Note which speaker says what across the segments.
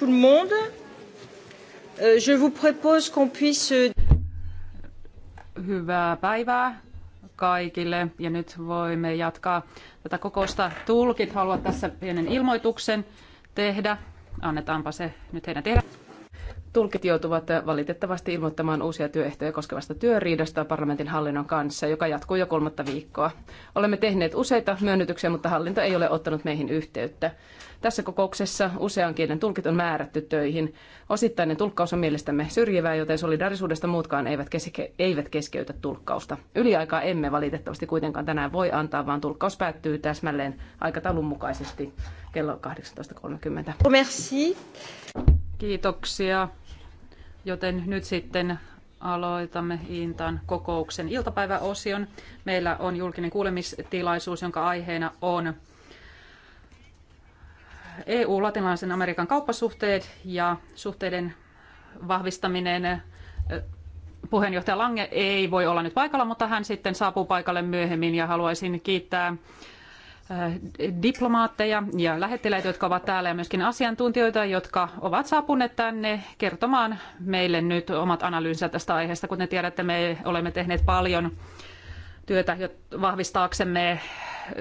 Speaker 1: Tout le monde, euh, je vous propose qu'on puisse... Euh, Hyvää päivää kaikille ja nyt voimme jatkaa tätä kokousta. Tulkit haluavat tässä pienen ilmoituksen tehdä. Annetaanpa
Speaker 2: se nyt heidän tehdä. Tulkit joutuvat valitettavasti ilmoittamaan uusia työehtoja koskevasta työriidasta parlamentin hallinnon kanssa, joka jatkuu jo kolmatta viikkoa. Olemme tehneet useita myönnytyksiä, mutta hallinto ei ole ottanut meihin yhteyttä. Tässä kokouksessa usean kielen tulkit on määrätty töihin. Osittainen tulkkaus on mielestämme syrjivää, joten solidarisuudesta muutkaan eivät, keske- eivät keskeytä tulkkausta. Yliaikaa emme valitettavasti kuitenkaan tänään voi antaa, vaan tulkkaus päättyy täsmälleen aikataulun mukaisesti kello 18.30. Merci.
Speaker 1: Kiitoksia. Joten nyt sitten aloitamme Intan kokouksen iltapäiväosion. Meillä on julkinen kuulemistilaisuus, jonka aiheena on EU-latinalaisen Amerikan kauppasuhteet ja suhteiden vahvistaminen. Puheenjohtaja Lange ei voi olla nyt paikalla, mutta hän sitten saapuu paikalle myöhemmin ja haluaisin kiittää Äh, diplomaatteja ja lähettiläitä, jotka ovat täällä ja myöskin asiantuntijoita, jotka ovat saapuneet tänne kertomaan meille nyt omat analyysinsä tästä aiheesta. Kuten tiedätte, me olemme tehneet paljon työtä vahvistaaksemme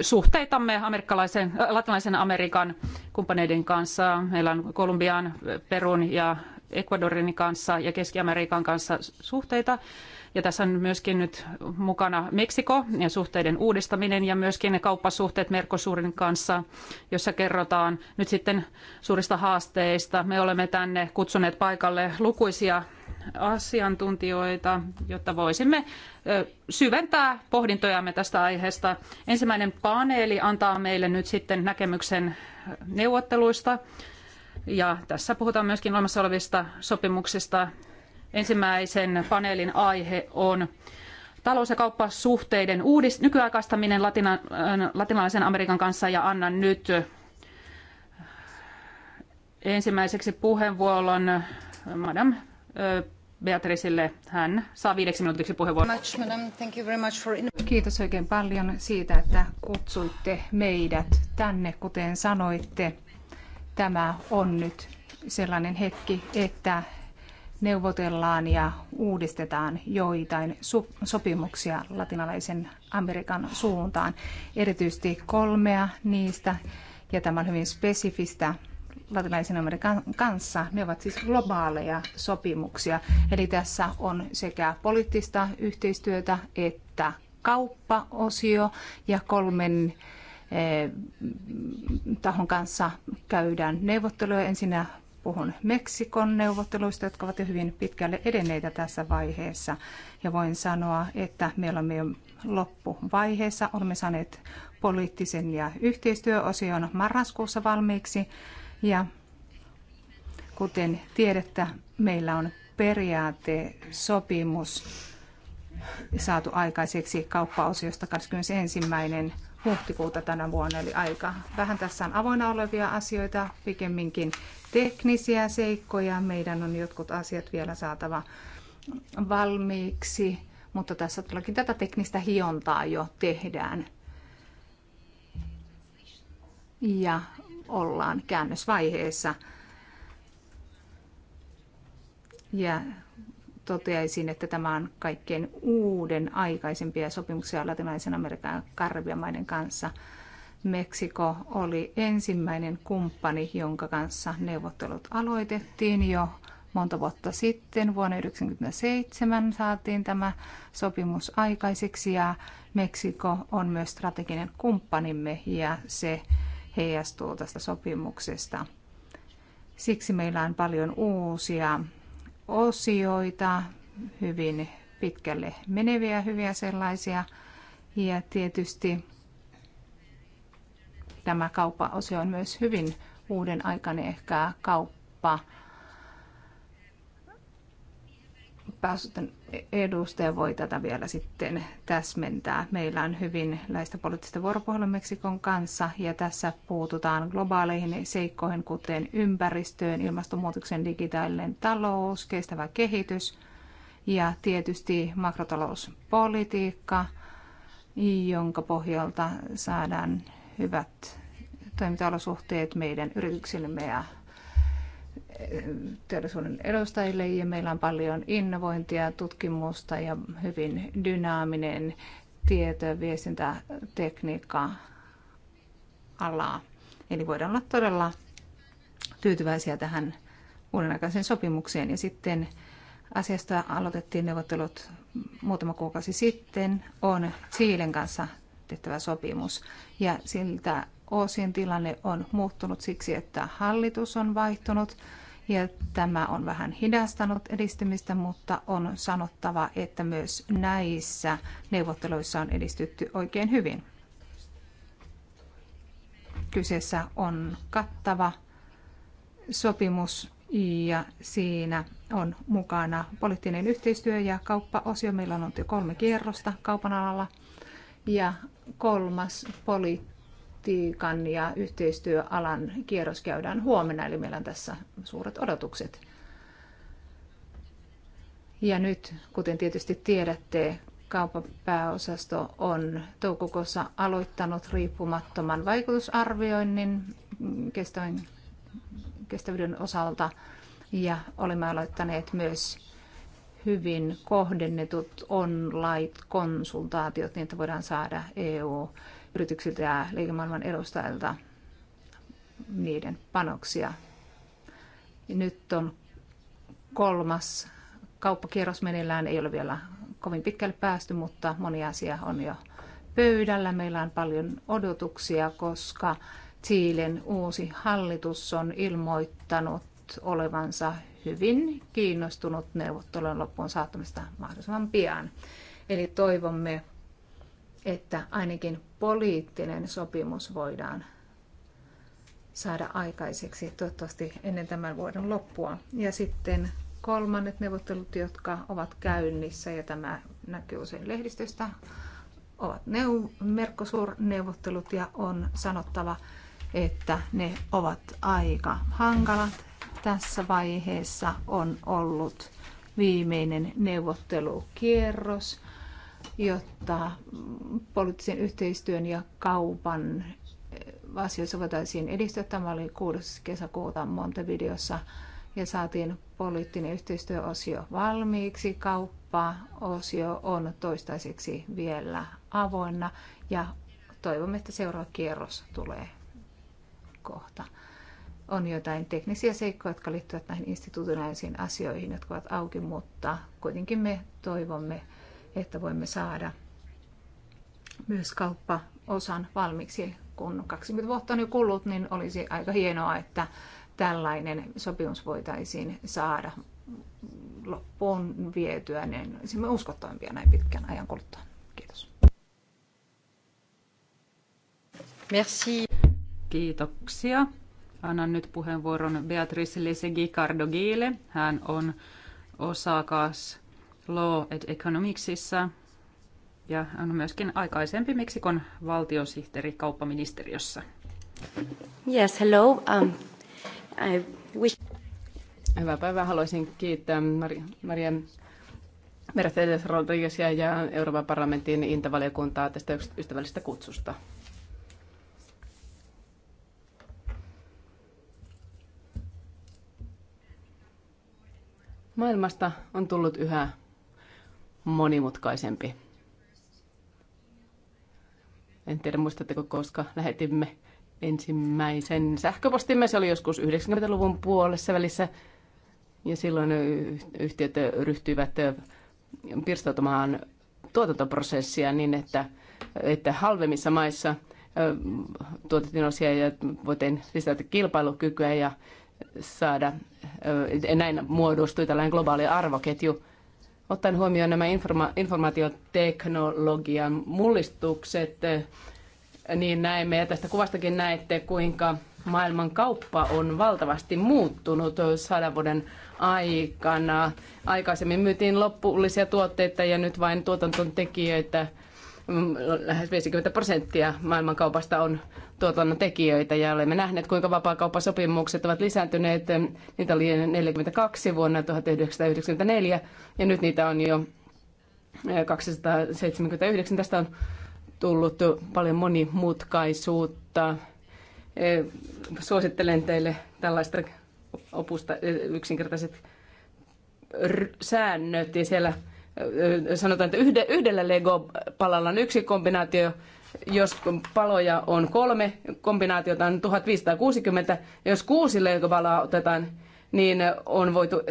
Speaker 1: suhteitamme amerikkalaisen, äh, latinalaisen Amerikan kumppaneiden kanssa. Meillä on Kolumbian, Perun ja Ecuadorin kanssa ja Keski-Amerikan kanssa suhteita. Ja tässä on myöskin nyt mukana Meksiko ja suhteiden uudistaminen ja myöskin ne kauppasuhteet Mercosurin kanssa, jossa kerrotaan nyt sitten suurista haasteista. Me olemme tänne kutsuneet paikalle lukuisia asiantuntijoita, jotta voisimme syventää pohdintojamme tästä aiheesta. Ensimmäinen paneeli antaa meille nyt sitten näkemyksen neuvotteluista. Ja tässä puhutaan myöskin olemassa olevista sopimuksista Ensimmäisen paneelin aihe on talous- ja kauppasuhteiden uudist- nykyaikaistaminen Latina- latinalaisen Amerikan kanssa ja annan nyt ensimmäiseksi puheenvuoron Madame Beatricelle. Hän saa viideksi minuutiksi puheenvuoron.
Speaker 3: Kiitos oikein paljon siitä, että kutsuitte meidät tänne, kuten sanoitte. Tämä on nyt sellainen hetki, että neuvotellaan ja uudistetaan joitain sopimuksia latinalaisen Amerikan suuntaan, erityisesti kolmea niistä, ja tämä on hyvin spesifistä latinalaisen Amerikan kanssa. Ne ovat siis globaaleja sopimuksia, eli tässä on sekä poliittista yhteistyötä että kauppaosio ja kolmen eh, tahon kanssa käydään neuvotteluja ensinnä Puhun Meksikon neuvotteluista, jotka ovat jo hyvin pitkälle edenneitä tässä vaiheessa. Ja voin sanoa, että meillä on jo loppuvaiheessa. Olemme saaneet poliittisen ja yhteistyöosion marraskuussa valmiiksi. Ja kuten tiedettä, meillä on periaatesopimus saatu aikaiseksi kauppaosiosta 21. huhtikuuta tänä vuonna, eli aika vähän tässä on avoinna olevia asioita pikemminkin teknisiä seikkoja. Meidän on jotkut asiat vielä saatava valmiiksi, mutta tässä todellakin tätä teknistä hiontaa jo tehdään. Ja ollaan käännösvaiheessa. Ja toteaisin, että tämä on kaikkein uuden aikaisempia sopimuksia latinalaisen Amerikan karibian maiden kanssa – Meksiko oli ensimmäinen kumppani, jonka kanssa neuvottelut aloitettiin jo monta vuotta sitten. Vuonna 1997 saatiin tämä sopimus aikaiseksi ja Meksiko on myös strateginen kumppanimme ja se heijastuu tästä sopimuksesta. Siksi meillä on paljon uusia osioita, hyvin pitkälle meneviä hyviä sellaisia ja tietysti Tämä kauppaosio on myös hyvin uuden aikainen niin ehkä kauppa. Päässyten edustaja voi tätä vielä sitten täsmentää. Meillä on hyvin läistä poliittista vuoropuhelua Meksikon kanssa ja tässä puututaan globaaleihin seikkoihin, kuten ympäristöön, ilmastonmuutoksen digitaalinen talous, kestävä kehitys ja tietysti makrotalouspolitiikka, jonka pohjalta saadaan hyvät toimintaolosuhteet meidän yrityksillemme ja teollisuuden edustajille ja meillä on paljon innovointia, tutkimusta ja hyvin dynaaminen tieto- ja viestintätekniikka alaa. Eli voidaan olla todella tyytyväisiä tähän uudenaikaiseen sopimukseen. Ja sitten asiasta aloitettiin neuvottelut muutama kuukausi sitten. On Chilen kanssa tehtävä sopimus. Ja siltä osin tilanne on muuttunut siksi, että hallitus on vaihtunut ja tämä on vähän hidastanut edistymistä, mutta on sanottava, että myös näissä neuvotteluissa on edistytty oikein hyvin. Kyseessä on kattava sopimus ja siinä on mukana poliittinen yhteistyö ja kauppaosio. Meillä on ollut jo kolme kierrosta kaupan alalla ja kolmas politiikan ja yhteistyöalan kierros käydään huomenna, eli meillä on tässä suuret odotukset. Ja nyt, kuten tietysti tiedätte, kaupan pääosasto on toukokuussa aloittanut riippumattoman vaikutusarvioinnin kestävyyden osalta ja olemme aloittaneet myös hyvin kohdennetut online-konsultaatiot, niin että voidaan saada EU-yrityksiltä ja liikemaailman edustajilta niiden panoksia. Nyt on kolmas kauppakierros meneillään, ei ole vielä kovin pitkälle päästy, mutta moni asia on jo pöydällä. Meillä on paljon odotuksia, koska Chilen uusi hallitus on ilmoittanut olevansa hyvin kiinnostunut neuvottelujen loppuun saattamista mahdollisimman pian. Eli toivomme, että ainakin poliittinen sopimus voidaan saada aikaiseksi toivottavasti ennen tämän vuoden loppua. Ja sitten kolmannet neuvottelut, jotka ovat käynnissä, ja tämä näkyy usein lehdistöstä, ovat neu- neuvottelut ja on sanottava, että ne ovat aika hankalat tässä vaiheessa on ollut viimeinen neuvottelukierros, jotta poliittisen yhteistyön ja kaupan äh, asioissa voitaisiin edistää. Tämä oli 6. kesäkuuta Montevideossa ja saatiin poliittinen yhteistyöosio valmiiksi. Kauppa-osio on toistaiseksi vielä avoinna ja toivomme, että seuraava kierros tulee kohta on jotain teknisiä seikkoja, jotka liittyvät näihin institutionaalisiin asioihin, jotka ovat auki, mutta kuitenkin me toivomme, että voimme saada myös kauppaosan valmiiksi. Kun 20 vuotta on jo kulunut, niin olisi aika hienoa, että tällainen sopimus voitaisiin saada loppuun vietyä, niin olisimme uskottavampia näin
Speaker 1: pitkän ajan kuluttua. Kiitos. Merci. Kiitoksia. Annan nyt puheenvuoron Beatrice Lesegi Cardogille. Hän on osakas Law and Economicsissa ja on myöskin aikaisempi Meksikon valtiosihteeri kauppaministeriössä.
Speaker 2: Yes, hello. Um, I wish... Hyvää päivää. Haluaisin kiittää Maria, Maria Mercedes Rodriguezia ja Euroopan parlamentin intavaliokuntaa tästä ystävällisestä kutsusta. Maailmasta on tullut yhä monimutkaisempi. En tiedä, muistatteko, koska lähetimme ensimmäisen sähköpostimme. Se oli joskus 90-luvun puolessa välissä. Ja silloin yhtiöt ryhtyivät pirstoutumaan tuotantoprosessia niin, että, että halvemmissa maissa tuotettiin osia ja voitiin lisätä kilpailukykyä ja saada, näin muodostui tällainen globaali arvoketju. Ottaen huomioon nämä informa- informaatioteknologian mullistukset, niin näemme, ja tästä kuvastakin näette, kuinka maailman kauppa on valtavasti muuttunut sadan vuoden aikana. Aikaisemmin myytiin loppuullisia tuotteita ja nyt vain tuotantontekijöitä Mm, lähes 50 prosenttia maailmankaupasta on tuotannon tekijöitä ja olemme nähneet, kuinka vapaakauppasopimukset ovat lisääntyneet. Niitä oli 42 vuonna 1994 ja nyt niitä on jo 279. Eh, Tästä on tullut paljon monimutkaisuutta. Eh, suosittelen teille tällaista opusta eh, yksinkertaiset säännöt ja siellä sanotaan, että yhdellä Lego-palalla on yksi kombinaatio, jos paloja on kolme, kombinaatiota on 1560, jos kuusi Lego-palaa otetaan, niin on voitu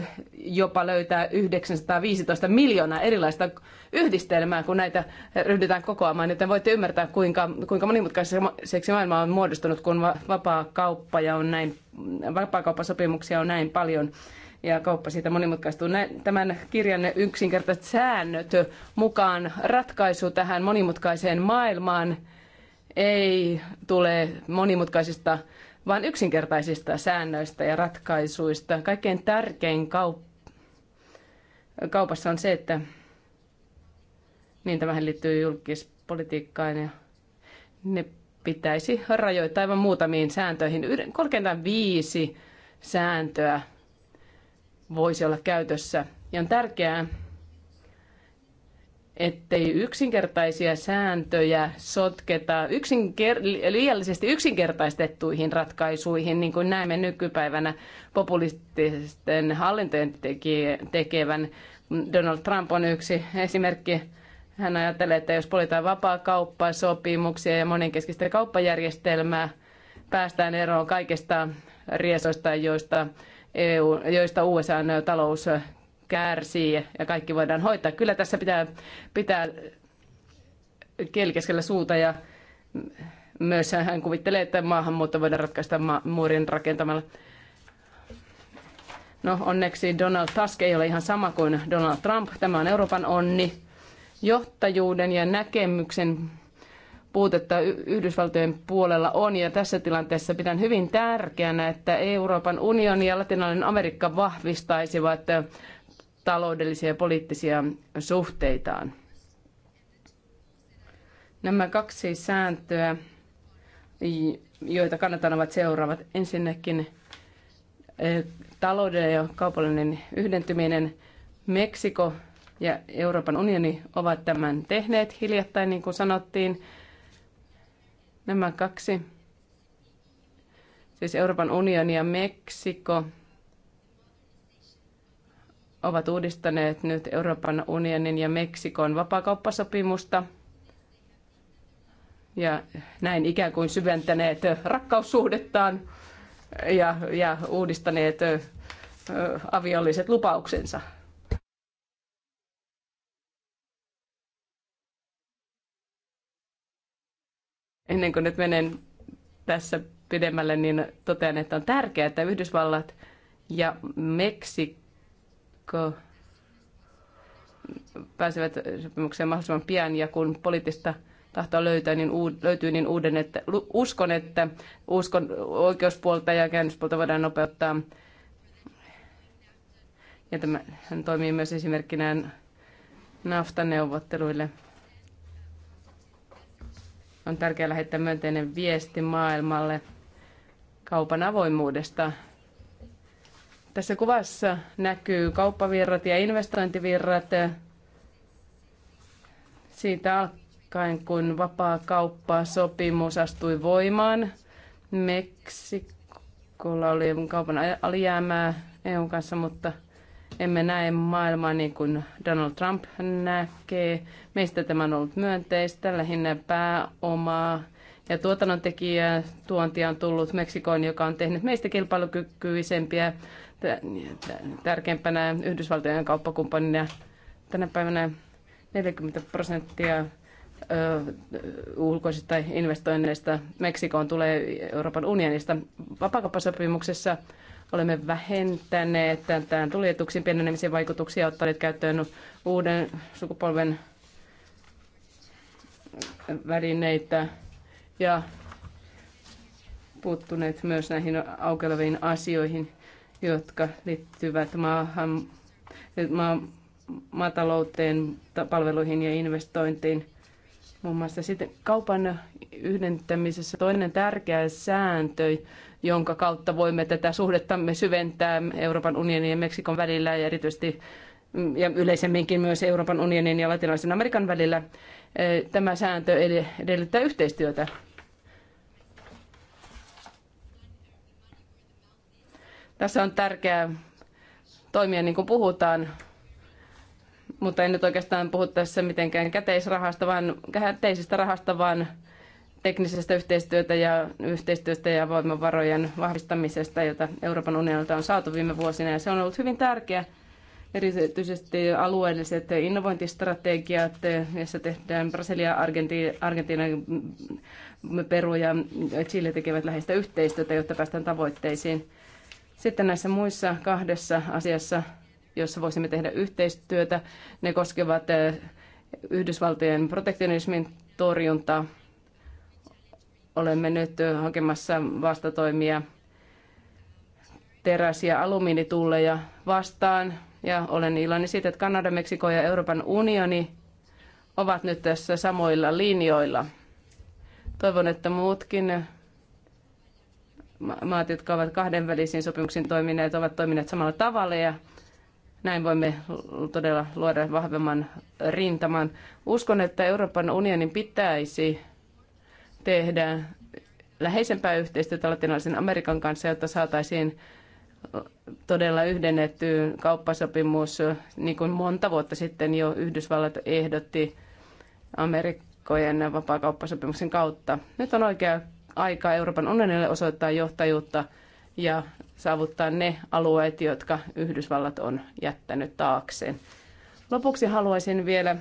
Speaker 2: jopa löytää 915 miljoonaa erilaista yhdistelmää, kun näitä ryhdytään kokoamaan, joten voitte ymmärtää, kuinka, kuinka monimutkaiseksi maailma on muodostunut, kun vapaa kauppa ja on näin, vapaakauppasopimuksia on näin paljon ja kauppa siitä monimutkaistuu. Tämän kirjan yksinkertaiset säännöt mukaan ratkaisu tähän monimutkaiseen maailmaan ei tule monimutkaisista, vaan yksinkertaisista säännöistä ja ratkaisuista. Kaikkein tärkein kaup- kaupassa on se, että niin tämähän liittyy julkispolitiikkaan ja ne pitäisi rajoittaa aivan muutamiin sääntöihin. Korkeintaan viisi sääntöä voisi olla käytössä. Ja on tärkeää, ettei yksinkertaisia sääntöjä sotketa yksinker- liiallisesti yksinkertaistettuihin ratkaisuihin, niin kuin näemme nykypäivänä populististen hallintojen tekevän. Donald Trump on yksi esimerkki. Hän ajattelee, että jos politaan vapaa kauppaa, sopimuksia ja monenkeskistä kauppajärjestelmää, päästään eroon kaikista riesoista, joista EU, joista USA talous kärsii ja kaikki voidaan hoitaa. Kyllä tässä pitää, pitää kieli keskellä suuta ja myös hän kuvittelee, että maahanmuutto voidaan ratkaista ma- muurin rakentamalla. No onneksi Donald Tusk ei ole ihan sama kuin Donald Trump. Tämä on Euroopan onni. Johtajuuden ja näkemyksen puutetta Yhdysvaltojen puolella on. Ja tässä tilanteessa pidän hyvin tärkeänä, että Euroopan unioni ja latinalainen Amerikka vahvistaisivat taloudellisia ja poliittisia suhteitaan. Nämä kaksi sääntöä, joita kannatan, ovat seuraavat. Ensinnäkin eh, taloudellinen ja kaupallinen yhdentyminen. Meksiko ja Euroopan unioni ovat tämän tehneet hiljattain, niin kuin sanottiin. Nämä kaksi, siis Euroopan unioni ja Meksiko, ovat uudistaneet nyt Euroopan unionin ja Meksikon vapaakauppasopimusta ja näin ikään kuin syventäneet rakkaussuhdettaan ja, ja uudistaneet avialliset lupauksensa. Ennen kuin nyt menen tässä pidemmälle, niin totean, että on tärkeää, että Yhdysvallat ja Meksiko pääsevät sopimukseen mahdollisimman pian ja kun poliittista tahtoa löytää, niin uud- löytyy niin uuden, että uskon, että uskon oikeuspuolta ja käännöspuolta voidaan nopeuttaa. Ja tämä, hän toimii myös esimerkkinä naftaneuvotteluille. neuvotteluille on tärkeää lähettää myönteinen viesti maailmalle kaupan avoimuudesta. Tässä kuvassa näkyy kauppavirrat ja investointivirrat siitä alkaen, kun vapaa kauppasopimus astui voimaan. Meksikolla oli kaupan alijäämää EUn kanssa, mutta – emme näe maailmaa niin kuin Donald Trump näkee. Meistä tämä on ollut myönteistä, lähinnä pääomaa ja tekijä tuontia on tullut Meksikoon, joka on tehnyt meistä kilpailukykyisempiä tärkeimpänä Yhdysvaltojen kauppakumppanina. Tänä päivänä 40 prosenttia ulkoisista investoinneista Meksikoon tulee Euroopan unionista. Vapakauppasopimuksessa Olemme vähentäneet tämän tulietuuksien pienenemisen vaikutuksia ja ottaneet käyttöön uuden sukupolven välineitä ja puuttuneet myös näihin aukeleviin asioihin, jotka liittyvät maahan, maa, maatalouteen, palveluihin ja investointiin. Muun muassa sitten kaupan yhdentämisessä toinen tärkeä sääntö, jonka kautta voimme tätä suhdettamme syventää Euroopan unionin ja Meksikon välillä ja erityisesti mm, ja yleisemminkin myös Euroopan unionin ja latinalaisen Amerikan välillä. Tämä sääntö edellyttää yhteistyötä. Tässä on tärkeää toimia niin kuin puhutaan, mutta en nyt oikeastaan puhu tässä mitenkään käteisrahasta, vaan käteisestä rahasta, vaan teknisestä yhteistyötä ja yhteistyöstä ja voimavarojen vahvistamisesta, jota Euroopan unionilta on saatu viime vuosina. Ja se on ollut hyvin tärkeä, erityisesti alueelliset innovointistrategiat, joissa tehdään Brasilia, Argentiina, Peru ja Chile tekevät läheistä yhteistyötä, jotta päästään tavoitteisiin. Sitten näissä muissa kahdessa asiassa, jossa voisimme tehdä yhteistyötä, ne koskevat Yhdysvaltojen protektionismin torjuntaa olemme nyt hakemassa vastatoimia teräs- ja alumiinitulleja vastaan. Ja olen iloinen siitä, että Kanada, Meksiko ja Euroopan unioni ovat nyt tässä samoilla linjoilla. Toivon, että muutkin maat, jotka ovat kahdenvälisiin sopimuksiin toimineet, ovat toimineet samalla tavalla ja näin voimme todella luoda vahvemman rintaman. Uskon, että Euroopan unionin pitäisi tehdä läheisempää yhteistyötä latinalaisen Amerikan kanssa, jotta saataisiin todella yhdennetty kauppasopimus, niin kuin monta vuotta sitten jo Yhdysvallat ehdotti Amerikkojen vapaakauppasopimuksen kautta. Nyt on oikea aika Euroopan unionille osoittaa johtajuutta ja saavuttaa ne alueet, jotka Yhdysvallat on jättänyt taakseen. Lopuksi haluaisin vielä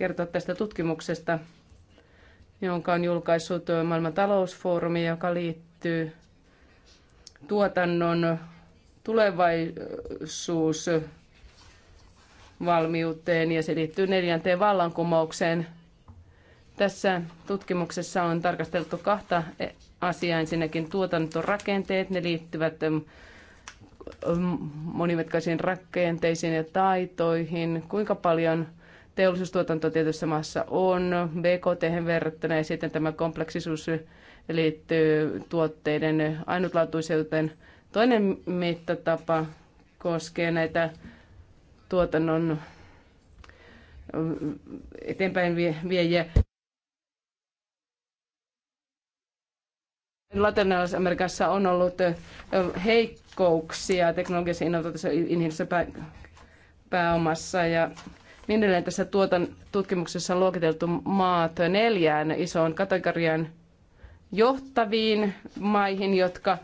Speaker 2: kertoa tästä tutkimuksesta, jonka on julkaissut maailman talousfoorumi, joka liittyy tuotannon tulevaisuusvalmiuteen ja se liittyy neljänteen vallankumoukseen. Tässä tutkimuksessa on tarkasteltu kahta asiaa. Ensinnäkin tuotantorakenteet, ne liittyvät monimutkaisiin rakenteisiin ja taitoihin, kuinka paljon – teollisuustuotanto tietyssä maassa on BKT verrattuna ja sitten tämä kompleksisuus liittyy tuotteiden ainutlaatuisuuteen. Toinen mittatapa koskee näitä tuotannon äh, eteenpäin viejiä. Latinalais-Amerikassa on ollut äh, heikkouksia teknologisessa innovatiivisessa inhimillisessä pääomassa ja niin edelleen tässä tuotan, tutkimuksessa on luokiteltu maat neljään isoon kategorian johtaviin maihin, jotka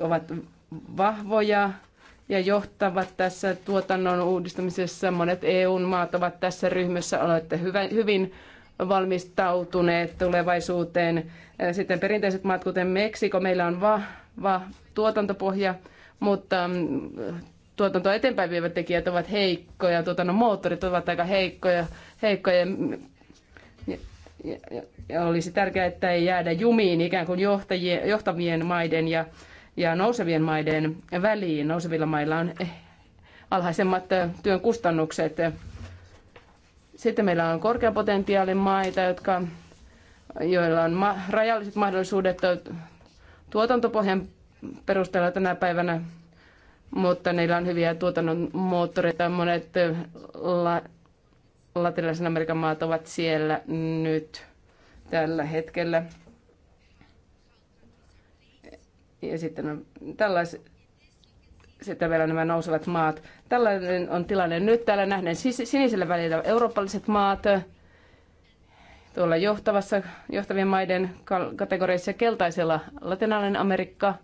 Speaker 2: ovat vahvoja ja johtavat tässä tuotannon uudistamisessa. Monet EU-maat ovat tässä ryhmässä, olette hyvin valmistautuneet tulevaisuuteen. Sitten perinteiset maat, kuten Meksiko, meillä on vahva tuotantopohja, mutta mm, Tuotanto eteenpäin vievät tekijät ovat heikkoja, tuotannon moottorit ovat aika heikkoja, heikkoja ja, ja, ja olisi tärkeää, että ei jäädä jumiin ikään kuin johtajien, johtavien maiden ja, ja nousevien maiden väliin. Nousevilla mailla on eh, alhaisemmat eh, työn kustannukset. Sitten meillä on korkeapotentiaalin maita, jotka, joilla on ma- rajalliset mahdollisuudet tuotantopohjan perusteella tänä päivänä mutta niillä on hyviä tuotannon moottoreita. Monet la- latinalaisen Amerikan maat ovat siellä nyt tällä hetkellä. Ja sitten tällais, sitten vielä nämä nousevat maat. Tällainen on tilanne nyt. Täällä nähden sinisellä välillä eurooppalaiset maat tuolla johtavassa, johtavien maiden kategoriassa keltaisella latinalainen Amerikka –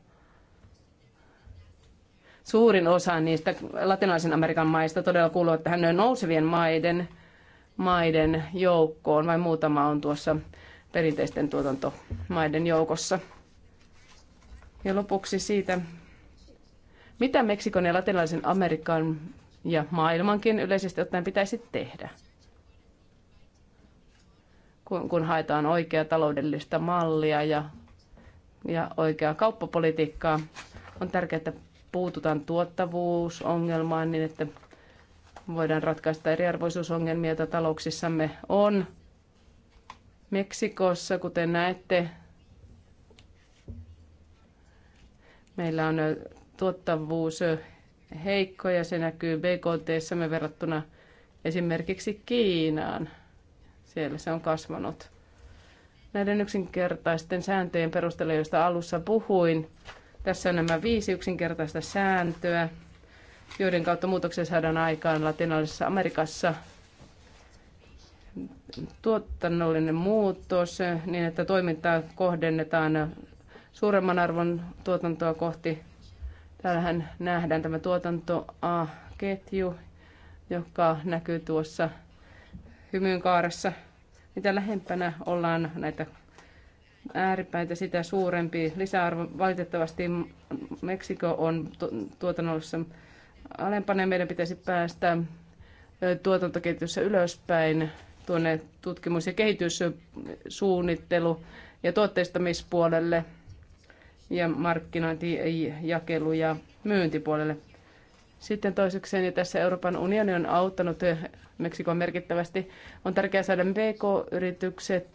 Speaker 2: Suurin osa niistä latinalaisen Amerikan maista todella kuuluu tähän nousevien maiden, maiden joukkoon, vai muutama on tuossa perinteisten tuotantomaiden joukossa. Ja lopuksi siitä, mitä Meksikon ja latinalaisen Amerikan ja maailmankin yleisesti ottaen pitäisi tehdä, kun, kun haetaan oikeaa taloudellista mallia ja, ja oikeaa kauppapolitiikkaa. On tärkeää, että puututaan tuottavuusongelmaan niin, että voidaan ratkaista eriarvoisuusongelmia, joita talouksissamme on. Meksikossa, kuten näette, meillä on tuottavuus heikko ja se näkyy bkt me verrattuna esimerkiksi Kiinaan. Siellä se on kasvanut. Näiden yksinkertaisten sääntöjen perusteella, joista alussa puhuin, tässä on nämä viisi yksinkertaista sääntöä, joiden kautta muutoksia saadaan aikaan latinalaisessa Amerikassa. Tuotannollinen muutos niin, että toimintaa kohdennetaan suuremman arvon tuotantoa kohti. Täällähän nähdään tämä tuotanto-ketju, joka näkyy tuossa hymyyn kaaressa. Mitä lähempänä ollaan näitä ääripäitä sitä suurempi lisäarvo. Valitettavasti Meksiko on tuotannossa alempana. Meidän pitäisi päästä tuotantoketjussa ylöspäin tuonne tutkimus- ja kehityssuunnittelu- ja tuotteistamispuolelle ja markkinointi, jakelu- ja myyntipuolelle. Sitten toisekseen, ja tässä Euroopan unioni on auttanut Meksikoa merkittävästi, on tärkeää saada PK-yritykset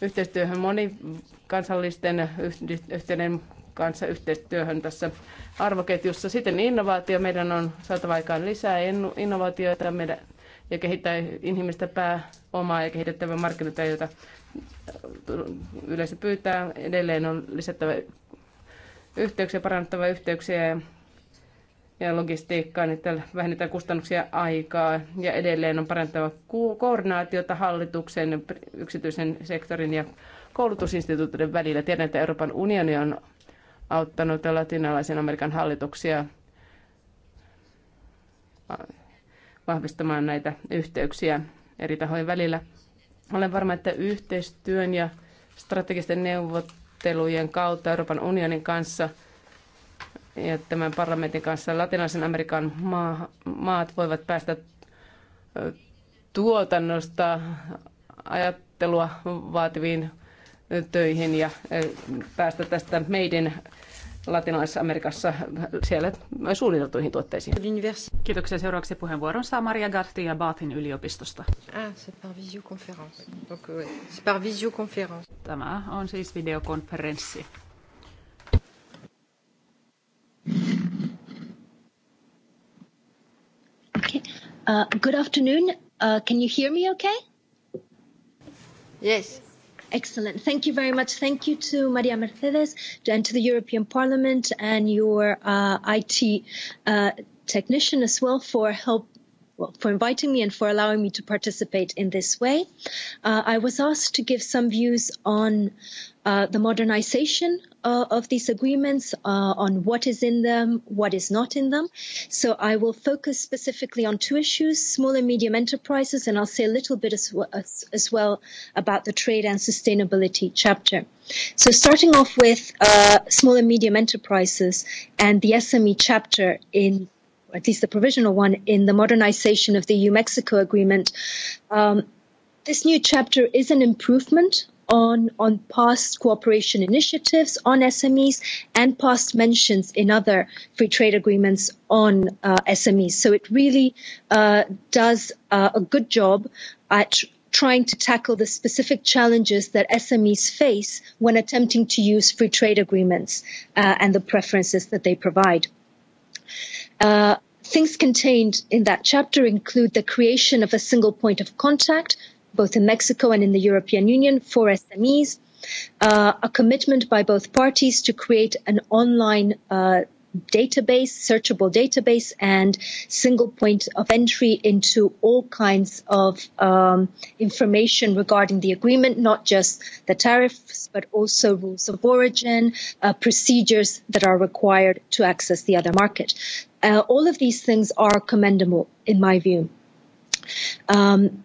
Speaker 2: yhteistyöhön monikansallisten yhteyden kanssa yhteistyöhön tässä arvoketjussa. Sitten innovaatio. Meidän on saatava aikaan lisää innovaatioita meidän, ja kehittää inhimillistä pääomaa ja kehitettävä markkinoita, joita yleisö pyytää. Edelleen on lisättävä yhteyksiä, parannettava yhteyksiä ja ja niin että vähennetään kustannuksia aikaa ja edelleen on parantava koordinaatiota hallituksen, yksityisen sektorin ja koulutusinstituutioiden välillä. Tiedän, että Euroopan unioni on auttanut latinalaisen Amerikan hallituksia äh, vahvistamaan näitä yhteyksiä eri tahojen välillä. Olen varma, että yhteistyön ja strategisten neuvottelujen kautta Euroopan unionin kanssa – ja tämän parlamentin kanssa latinalaisen Amerikan maa, maat voivat päästä tuotannosta ajattelua vaativiin töihin ja päästä tästä meidän Latinalaisessa Amerikassa siellä suunniteltuihin tuotteisiin.
Speaker 1: Kiitoksia. Seuraavaksi puheenvuoron saa Maria Gartia Baatin yliopistosta.
Speaker 3: Ah, c'est par visioconférence.
Speaker 1: Donc, oui, c'est par visioconférence. Tämä on siis videokonferenssi.
Speaker 4: Uh, good afternoon. Uh, can you hear me okay? Yes. Excellent. Thank you very much. Thank you to Maria Mercedes and to the European Parliament and your uh, IT uh, technician as well for help well, for inviting me and for allowing me to participate in this way. Uh, I was asked to give some views on uh, the modernization uh, of these agreements, uh, on what is in them, what is not in them. So I will focus specifically on two issues, small and medium enterprises, and I'll say a little bit as, well, as, as well about the trade and sustainability chapter. So starting off with uh, small and medium enterprises and the SME chapter in at least the provisional one in the modernization of the EU Mexico agreement. Um, this new chapter is an improvement on, on past cooperation initiatives on SMEs and past mentions in other free trade agreements on uh, SMEs. So it really uh, does uh, a good job at trying to tackle the specific challenges that SMEs face when attempting to use free trade agreements uh, and the preferences that they provide. Uh, things contained in that chapter include the creation of a single point of contact both in Mexico and in the European Union for SMEs, uh, a commitment by both parties to create an online uh, database, searchable database, and single point of entry into all kinds of um, information regarding the agreement, not just the tariffs, but also rules of origin, uh, procedures that are required to access the other market. Uh, all of these things are commendable, in my view. Um,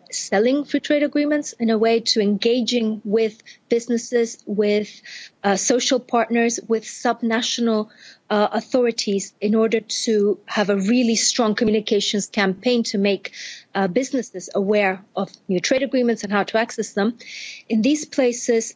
Speaker 4: selling free trade agreements in a way to engaging with businesses, with uh, social partners, with subnational uh, authorities in order to have a really strong communications campaign to make uh, businesses aware of new trade agreements and how to access them. In these places,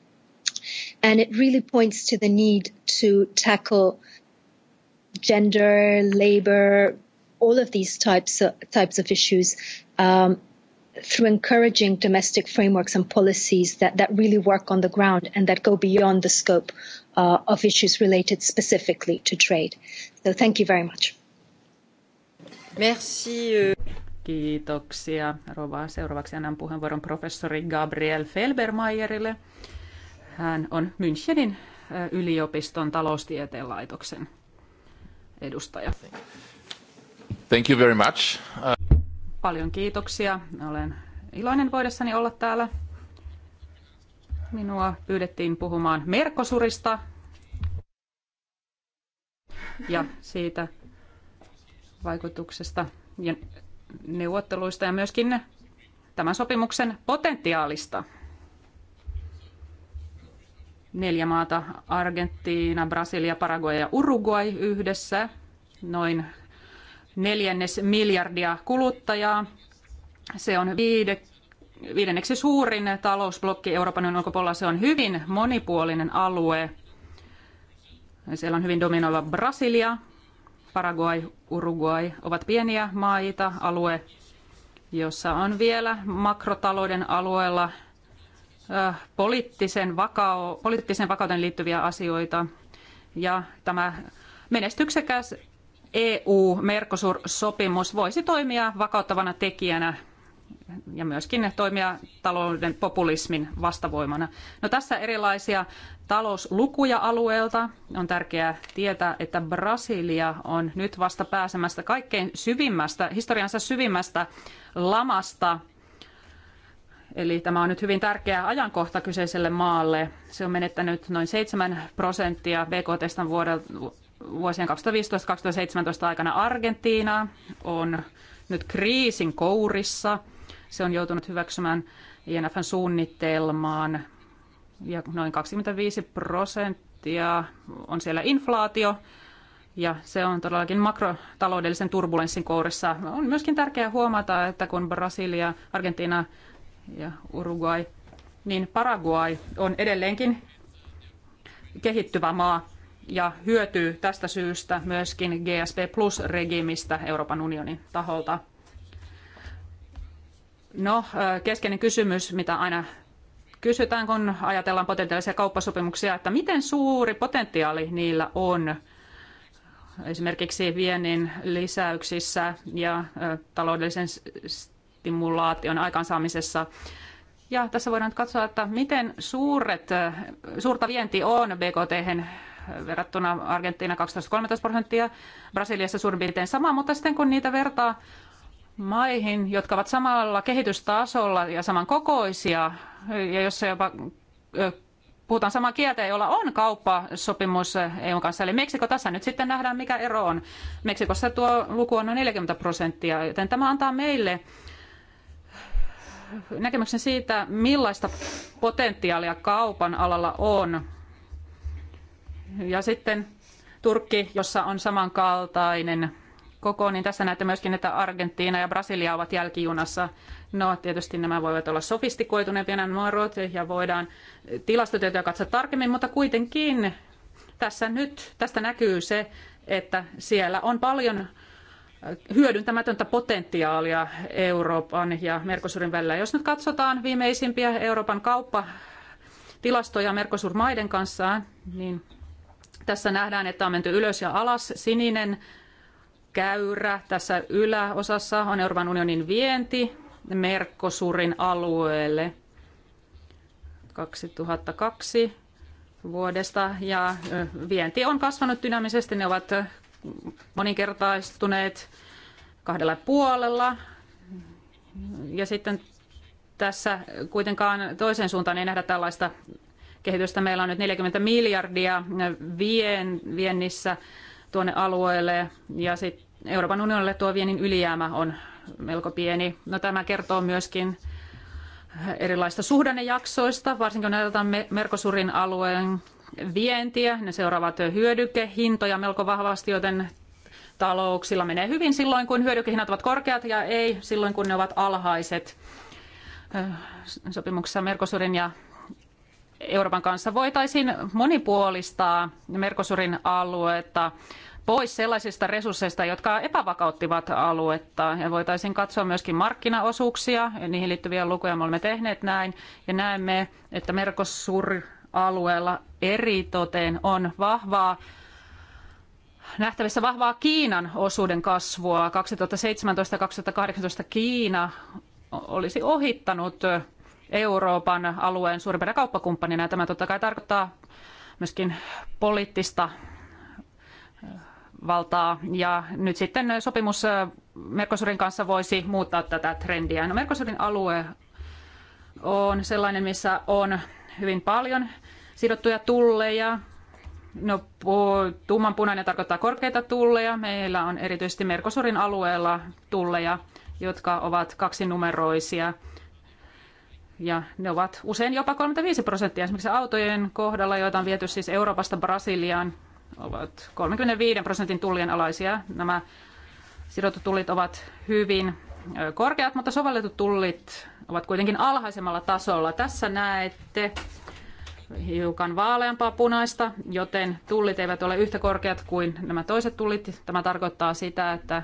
Speaker 4: And it really points to the need to tackle gender, labor, all of these types of, types of issues um, through encouraging domestic frameworks and policies that, that really work on the ground and that go beyond the scope uh, of issues related specifically to trade. So thank you very much.
Speaker 1: Merci. Euh. Kiitoksia. Rova. Seuraavaksi annan puheenvuoron professori Gabriel Felbermayerille. Hän on Münchenin yliopiston taloustieteen laitoksen edustaja.
Speaker 4: Thank you very much.
Speaker 1: Paljon kiitoksia. Olen iloinen voidessani olla täällä. Minua pyydettiin puhumaan Merkosurista ja siitä vaikutuksesta ja neuvotteluista ja myöskin tämän sopimuksen potentiaalista neljä maata, Argentiina, Brasilia, Paraguay ja Uruguay yhdessä, noin neljännes miljardia kuluttajaa. Se on viide, viidenneksi suurin talousblokki Euroopan ulkopuolella. Se on hyvin monipuolinen alue. Siellä on hyvin dominoiva Brasilia, Paraguay, Uruguay ovat pieniä maita, alue, jossa on vielä makrotalouden alueella poliittisen, vakao, poliittisen vakauteen liittyviä asioita. Ja tämä menestyksekäs eu merkosur sopimus voisi toimia vakauttavana tekijänä ja myöskin toimia talouden populismin vastavoimana. No tässä erilaisia talouslukuja alueelta. On tärkeää tietää, että Brasilia on nyt vasta pääsemästä kaikkein syvimmästä, historiansa syvimmästä lamasta Eli tämä on nyt hyvin tärkeä ajankohta kyseiselle maalle. Se on menettänyt noin 7 prosenttia bkt vuosien 2015-2017 aikana. Argentiina on nyt kriisin kourissa. Se on joutunut hyväksymään INFn suunnitelmaan ja noin 25 prosenttia on siellä inflaatio ja se on todellakin makrotaloudellisen turbulenssin kourissa. On myöskin tärkeää huomata, että kun Brasilia, Argentiina ja Uruguay, niin Paraguay on edelleenkin kehittyvä maa ja hyötyy tästä syystä myöskin GSP plus regimistä Euroopan unionin taholta. No, keskeinen kysymys, mitä aina kysytään, kun ajatellaan potentiaalisia kauppasopimuksia, että miten suuri potentiaali niillä on esimerkiksi viennin lisäyksissä ja taloudellisen stimulaation aikaansaamisessa. Ja tässä voidaan nyt katsoa, että miten suuret, suurta vienti on BKT verrattuna Argentiina 12-13 prosenttia, Brasiliassa suurin piirtein sama, mutta sitten kun niitä vertaa maihin, jotka ovat samalla kehitystasolla ja samankokoisia, ja jossa jopa puhutaan samaa kieltä, jolla on kauppasopimus EUn kanssa. Eli Meksiko tässä nyt sitten nähdään, mikä ero on. Meksikossa tuo luku on noin 40 prosenttia, joten tämä antaa meille näkemyksen siitä, millaista potentiaalia kaupan alalla on. Ja sitten Turkki, jossa on samankaltainen koko, niin tässä näette myöskin, että Argentiina ja Brasilia ovat jälkijunassa. No, tietysti nämä voivat olla sofistikoituneempia nämä nuorot ja voidaan tilastotietoja katsoa tarkemmin, mutta kuitenkin tässä nyt, tästä näkyy se, että siellä on paljon hyödyntämätöntä potentiaalia Euroopan ja Mercosurin välillä. Jos nyt katsotaan viimeisimpiä Euroopan kauppatilastoja Mercosur-maiden kanssa, niin tässä nähdään, että on menty ylös ja alas. Sininen käyrä tässä yläosassa on Euroopan unionin vienti Mercosurin alueelle 2002 vuodesta ja vienti on kasvanut dynaamisesti. Ne ovat moninkertaistuneet kahdella puolella. Ja sitten tässä kuitenkaan toiseen suuntaan ei nähdä tällaista kehitystä. Meillä on nyt 40 miljardia vien, viennissä tuonne alueelle ja sitten Euroopan unionille tuo viennin ylijäämä on melko pieni. No, tämä kertoo myöskin erilaista suhdannejaksoista, varsinkin kun ajatellaan Merkosurin alueen vientiä, ne seuraavat hyödykehintoja melko vahvasti, joten talouksilla menee hyvin silloin, kun hyödykehinnat ovat korkeat ja ei silloin, kun ne ovat alhaiset. Sopimuksessa Mercosurin ja Euroopan kanssa voitaisiin monipuolistaa Mercosurin aluetta pois sellaisista resursseista, jotka epävakauttivat aluetta. Ja voitaisiin katsoa myöskin markkinaosuuksia, niihin liittyviä lukuja me olemme tehneet näin, ja näemme, että Mercosur alueella eritoten on vahvaa nähtävissä vahvaa Kiinan osuuden kasvua. 2017-2018 Kiina olisi ohittanut Euroopan alueen suurimpana kauppakumppanina. Ja tämä totta kai tarkoittaa myöskin poliittista äh, valtaa. Ja nyt sitten sopimus äh, Mercosurin kanssa voisi muuttaa tätä trendiä. No Mercosurin alue on sellainen, missä on hyvin paljon sidottuja tulleja. No, tummanpunainen tarkoittaa korkeita tulleja. Meillä on erityisesti merkosorin alueella tulleja, jotka ovat kaksinumeroisia. Ja ne ovat usein jopa 35 prosenttia. Esimerkiksi autojen kohdalla, joita on viety siis Euroopasta Brasiliaan, ovat 35 prosentin tullien alaisia. Nämä sidotut tullit ovat hyvin korkeat, mutta sovelletut tullit ovat kuitenkin alhaisemmalla tasolla. Tässä näette hiukan vaaleampaa punaista, joten tullit eivät ole yhtä korkeat kuin nämä toiset tullit. Tämä tarkoittaa sitä, että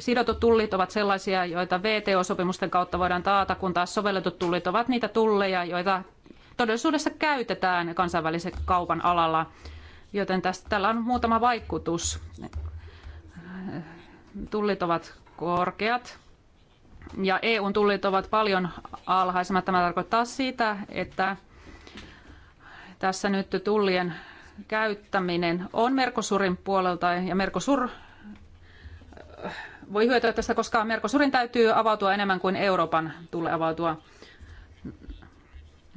Speaker 1: sidotut tullit ovat sellaisia, joita VTO-sopimusten kautta voidaan taata, kun taas sovelletut tullit ovat niitä tulleja, joita todellisuudessa käytetään kansainvälisen kaupan alalla. Joten tästä, tällä on muutama vaikutus. Tullit ovat korkeat ja EUn tullit ovat paljon alhaisemmat. Tämä tarkoittaa sitä, että tässä nyt tullien käyttäminen on Merkosurin puolelta ja Merkosur voi hyötyä tästä, koska Merkosurin täytyy avautua enemmän kuin Euroopan tulee avautua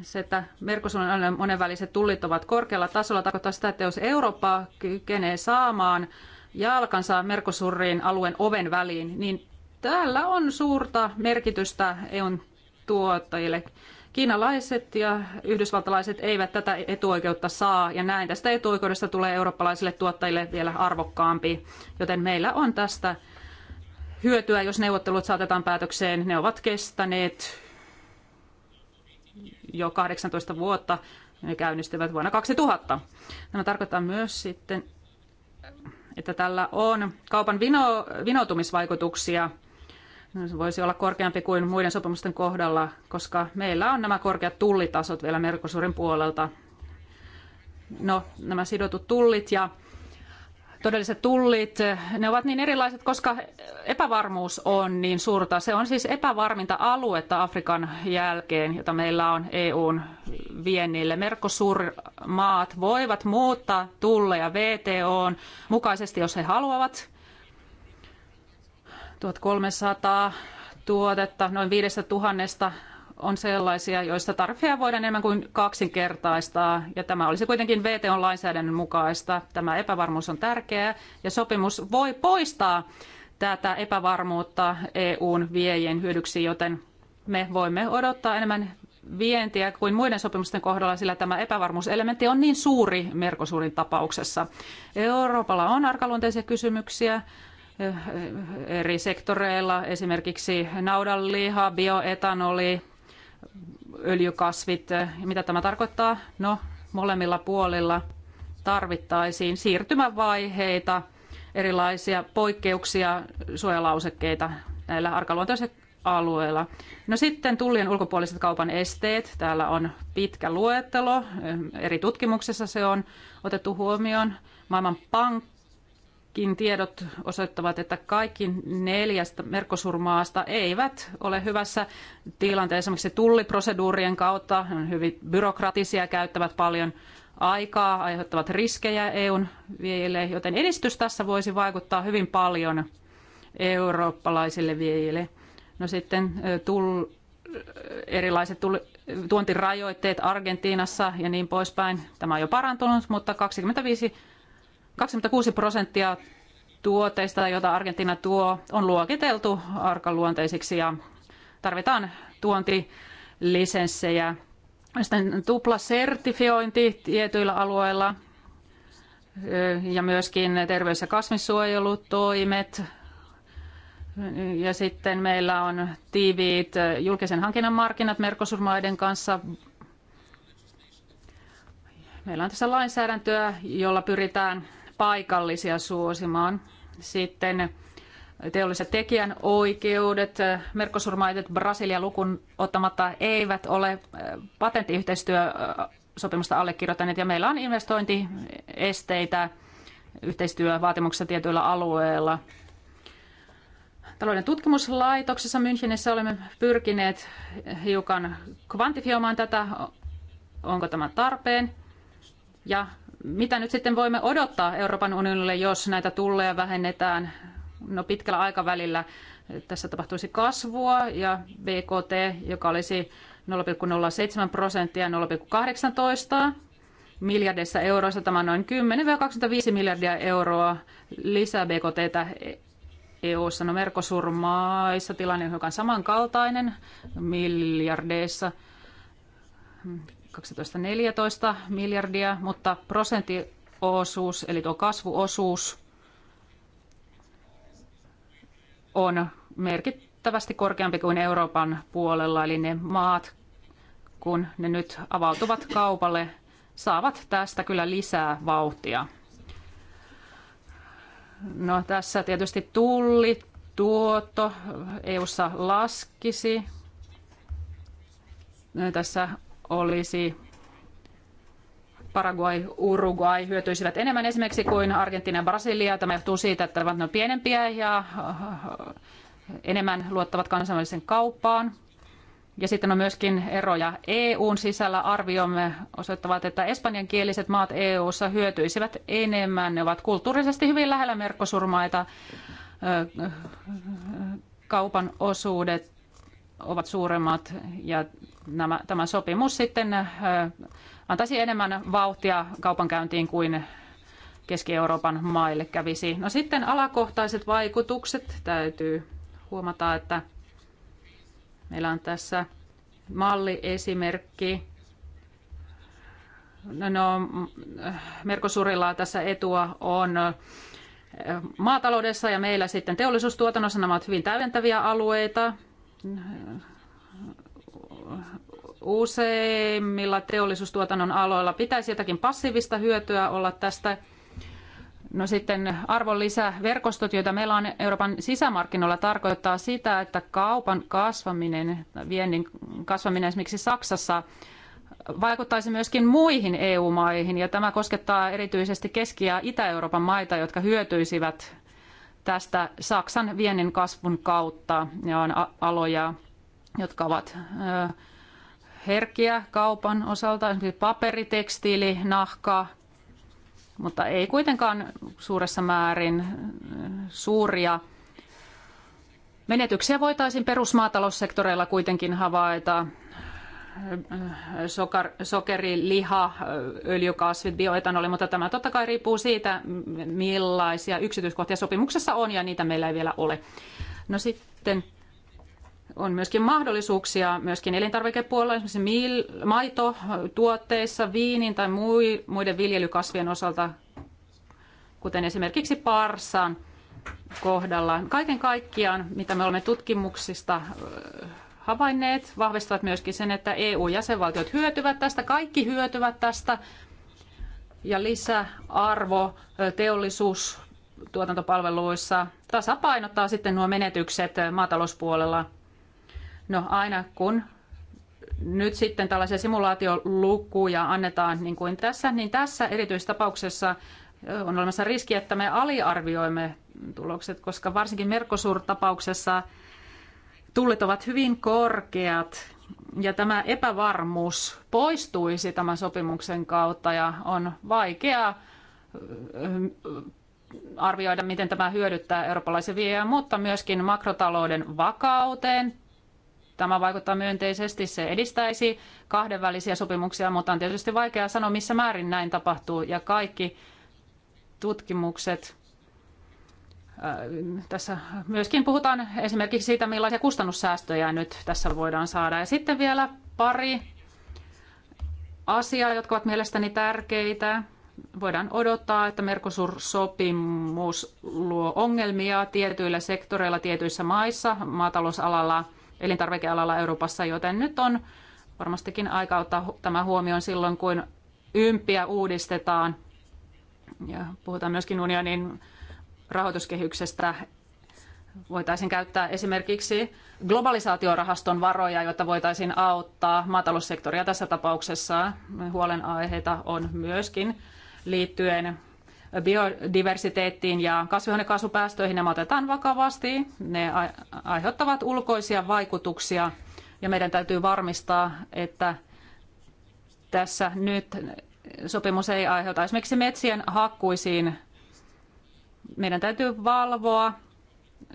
Speaker 1: se, että Merkosuuden monenväliset tullit ovat korkealla tasolla, tarkoittaa sitä, että jos Eurooppa kykenee saamaan jalkansa Merkosurin alueen oven väliin, niin täällä on suurta merkitystä EUn tuottajille. Kiinalaiset ja yhdysvaltalaiset eivät tätä etuoikeutta saa, ja näin tästä etuoikeudesta tulee eurooppalaisille tuottajille vielä arvokkaampi, joten meillä on tästä hyötyä, jos neuvottelut saatetaan päätökseen. Ne ovat kestäneet jo 18 vuotta. Ne käynnistyvät vuonna 2000. Tämä tarkoittaa myös sitten, että tällä on kaupan vino, vinoutumisvaikutuksia. Se voisi olla korkeampi kuin muiden sopimusten kohdalla, koska meillä on nämä korkeat tullitasot vielä Merkosurin puolelta. No, nämä sidotut tullit ja todelliset tullit, ne ovat niin erilaiset, koska epävarmuus on niin suurta. Se on siis epävarminta aluetta Afrikan jälkeen, jota meillä on EUn viennille. Mercosur-maat voivat muuttaa tulleja VTOn mukaisesti, jos he haluavat. 1300 tuotetta noin 5000 on sellaisia, joista tarifeja voidaan enemmän kuin kaksinkertaistaa, ja tämä olisi kuitenkin VTO-lainsäädännön mukaista. Tämä epävarmuus on tärkeää, ja sopimus voi poistaa tätä epävarmuutta EUn viejien hyödyksi, joten me voimme odottaa enemmän vientiä kuin muiden sopimusten kohdalla, sillä tämä epävarmuuselementti on niin suuri Merkosuurin tapauksessa. Euroopalla on arkaluonteisia kysymyksiä eh, eri sektoreilla, esimerkiksi naudanliha, bioetanoli, öljykasvit. Eh, mitä tämä tarkoittaa? No, molemmilla puolilla tarvittaisiin siirtymävaiheita, erilaisia poikkeuksia, suojalausekkeita näillä arkaluontoisilla alueilla. No sitten tullien ulkopuoliset kaupan esteet. Täällä on pitkä luettelo. Eri tutkimuksessa se on otettu huomioon. Maailman pankki Kin tiedot osoittavat, että kaikki neljästä merkosurmaasta eivät ole hyvässä tilanteessa. Esimerkiksi tulliproseduurien kautta on hyvin byrokratisia, käyttävät paljon aikaa, aiheuttavat riskejä EUn viejille, joten edistys tässä voisi vaikuttaa hyvin paljon eurooppalaisille viejille. No sitten tull, erilaiset tull, tuontirajoitteet Argentiinassa ja niin poispäin. Tämä on jo parantunut, mutta 25 26 prosenttia tuotteista, joita Argentiina tuo, on luokiteltu arkaluonteisiksi ja tarvitaan tuontilisenssejä. Sitten tuplasertifiointi tietyillä alueilla ja myöskin terveys- ja kasvissuojelutoimet. Ja sitten meillä on tiiviit julkisen hankinnan markkinat merkosurmaiden kanssa. Meillä on tässä lainsäädäntöä, jolla pyritään paikallisia suosimaan. Sitten teolliset tekijän oikeudet, merkosurmaiset Brasilia lukun ottamatta eivät ole äh, patenttiyhteistyösopimusta allekirjoittaneet ja meillä on investointiesteitä yhteistyövaatimuksissa tietyillä alueilla. Talouden tutkimuslaitoksessa Münchenissä olemme pyrkineet hiukan kvantifioimaan tätä, onko tämä tarpeen. Ja mitä nyt sitten voimme odottaa Euroopan unionille, jos näitä tulleja vähennetään? No pitkällä aikavälillä tässä tapahtuisi kasvua ja BKT, joka olisi 0,07 prosenttia 0,18 miljardissa euroissa. Tämä on noin 10-25 miljardia euroa lisää BKT EU-ssa. No Mercosur-maissa tilanne on hiukan samankaltainen miljardeissa 12-14 miljardia, mutta prosenttiosuus, eli tuo kasvuosuus, on merkittävästi korkeampi kuin Euroopan puolella, eli ne maat, kun ne nyt avautuvat kaupalle, saavat tästä kyllä lisää vauhtia. No tässä tietysti tulli, tuotto EUssa laskisi. Tässä olisi Paraguay, Uruguay hyötyisivät enemmän esimerkiksi kuin Argentiina ja Brasilia. Tämä johtuu siitä, että ovat pienempiä ja äh, äh, enemmän luottavat kansainväliseen kauppaan. Ja sitten on myöskin eroja EUn sisällä. Arviomme osoittavat, että espanjankieliset maat EUssa hyötyisivät enemmän. Ne ovat kulttuurisesti hyvin lähellä merkkosurmaita. Äh, kaupan osuudet ovat suuremmat ja nämä, tämä sopimus sitten äh, antaisi enemmän vauhtia kaupankäyntiin kuin Keski-Euroopan maille kävisi. No sitten alakohtaiset vaikutukset. Täytyy huomata, että meillä on tässä malliesimerkki. No, no Merkosurilla tässä etua on äh, maataloudessa ja meillä sitten teollisuustuotannossa nämä ovat hyvin täydentäviä alueita useimmilla teollisuustuotannon aloilla pitäisi jotakin passiivista hyötyä olla tästä. No sitten arvonlisäverkostot, joita meillä on Euroopan sisämarkkinoilla, tarkoittaa sitä, että kaupan kasvaminen, viennin kasvaminen esimerkiksi Saksassa vaikuttaisi myöskin muihin EU-maihin ja tämä koskettaa erityisesti Keski- ja Itä-Euroopan maita, jotka hyötyisivät tästä Saksan viennin kasvun kautta Ne on aloja, jotka ovat herkkiä kaupan osalta, esimerkiksi paperi, tekstiili, nahka, mutta ei kuitenkaan suuressa määrin suuria. Menetyksiä voitaisiin perusmaataloussektoreilla kuitenkin havaita. Sokar, sokeri, liha, öljykasvit, bioetanoli, mutta tämä totta kai riippuu siitä, millaisia yksityiskohtia sopimuksessa on, ja niitä meillä ei vielä ole. No sitten on myöskin mahdollisuuksia myöskin elintarvikepuolella, esimerkiksi maito, tuotteissa, viinin tai muiden viljelykasvien osalta, kuten esimerkiksi parsan kohdalla. Kaiken kaikkiaan, mitä me olemme tutkimuksista havainneet, vahvistavat myöskin sen, että EU-jäsenvaltiot hyötyvät tästä, kaikki hyötyvät tästä, ja lisäarvo teollisuus tuotantopalveluissa tasapainottaa sitten nuo menetykset maatalouspuolella – No aina kun nyt sitten tällaisia simulaatiolukuja annetaan niin kuin tässä, niin tässä erityistapauksessa on olemassa riski, että me aliarvioimme tulokset, koska varsinkin merkosur tapauksessa tullit ovat hyvin korkeat ja tämä epävarmuus poistuisi tämän sopimuksen kautta ja on vaikea arvioida, miten tämä hyödyttää eurooppalaisia viejää, mutta myöskin makrotalouden vakauteen Tämä vaikuttaa myönteisesti. Se edistäisi kahdenvälisiä sopimuksia, mutta on tietysti vaikea sanoa, missä määrin näin tapahtuu. Ja kaikki tutkimukset äh, tässä myöskin puhutaan esimerkiksi siitä, millaisia kustannussäästöjä nyt tässä voidaan saada. Ja sitten vielä pari asiaa, jotka ovat mielestäni tärkeitä. Voidaan odottaa, että Mercosur-sopimus luo ongelmia tietyillä sektoreilla tietyissä maissa, maatalousalalla – elintarvikealalla Euroopassa, joten nyt on varmastikin aika ottaa tämä huomioon silloin, kun ympiä uudistetaan. Ja puhutaan myöskin unionin rahoituskehyksestä. Voitaisiin käyttää esimerkiksi globalisaatiorahaston varoja, jotta voitaisiin auttaa maataloussektoria tässä tapauksessa. Huolenaiheita on myöskin liittyen biodiversiteettiin ja kasvihuonekaasupäästöihin. Nämä otetaan vakavasti. Ne aiheuttavat ulkoisia vaikutuksia ja meidän täytyy varmistaa, että tässä nyt sopimus ei aiheuta esimerkiksi metsien hakkuisiin. Meidän täytyy valvoa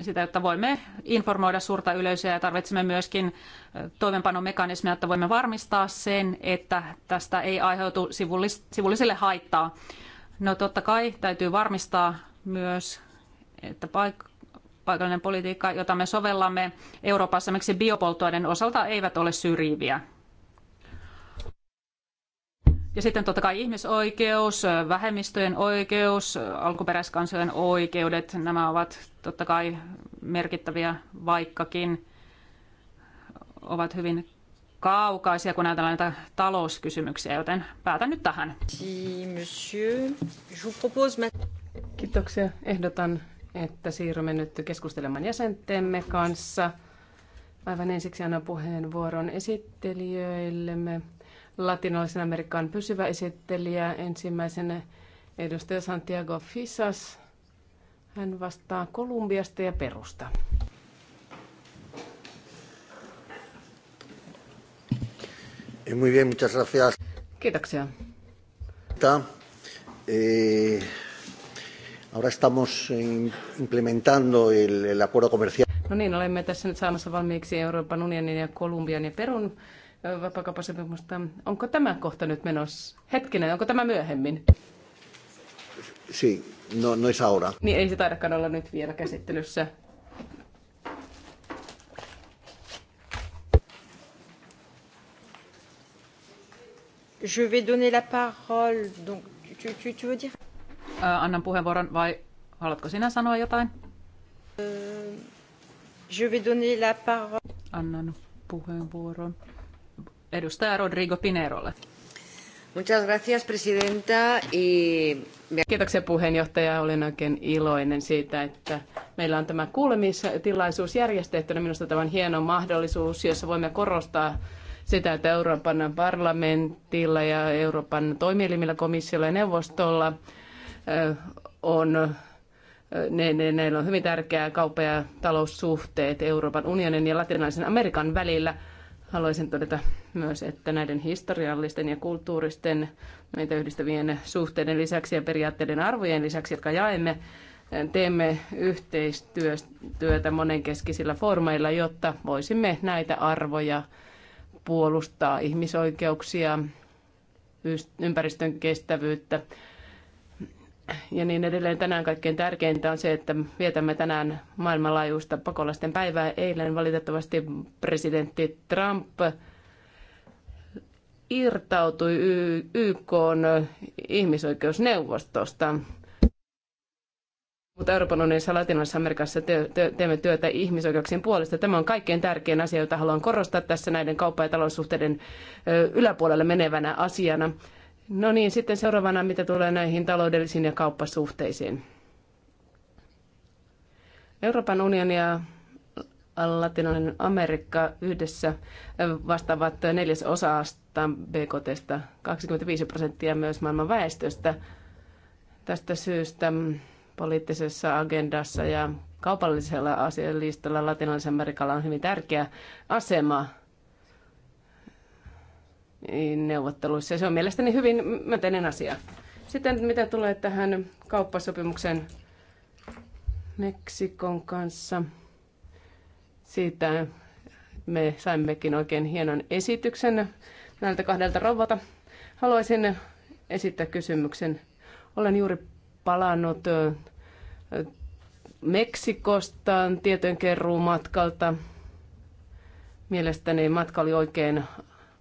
Speaker 1: sitä, jotta voimme informoida suurta yleisöä ja tarvitsemme myöskin toimenpanomekanismia, jotta voimme varmistaa sen, että tästä ei aiheutu sivullisille haittaa. No totta kai täytyy varmistaa myös, että paik- paikallinen politiikka, jota me sovellamme Euroopassa, miksi biopolttoaineiden osalta eivät ole syrjiviä. Ja sitten totta kai ihmisoikeus, vähemmistöjen oikeus, alkuperäiskansojen oikeudet, nämä ovat totta kai merkittäviä, vaikkakin ovat hyvin kaukaisia, kun ajatellaan näitä talouskysymyksiä, joten päätän nyt tähän.
Speaker 2: Kiitoksia. Ehdotan, että siirrymme nyt keskustelemaan jäsentemme kanssa. Aivan ensiksi annan puheenvuoron esittelijöillemme. Latinalaisen Amerikan pysyvä esittelijä ensimmäisenä edustaja Santiago Fisas. Hän vastaa Kolumbiasta ja Perusta.
Speaker 5: Eh, muy bien, muchas gracias. Kiitoksia. Eh, ahora estamos implementando el, acuerdo comercial.
Speaker 2: No niin, olemme tässä nyt saamassa valmiiksi Euroopan unionin ja Kolumbian ja Perun vapakauppasopimusta. Onko tämä kohta nyt menossa? Hetkinen, onko tämä myöhemmin?
Speaker 5: Sí, no, no es ahora.
Speaker 2: Niin ei se taidakaan olla nyt vielä käsittelyssä.
Speaker 1: Je vais donner la parole. Donc, tu, tu, tu veux dire? Äh, annan puheenvuoron vai haluatko sinä sanoa jotain? Euh, je vais donner la parole. Annan puheenvuoron edustaja Rodrigo Pinerolle.
Speaker 2: Muchas gracias, presidenta. Y... Kiitoksia puheenjohtaja. Olen oikein iloinen siitä, että meillä on tämä kuulemistilaisuus järjestettynä. Minusta tämä on hieno mahdollisuus, jossa voimme korostaa sitä, että Euroopan parlamentilla ja Euroopan toimielimillä, komissiolla ja neuvostolla on ne, ne, näillä on hyvin tärkeää kauppa- ja taloussuhteet Euroopan unionin ja latinalaisen Amerikan välillä. Haluaisin todeta myös, että näiden historiallisten ja kulttuuristen meitä yhdistävien suhteiden lisäksi ja periaatteiden arvojen lisäksi, jotka jaemme, teemme yhteistyötä monenkeskisillä formeilla, jotta voisimme näitä arvoja puolustaa ihmisoikeuksia, ympäristön kestävyyttä ja niin edelleen. Tänään kaikkein tärkeintä on se, että vietämme tänään maailmanlaajuista pakolaisten päivää. Eilen valitettavasti presidentti Trump irtautui YK ihmisoikeusneuvostosta. Mutta Euroopan unionissa ja Latinalaisessa Amerikassa te- te- teemme työtä ihmisoikeuksien puolesta. Tämä on kaikkein tärkein asia, jota haluan korostaa tässä näiden kauppa- ja taloussuhteiden yläpuolelle menevänä asiana. No niin, sitten seuraavana, mitä tulee näihin taloudellisiin ja kauppasuhteisiin. Euroopan unioni ja Latinalainen Amerikka yhdessä vastaavat neljäs osaasta BKT, 25 prosenttia myös maailman väestöstä. Tästä syystä mm, poliittisessa agendassa ja kaupallisella asialistalla latinalaisen Amerikalla on hyvin tärkeä asema neuvotteluissa. Se on mielestäni hyvin myönteinen asia. Sitten mitä tulee tähän kauppasopimuksen Meksikon kanssa, siitä me saimmekin oikein hienon esityksen näiltä kahdelta rouvalta. Haluaisin esittää kysymyksen. Olen juuri palannut Meksikosta tietojenkeruun matkalta. Mielestäni matka oli oikein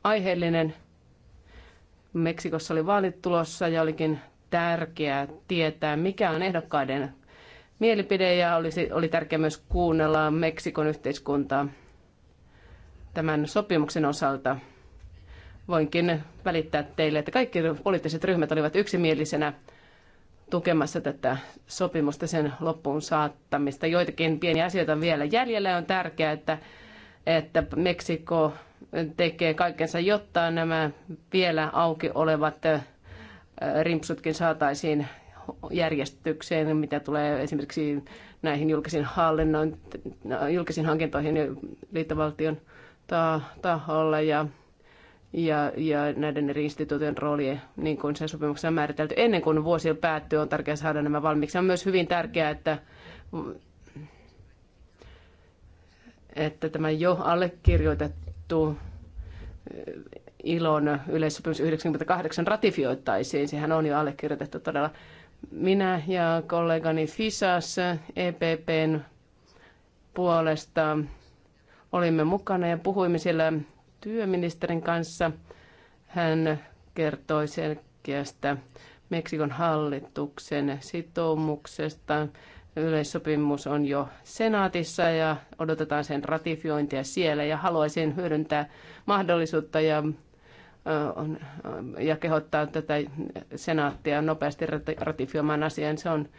Speaker 2: aiheellinen. Meksikossa oli vaalit tulossa ja olikin tärkeää tietää, mikä on ehdokkaiden mielipide ja oli, oli tärkeää myös kuunnella Meksikon yhteiskuntaa tämän sopimuksen osalta. Voinkin välittää teille, että kaikki poliittiset ryhmät olivat yksimielisenä tukemassa tätä sopimusta, sen loppuun saattamista. Joitakin pieniä asioita on vielä jäljellä. On tärkeää, että, että Meksiko tekee kaikensa, jotta nämä vielä auki olevat rimpsutkin saataisiin järjestykseen, mitä tulee esimerkiksi näihin julkisiin, hallinnoin, julkisiin hankintoihin liittovaltion taholla ja ja, ja näiden eri instituutioiden rooli, niin kuin sen sopimuksessa on määritelty. Ennen kuin vuosi päättyy, on tärkeää saada nämä valmiiksi. On myös hyvin tärkeää, että, että tämä jo allekirjoitettu eh, ilon yleissopimus 98 ratifioittaisiin. Sehän on jo allekirjoitettu todella. Minä ja kollegani Fisas EPPn puolesta olimme mukana ja puhuimme siellä työministerin kanssa. Hän kertoi selkeästä Meksikon hallituksen sitoumuksesta. Yleissopimus on jo senaatissa ja odotetaan sen ratifiointia siellä ja haluaisin hyödyntää mahdollisuutta ja ja kehottaa tätä senaattia nopeasti ratifioimaan asian. Se on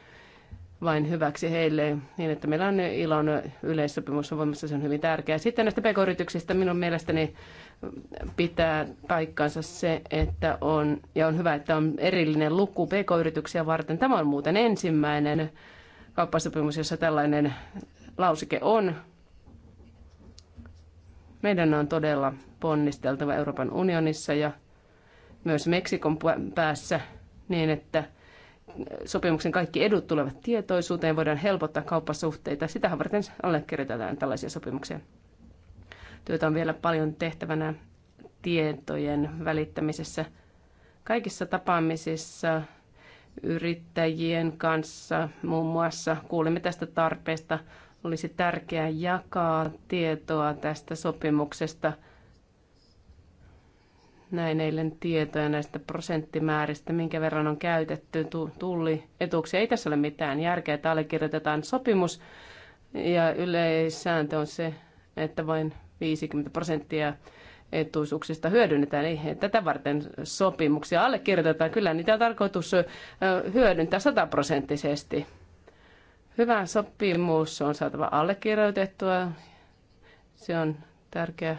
Speaker 2: vain hyväksi heille, niin että meillä on ilon yleissopimus on voimassa, se on hyvin tärkeää. Sitten näistä pk-yrityksistä minun mielestäni pitää paikkansa se, että on, ja on hyvä, että on erillinen luku pk-yrityksiä varten. Tämä on muuten ensimmäinen kauppasopimus, jossa tällainen lausike on. Meidän on todella ponnisteltava Euroopan unionissa ja myös Meksikon päässä niin, että – sopimuksen kaikki edut tulevat tietoisuuteen, voidaan helpottaa kauppasuhteita. sitä varten allekirjoitetaan tällaisia sopimuksia. Työtä on vielä paljon tehtävänä tietojen välittämisessä. Kaikissa tapaamisissa yrittäjien kanssa muun muassa kuulimme tästä tarpeesta. Olisi tärkeää jakaa tietoa tästä sopimuksesta – näin eilen tietoja näistä prosenttimääristä, minkä verran on käytetty tulli etuuksia. Ei tässä ole mitään järkeä, että allekirjoitetaan sopimus ja yleissääntö on se, että vain 50 prosenttia etuisuuksista hyödynnetään. Ei tätä varten sopimuksia allekirjoitetaan. Kyllä niitä on tarkoitus hyödyntää sataprosenttisesti. Hyvä sopimus on saatava allekirjoitettua. Se on tärkeä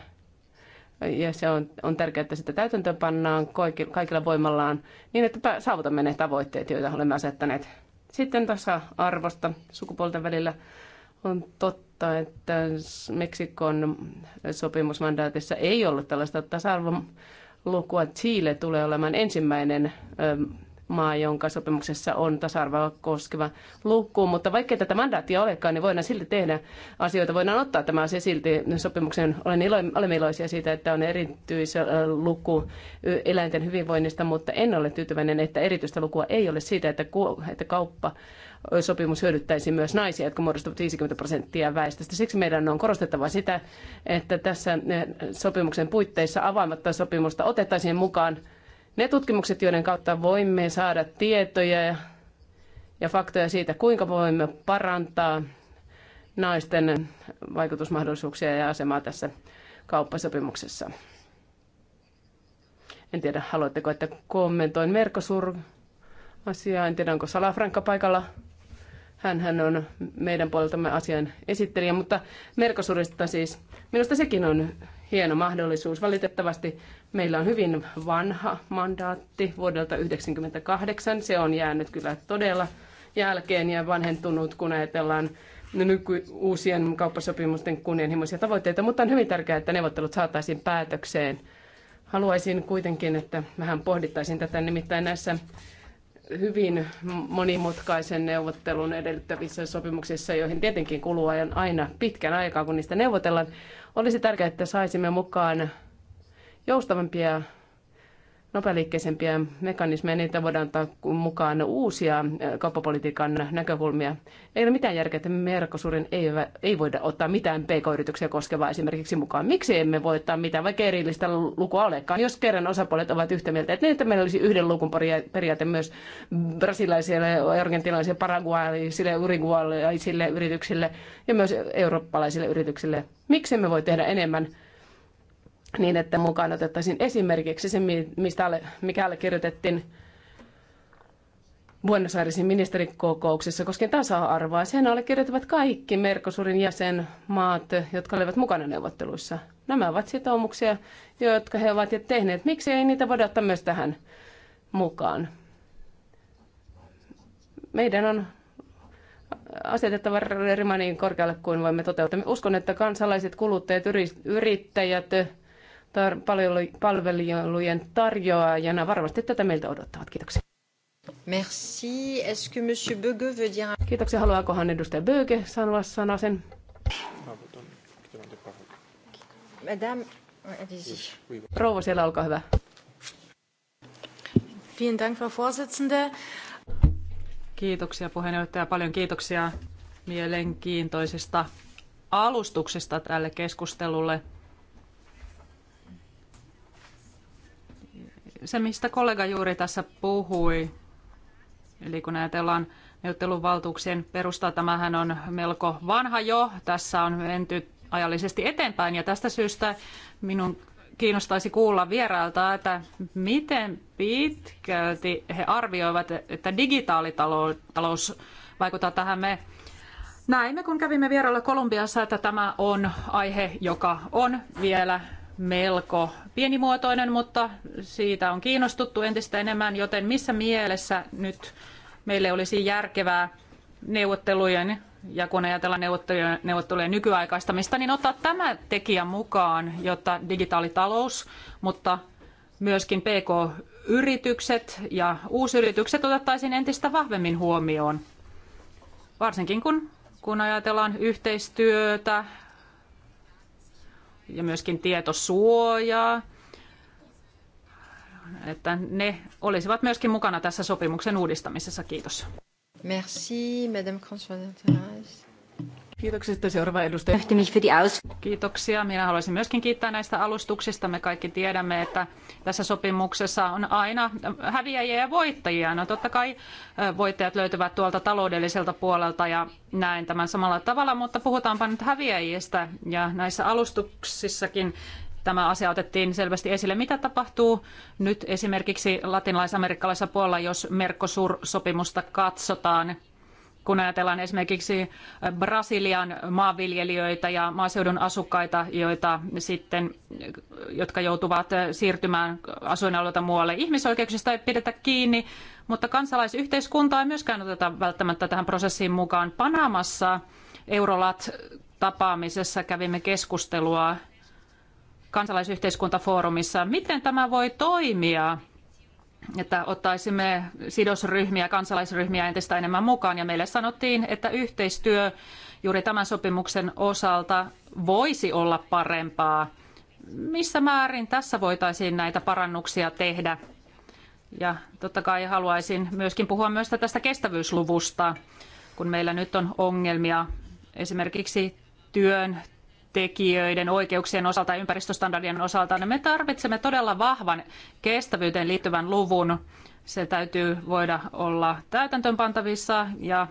Speaker 2: ja se on, on tärkeää, että sitä täytäntöön pannaan kaikilla voimallaan niin, että saavutamme ne tavoitteet, joita olemme asettaneet. Sitten tasa-arvosta sukupuolten välillä on totta, että Meksikon sopimusmandaatissa ei ollut tällaista tasa-arvon lukua. Chile tulee olemaan ensimmäinen maa, jonka sopimuksessa on tasa-arvoa koskeva luku. Mutta vaikka tätä mandaattia olekaan, niin voidaan silti tehdä asioita. Voidaan ottaa tämä asia silti sopimuksen. Olen ilo, olemme iloisia siitä, että on erityisluku eläinten hyvinvoinnista, mutta en ole tyytyväinen, että erityistä lukua ei ole siitä, että, että kauppa sopimus hyödyttäisi myös naisia, jotka muodostavat 50 prosenttia väestöstä. Siksi meidän on korostettava sitä, että tässä eh, sopimuksen puitteissa avaamatta sopimusta otettaisiin mukaan ne tutkimukset, joiden kautta voimme saada tietoja ja faktoja siitä, kuinka voimme parantaa naisten vaikutusmahdollisuuksia ja asemaa tässä kauppasopimuksessa. En tiedä, haluatteko, että kommentoin Mercosur-asiaa. En tiedä, onko Salafranka paikalla. hän on meidän puoleltamme asian esittelijä, mutta Mercosurista siis. Minusta sekin on hieno mahdollisuus. Valitettavasti Meillä on hyvin vanha mandaatti vuodelta 1998. Se on jäänyt kyllä todella jälkeen ja vanhentunut, kun ajatellaan nyky- uusien kauppasopimusten kunnianhimoisia tavoitteita, mutta on hyvin tärkeää, että neuvottelut saataisiin päätökseen. Haluaisin kuitenkin, että vähän pohdittaisin tätä, nimittäin näissä hyvin monimutkaisen neuvottelun edellyttävissä sopimuksissa, joihin tietenkin kuluu aina pitkän aikaa, kun niistä neuvotellaan. Olisi tärkeää, että saisimme mukaan joustavampia, nopealiikkeisempiä mekanismeja, niitä voidaan ottaa mukaan uusia kauppapolitiikan näkökulmia. Ei ole mitään järkeä, että Merkosurin ei, ei voida ottaa mitään pk-yrityksiä koskevaa esimerkiksi mukaan. Miksi emme voi ottaa mitään, vaikka erillistä lukua olekaan, jos kerran osapuolet ovat yhtä mieltä, että, niin, että meillä olisi yhden lukun periaate myös brasilaisille, argentilaisille, paraguaisille, urugualaisille yrityksille ja myös eurooppalaisille yrityksille. Miksi emme voi tehdä enemmän? niin, että mukaan otettaisiin esimerkiksi se, mistä alle, mikä allekirjoitettiin Buenos Airesin ministerikokouksessa koskien tasa-arvoa. Sen allekirjoittivat kaikki Mercosurin jäsenmaat, jotka olivat mukana neuvotteluissa. Nämä ovat sitoumuksia, jotka he ovat jo tehneet. Miksi ei niitä voida ottaa myös tähän mukaan? Meidän on asetettava Rimaniin korkealle kuin voimme toteuttaa. Uskon, että kansalaiset, kuluttajat, yrittäjät, tar- palvelujen tarjoajana. Varmasti tätä meiltä odottavat. Kiitoksia.
Speaker 3: Merci. Est-ce que Monsieur Böge veut dire...
Speaker 2: Kiitoksia. Haluaakohan edustaja Böge sanoa sanasen?
Speaker 3: Madame, allez-y.
Speaker 2: Rouva siellä, olkaa hyvä.
Speaker 3: Vielen Dank, Frau Vorsitzende.
Speaker 1: Kiitoksia puheenjohtaja. Paljon kiitoksia mielenkiintoisesta alustuksesta tälle keskustelulle. se, mistä kollega juuri tässä puhui, eli kun ajatellaan neuvotteluvaltuuksien perustaa, tämähän on melko vanha jo. Tässä on menty ajallisesti eteenpäin ja tästä syystä minun kiinnostaisi kuulla vierailta, että miten pitkälti he arvioivat, että digitaalitalous vaikuttaa tähän. Me näimme, kun kävimme vierailla Kolumbiassa, että tämä on aihe, joka on vielä melko pienimuotoinen, mutta siitä on kiinnostuttu entistä enemmän, joten missä mielessä nyt meille olisi järkevää neuvottelujen ja kun ajatellaan neuvottelujen, neuvottelujen nykyaikaistamista, niin ottaa tämä tekijä mukaan, jotta digitaalitalous, mutta myöskin PK-yritykset ja uusyritykset otettaisiin entistä vahvemmin huomioon, varsinkin kun, kun ajatellaan yhteistyötä ja myöskin tietosuojaa, että ne olisivat myöskin mukana tässä sopimuksen uudistamisessa. Kiitos.
Speaker 3: Merci, Madame
Speaker 1: Kiitoksia. Sitten seuraava edustaja. Kiitoksia. Minä haluaisin myöskin kiittää näistä alustuksista. Me kaikki tiedämme, että tässä sopimuksessa on aina häviäjiä ja voittajia. No totta kai voittajat löytyvät tuolta taloudelliselta puolelta ja näen tämän samalla tavalla, mutta puhutaanpa nyt häviäjistä. Ja näissä alustuksissakin tämä asia otettiin selvästi esille. Mitä tapahtuu nyt esimerkiksi latinalaisamerikkalaisella puolella, jos Mercosur-sopimusta katsotaan? kun ajatellaan esimerkiksi Brasilian maanviljelijöitä ja maaseudun asukkaita, joita sitten, jotka joutuvat siirtymään asuinalueelta muualle. Ihmisoikeuksista ei pidetä kiinni, mutta kansalaisyhteiskuntaa ei myöskään oteta välttämättä tähän prosessiin mukaan. Panamassa Eurolat tapaamisessa kävimme keskustelua kansalaisyhteiskuntafoorumissa. Miten tämä voi toimia? että ottaisimme sidosryhmiä, kansalaisryhmiä entistä enemmän mukaan. Ja meille sanottiin, että yhteistyö juuri tämän sopimuksen osalta voisi olla parempaa. Missä määrin tässä voitaisiin näitä parannuksia tehdä? Ja totta kai haluaisin myöskin puhua myös tästä kestävyysluvusta, kun meillä nyt on ongelmia esimerkiksi työn tekijöiden oikeuksien osalta ja ympäristöstandardien osalta, niin me tarvitsemme todella vahvan kestävyyteen liittyvän luvun. Se täytyy voida olla täytäntöönpantavissa ja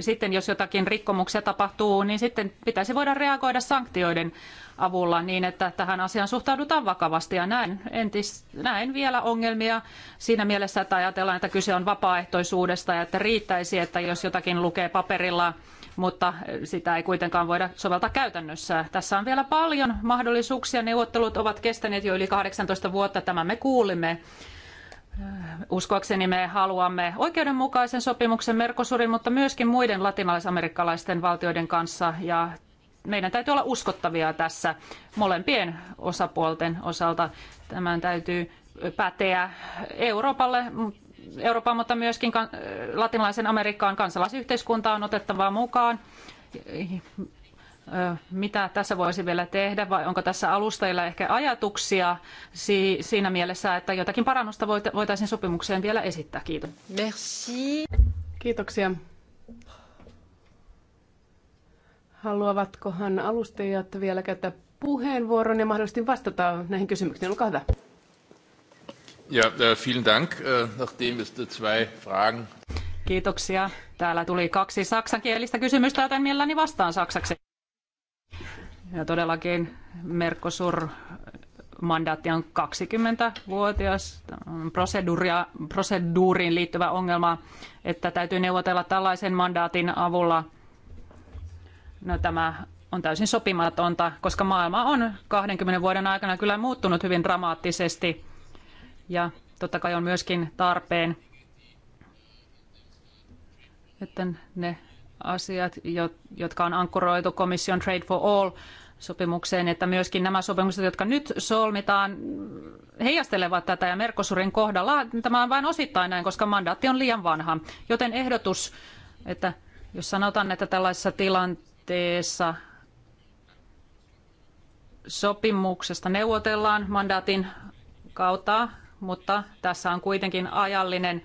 Speaker 1: sitten jos jotakin rikkomuksia tapahtuu, niin sitten pitäisi voida reagoida sanktioiden avulla niin, että tähän asiaan suhtaudutaan vakavasti. Ja näen, entis, näen vielä ongelmia siinä mielessä, että ajatellaan, että kyse on vapaaehtoisuudesta ja että riittäisi, että jos jotakin lukee paperilla, mutta sitä ei kuitenkaan voida soveltaa käytännössä. Tässä on vielä paljon mahdollisuuksia. Neuvottelut ovat kestäneet jo yli 18 vuotta, tämä me kuulimme. Uskoakseni me haluamme oikeudenmukaisen sopimuksen Mercosurin, mutta myöskin muiden latinalaisamerikkalaisten valtioiden kanssa. Ja meidän täytyy olla uskottavia tässä molempien osapuolten osalta. Tämän täytyy päteä Euroopalle, Euroopan, mutta myöskin latinalaisen Amerikkaan kansalaisyhteiskunta on otettava mukaan. Mitä tässä voisi vielä tehdä vai onko tässä alustajilla ehkä ajatuksia siinä mielessä, että jotakin parannusta voitaisiin sopimukseen vielä esittää? Kiitos.
Speaker 2: Merci. Kiitoksia. Haluavatkohan alustajat vielä käyttää puheenvuoron ja mahdollisesti vastata näihin kysymyksiin? Olkaa hyvä.
Speaker 5: Ja, äh, vielen Dank. Äh, Nachdem es zwei Fragen.
Speaker 2: Kiitoksia. Täällä tuli
Speaker 1: kaksi saksankielistä kysymystä, joten mielelläni vastaan saksaksi. Ja todellakin Mercosur mandaatti on 20-vuotias proseduuria, proseduuriin liittyvä ongelma, että täytyy neuvotella tällaisen mandaatin avulla – No tämä on täysin sopimatonta, koska maailma on 20 vuoden aikana kyllä muuttunut hyvin dramaattisesti ja totta kai on myöskin tarpeen, että ne asiat, jotka on ankkuroitu komission Trade for All sopimukseen, että myöskin nämä sopimukset, jotka nyt solmitaan, heijastelevat tätä ja Merkosurin kohdalla tämä on vain osittain näin, koska mandaatti on liian vanha. Joten ehdotus, että jos sanotaan, että tällaisessa tilanteessa periaatteessa sopimuksesta neuvotellaan mandaatin kautta, mutta tässä on kuitenkin ajallinen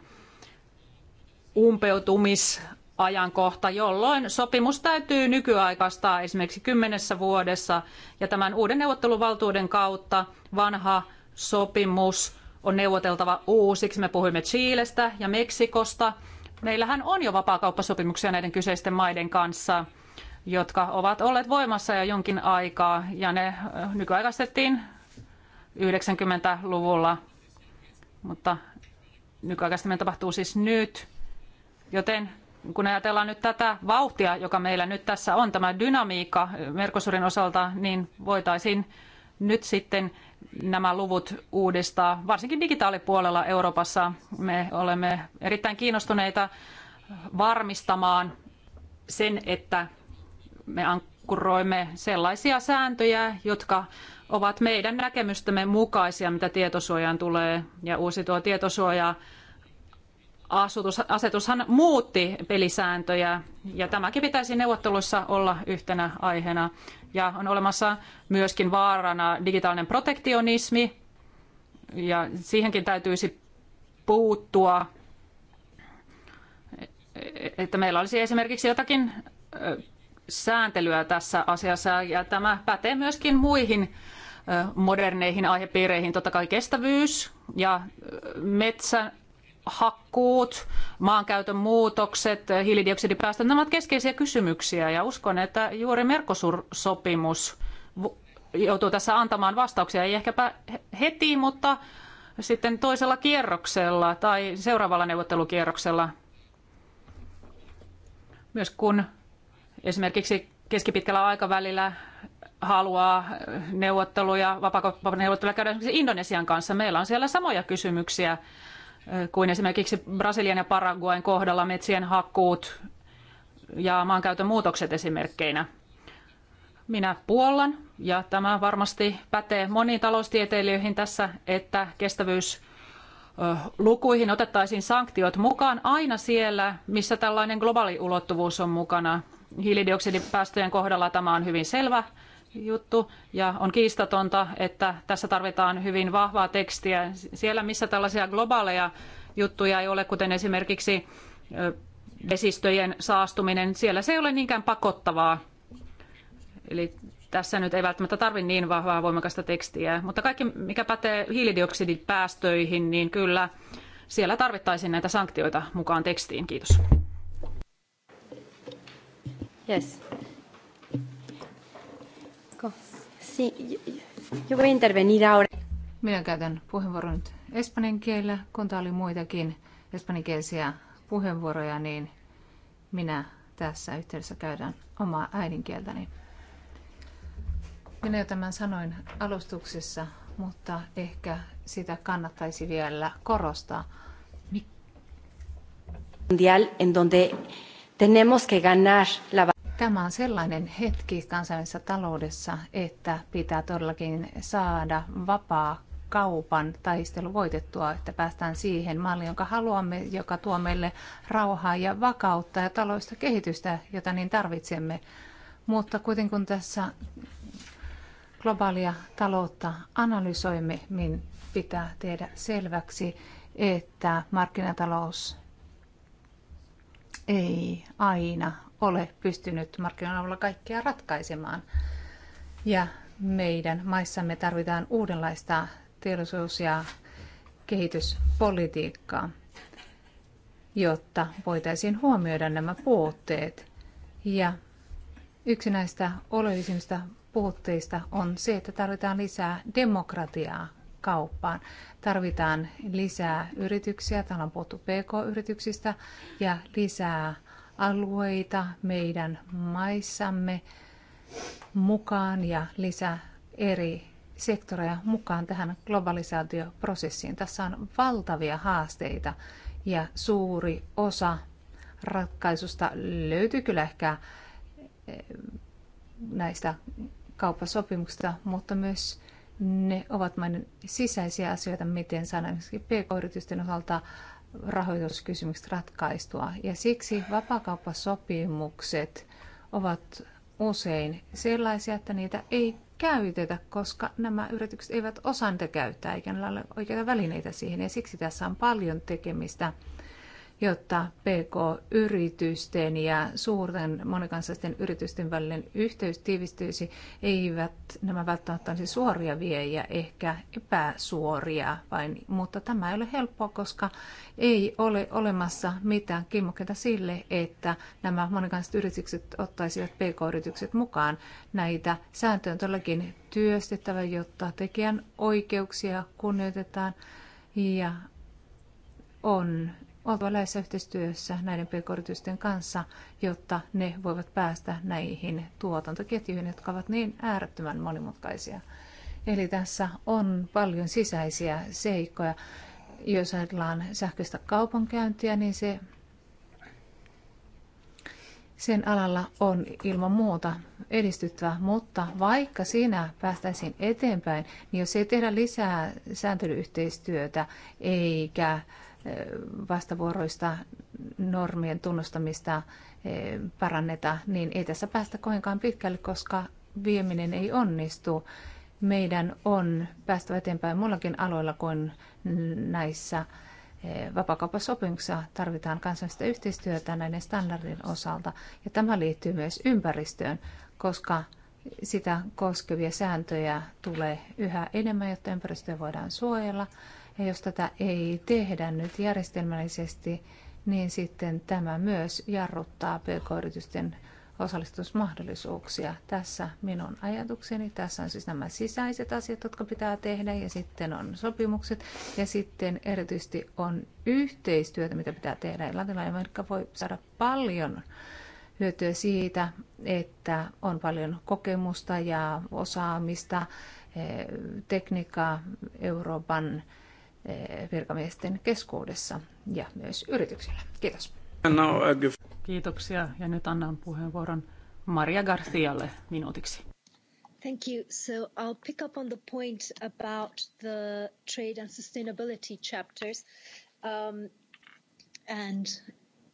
Speaker 1: umpeutumisajankohta, jolloin sopimus täytyy nykyaikaistaa esimerkiksi kymmenessä vuodessa. Ja tämän uuden neuvotteluvaltuuden kautta vanha sopimus on neuvoteltava uusiksi. Me puhuimme Chiilestä ja Meksikosta. Meillähän on jo vapaakauppasopimuksia näiden kyseisten maiden kanssa – jotka ovat olleet voimassa jo jonkin aikaa ja ne äh, nykyaikaistettiin 90-luvulla, mutta nykyaikaistaminen tapahtuu siis nyt. Joten kun ajatellaan nyt tätä vauhtia, joka meillä nyt tässä on, tämä dynamiikka merkosurin osalta, niin voitaisiin nyt sitten nämä luvut uudistaa, varsinkin digitaalipuolella Euroopassa. Me olemme erittäin kiinnostuneita varmistamaan sen, että me ankkuroimme sellaisia sääntöjä, jotka ovat meidän näkemystämme mukaisia, mitä tietosuojaan tulee. Ja uusi tuo tietosuoja asetushan muutti pelisääntöjä ja tämäkin pitäisi neuvotteluissa olla yhtenä aiheena. Ja on olemassa myöskin vaarana digitaalinen protektionismi ja siihenkin täytyisi puuttua, että meillä olisi esimerkiksi jotakin sääntelyä tässä asiassa ja tämä pätee myöskin muihin moderneihin aihepiireihin. Totta kai kestävyys ja metsähakkuut, maankäytön muutokset, hiilidioksidipäästöt, nämä ovat keskeisiä kysymyksiä ja uskon, että juuri Mercosur-sopimus joutuu tässä antamaan vastauksia, ei ehkäpä heti, mutta sitten toisella kierroksella tai seuraavalla neuvottelukierroksella. Myös kun esimerkiksi keskipitkällä aikavälillä haluaa neuvotteluja, vapaakauppaneuvotteluja käydä esimerkiksi Indonesian kanssa. Meillä on siellä samoja kysymyksiä kuin esimerkiksi Brasilian ja Paraguain kohdalla metsien hakkuut ja maankäytön muutokset esimerkkeinä. Minä puollan, ja tämä varmasti pätee moniin taloustieteilijöihin tässä, että kestävyys lukuihin otettaisiin sanktiot mukaan aina siellä, missä tällainen globaali ulottuvuus on mukana hiilidioksidipäästöjen kohdalla tämä on hyvin selvä juttu ja on kiistatonta, että tässä tarvitaan hyvin vahvaa tekstiä. Siellä, missä tällaisia globaaleja juttuja ei ole, kuten esimerkiksi vesistöjen saastuminen, siellä se ei ole niinkään pakottavaa. Eli tässä nyt ei välttämättä tarvitse niin vahvaa voimakasta tekstiä, mutta kaikki mikä pätee hiilidioksidipäästöihin, niin kyllä siellä tarvittaisiin näitä sanktioita mukaan tekstiin. Kiitos. Yes.
Speaker 3: Sí, yo voy a intervenir ahora. Minä käytän puheenvuoron nyt espanjan kielellä, kun täällä oli muitakin espanjankielisiä puheenvuoroja, niin minä tässä yhteydessä käytän omaa äidinkieltäni. Minä jo tämän sanoin alustuksessa, mutta ehkä sitä kannattaisi vielä korostaa.
Speaker 1: Mundial en donde
Speaker 3: tenemos que ganar la Tämä on sellainen hetki kansainvälisessä taloudessa, että pitää todellakin saada vapaa kaupan taistelu voitettua, että päästään siihen malliin, jonka haluamme, joka tuo meille rauhaa ja vakautta ja taloudellista kehitystä, jota niin tarvitsemme. Mutta kuitenkin kun tässä globaalia taloutta analysoimme, niin pitää tehdä selväksi, että markkinatalous ei aina ole pystynyt markkinoilla kaikkea ratkaisemaan. Ja meidän maissamme tarvitaan uudenlaista teollisuus- ja kehityspolitiikkaa, jotta voitaisiin huomioida nämä puutteet. Ja yksi näistä oleellisimmista puutteista on se, että tarvitaan lisää demokratiaa kauppaan. Tarvitaan lisää yrityksiä, täällä on puhuttu pk-yrityksistä, ja lisää alueita meidän maissamme mukaan ja lisää eri sektoreja mukaan tähän globalisaatioprosessiin. Tässä on valtavia haasteita ja suuri osa ratkaisusta löytyy kyllä ehkä eh, näistä kauppasopimuksista, mutta myös ne ovat maiden sisäisiä asioita, miten saadaan esimerkiksi pk-yritysten osalta rahoituskysymykset ratkaistua. Ja siksi vapakauppasopimukset ovat usein sellaisia, että niitä ei käytetä, koska nämä yritykset eivät osaa niitä käyttää, eikä niillä ole oikeita välineitä siihen. Ja siksi tässä on paljon tekemistä jotta PK-yritysten ja suurten monikansallisten yritysten välinen yhteys tiivistyisi, eivät nämä välttämättä olisi suoria viejä, ehkä epäsuoria, vain, mutta tämä ei ole helppoa, koska ei ole olemassa mitään kimmokkeita sille, että nämä monikansalliset yritykset ottaisivat PK-yritykset mukaan. Näitä sääntöjä on todellakin työstettävä, jotta tekijän oikeuksia kunnioitetaan ja on oltava läheisessä yhteistyössä näiden pk kanssa, jotta ne voivat päästä näihin tuotantoketjuihin, jotka ovat niin äärettömän monimutkaisia. Eli tässä on paljon sisäisiä seikkoja. Jos ajatellaan sähköistä kaupankäyntiä, niin se, sen alalla on ilman muuta edistyttävä, mutta vaikka siinä päästäisiin eteenpäin, niin jos ei tehdä lisää sääntelyyhteistyötä eikä vastavuoroista normien tunnustamista eh, paranneta, niin ei tässä päästä koinkaan pitkälle, koska vieminen ei onnistu. Meidän on päästävä eteenpäin muillakin aloilla kuin näissä eh, vapakauppasopimuksissa tarvitaan kansallista yhteistyötä näiden standardin osalta. Ja tämä liittyy myös ympäristöön, koska sitä koskevia sääntöjä tulee yhä enemmän, jotta ympäristöä voidaan suojella. Ja jos tätä ei tehdä nyt järjestelmällisesti, niin sitten tämä myös jarruttaa pk-yritysten osallistusmahdollisuuksia. Tässä minun ajatukseni. Tässä on siis nämä sisäiset asiat, jotka pitää tehdä ja sitten on sopimukset ja sitten erityisesti on yhteistyötä, mitä pitää tehdä. Latinalainen Amerikka voi saada paljon hyötyä siitä, että on paljon kokemusta ja osaamista, eh, tekniikkaa Euroopan Eh, virkamiesten
Speaker 1: keskuudessa ja myös yrityksillä. Kiitos. Kiitoksia ja nyt annan puheenvuoron Maria Garcialle minuutiksi.
Speaker 4: Thank you. So I'll pick up on the point about the trade and sustainability chapters. Um, and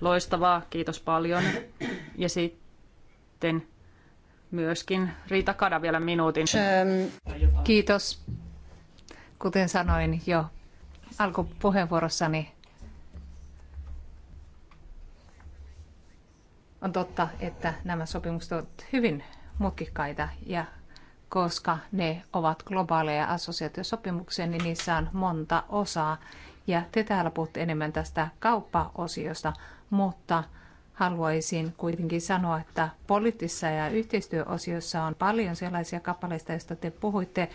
Speaker 1: Loistavaa, kiitos paljon. Ja sitten myöskin Riita Kada vielä minuutin. Ähm, kiitos.
Speaker 3: Kuten sanoin jo alkupuheenvuorossani, on totta, että nämä sopimukset ovat hyvin mutkikkaita ja koska ne ovat globaaleja assosiaatiosopimuksia, niin niissä on monta osaa ja te täällä puhutte enemmän tästä kauppaosiosta, mutta haluaisin kuitenkin sanoa, että poliittisessa ja yhteistyöosiossa on paljon sellaisia kappaleista, joista te puhuitte,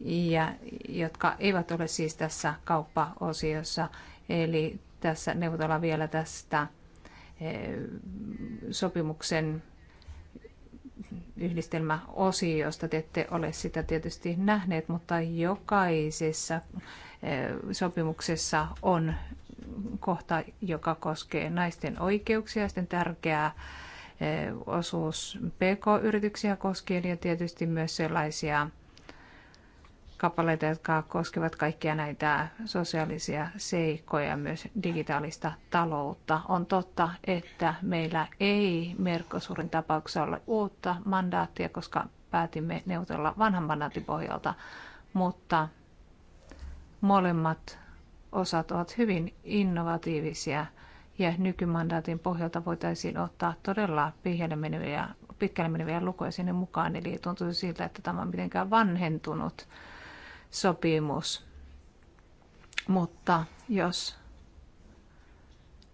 Speaker 3: ja jotka eivät ole siis tässä kauppaosiossa. Eli tässä neuvotellaan vielä tästä eh, sopimuksen yhdistelmäosiosta. Te ette ole sitä tietysti nähneet, mutta jokaisessa eh, sopimuksessa on kohta, joka koskee naisten oikeuksia. Sitten tärkeää eh, osuus PK-yrityksiä koskien ja tietysti myös sellaisia kappaleita, jotka koskevat kaikkia näitä sosiaalisia seikkoja, myös digitaalista taloutta. On totta, että meillä ei Merkosurin tapauksessa ole uutta mandaattia, koska päätimme neutella vanhan mandaatin pohjalta, mutta molemmat osat ovat hyvin innovatiivisia ja nykymandaatin pohjalta voitaisiin ottaa todella pitkälle meneviä, pitkälle meneviä lukuja sinne mukaan. Eli tuntuu siltä, että tämä on mitenkään vanhentunut sopimus. Mutta jos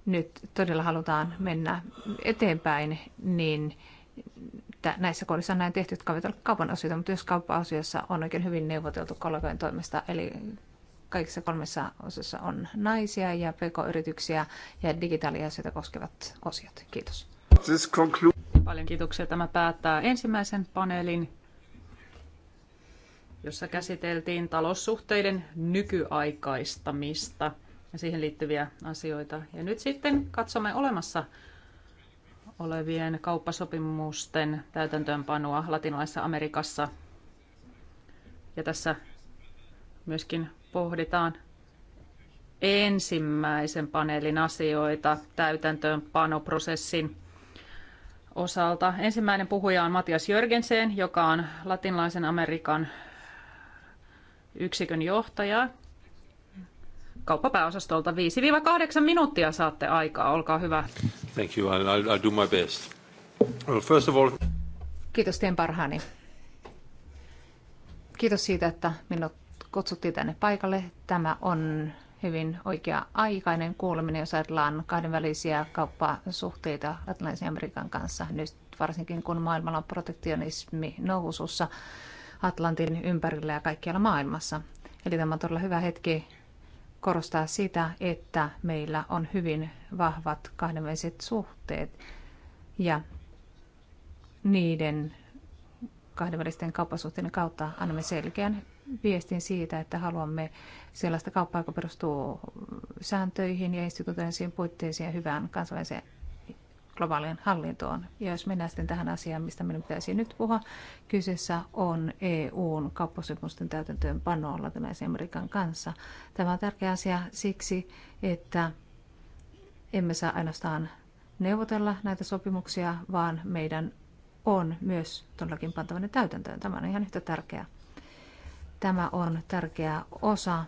Speaker 3: nyt todella halutaan mennä eteenpäin, niin näissä kohdissa on näin tehty, jotka ovat olleet kaupan osioita, mutta jos kauppa-asioissa on oikein hyvin neuvoteltu kollegojen toimesta, eli kaikissa kolmessa osassa on naisia ja pk-yrityksiä ja
Speaker 1: digitaaliasioita koskevat osiot. Kiitos. Paljon kiitoksia. Tämä päättää ensimmäisen paneelin jossa käsiteltiin taloussuhteiden nykyaikaistamista ja siihen liittyviä asioita. Ja nyt sitten katsomme olemassa olevien kauppasopimusten täytäntöönpanoa latinalaisessa Amerikassa. Ja tässä myöskin pohditaan ensimmäisen paneelin asioita täytäntöönpanoprosessin osalta. Ensimmäinen puhuja on Matias Jörgensen, joka on latinalaisen Amerikan yksikön johtajaa. Kauppapääosastolta 5-8 minuuttia saatte aikaa, olkaa hyvä.
Speaker 5: Thank you, I'll, I'll do my best. Well, first of all...
Speaker 3: Kiitos teen parhaani. Kiitos siitä, että minut kutsuttiin tänne paikalle. Tämä on hyvin oikea-aikainen kuuleminen, jos ajatellaan kahdenvälisiä kauppasuhteita Atlantisen Amerikan kanssa nyt varsinkin kun maailmalla on protektionismi nousussa Atlantin ympärillä ja kaikkialla maailmassa. Eli tämä on todella hyvä hetki korostaa sitä, että meillä on hyvin vahvat kahdenväliset suhteet ja niiden kahdenvälisten kauppasuhteiden kautta annamme selkeän viestin siitä, että haluamme sellaista kauppaa, joka perustuu sääntöihin ja instituutioiden puitteisiin ja hyvään kansalliseen globaaliin hallintoon. Ja jos mennään sitten tähän asiaan, mistä meidän pitäisi nyt puhua, kyseessä on EUn kauppasopimusten täytäntöönpanoa Latinalaisen Amerikan kanssa. Tämä on tärkeä asia siksi, että emme saa ainoastaan neuvotella näitä sopimuksia, vaan meidän on myös todellakin pantava ne täytäntöön. Tämä on ihan yhtä tärkeää. Tämä on tärkeä osa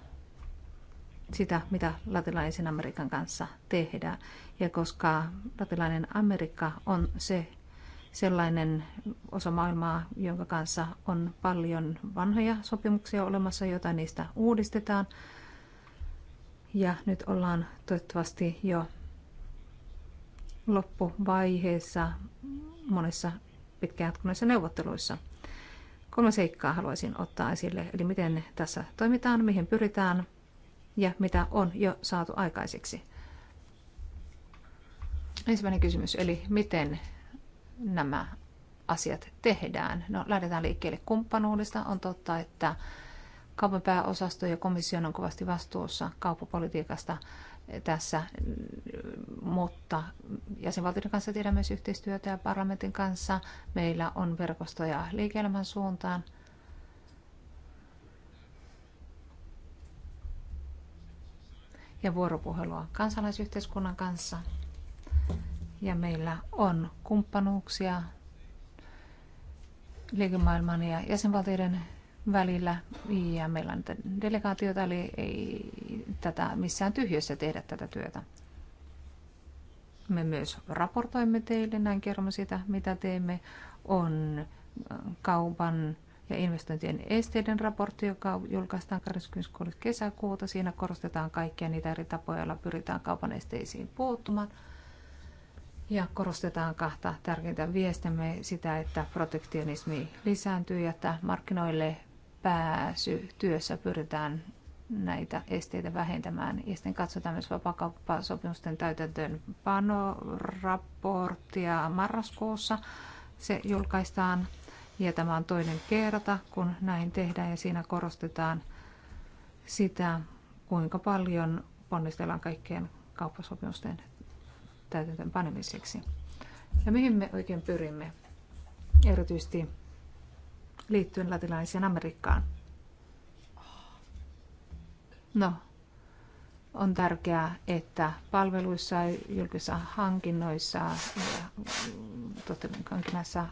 Speaker 3: sitä, mitä latinalaisen Amerikan kanssa tehdään. Ja koska latinalainen Amerikka on se sellainen osa maailmaa, jonka kanssa on paljon vanhoja sopimuksia olemassa, joita niistä uudistetaan. Ja nyt ollaan toivottavasti jo loppuvaiheessa monissa pitkään neuvotteluissa. Kolme seikkaa haluaisin ottaa esille, eli miten tässä toimitaan, mihin pyritään – ja mitä on jo saatu aikaiseksi. Ensimmäinen kysymys, eli miten nämä asiat tehdään? No, lähdetään liikkeelle kumppanuudesta. On totta, että kaupan pääosasto ja komission on kovasti vastuussa kauppapolitiikasta tässä, mutta jäsenvaltioiden kanssa tehdään myös yhteistyötä ja parlamentin kanssa. Meillä on verkostoja liike suuntaan – ja vuoropuhelua kansalaisyhteiskunnan kanssa. Ja meillä on kumppanuuksia liikemaailman ja jäsenvaltioiden välillä ja meillä on delegaatiota, eli ei tätä missään tyhjössä tehdä tätä työtä. Me myös raportoimme teille, näin kerromme sitä, mitä teemme. On kaupan ja investointien esteiden raportti, joka julkaistaan 23. kesäkuuta. Siinä korostetaan kaikkia niitä eri tapoja, joilla pyritään kaupan esteisiin puuttumaan. Ja korostetaan kahta tärkeintä viestimme sitä, että protektionismi lisääntyy ja että markkinoille pääsy työssä pyritään näitä esteitä vähentämään. Ja sitten katsotaan myös vapakauppasopimusten täytäntöön panoraporttia marraskuussa. Se julkaistaan ja tämä on toinen kerta, kun näin tehdään ja siinä korostetaan sitä, kuinka paljon ponnistellaan kaikkien kauppasopimusten täytäntöön panemiseksi. Ja mihin me oikein pyrimme, erityisesti liittyen latinalaiseen Amerikkaan? No, on tärkeää, että palveluissa, julkisissa hankinnoissa ja hankinnassa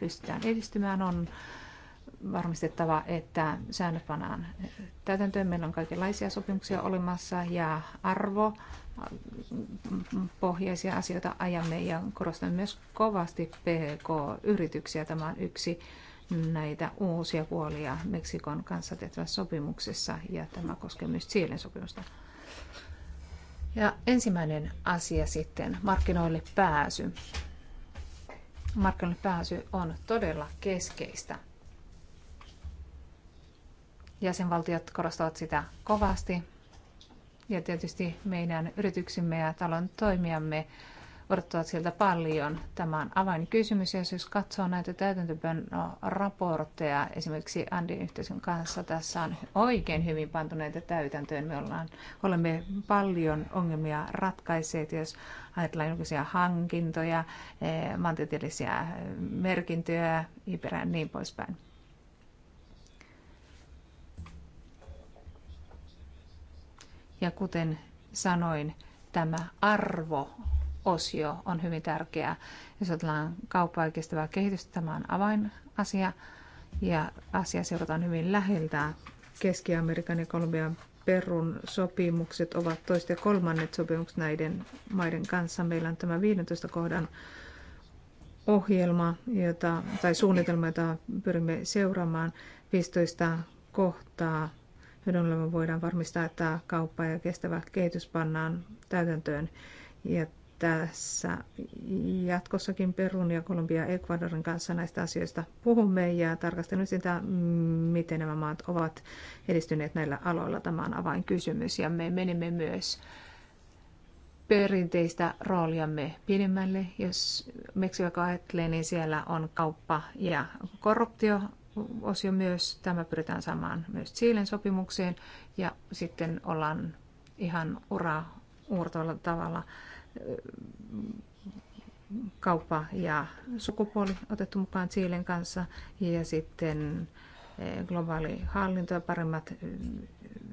Speaker 3: pystytään edistymään. On varmistettava, että säännöt pannaan täytäntöön. Meillä on kaikenlaisia sopimuksia olemassa ja arvo pohjaisia asioita ajamme ja korostamme myös kovasti PK-yrityksiä. Tämä on yksi näitä uusia puolia Meksikon kanssa tehtävässä sopimuksessa ja tämä koskee myös Chilen sopimusta. Ja ensimmäinen asia sitten, markkinoille pääsy. Markkinoille pääsy on todella keskeistä. Jäsenvaltiot korostavat sitä kovasti. Ja tietysti meidän yrityksimme ja talon toimijamme odottavat sieltä paljon. Tämä on avainkysymys, ja jos katsoo näitä raportteja, esimerkiksi Andin yhteisön kanssa, tässä on oikein hyvin pantu näitä täytäntöön. Me ollaan, olemme paljon ongelmia ratkaiseet, jos ajatellaan julkisia hankintoja, eh, maantieteellisiä eh, merkintöjä, ja niin poispäin. Ja kuten sanoin, tämä arvo osio on hyvin tärkeä. Jos otetaan kauppaa kestävää kehitystä, tämä on avainasia. Ja asia seurataan hyvin läheltä. Keski-Amerikan ja Kolumbian Perun sopimukset ovat toista ja kolmannet sopimukset näiden maiden kanssa. Meillä on tämä 15 kohdan ohjelma jota, tai suunnitelma, jota pyrimme seuraamaan. 15 kohtaa, joiden me voidaan varmistaa, että kauppa ja kestävä kehitys pannaan täytäntöön. Ja tässä jatkossakin Perun ja Kolumbia Ecuadorin kanssa näistä asioista puhumme ja tarkastelemme sitä, miten nämä maat ovat edistyneet näillä aloilla. Tämä on avainkysymys ja me menemme myös perinteistä rooliamme pidemmälle. Jos Meksikoa ajattelee, niin siellä on kauppa ja korruptio osio myös. Tämä pyritään saamaan myös Chilen sopimukseen ja sitten ollaan ihan ura uurtoilla tavalla kauppa ja sukupuoli otettu mukaan Chilen kanssa ja sitten eh, globaali hallinto ja paremmat eh,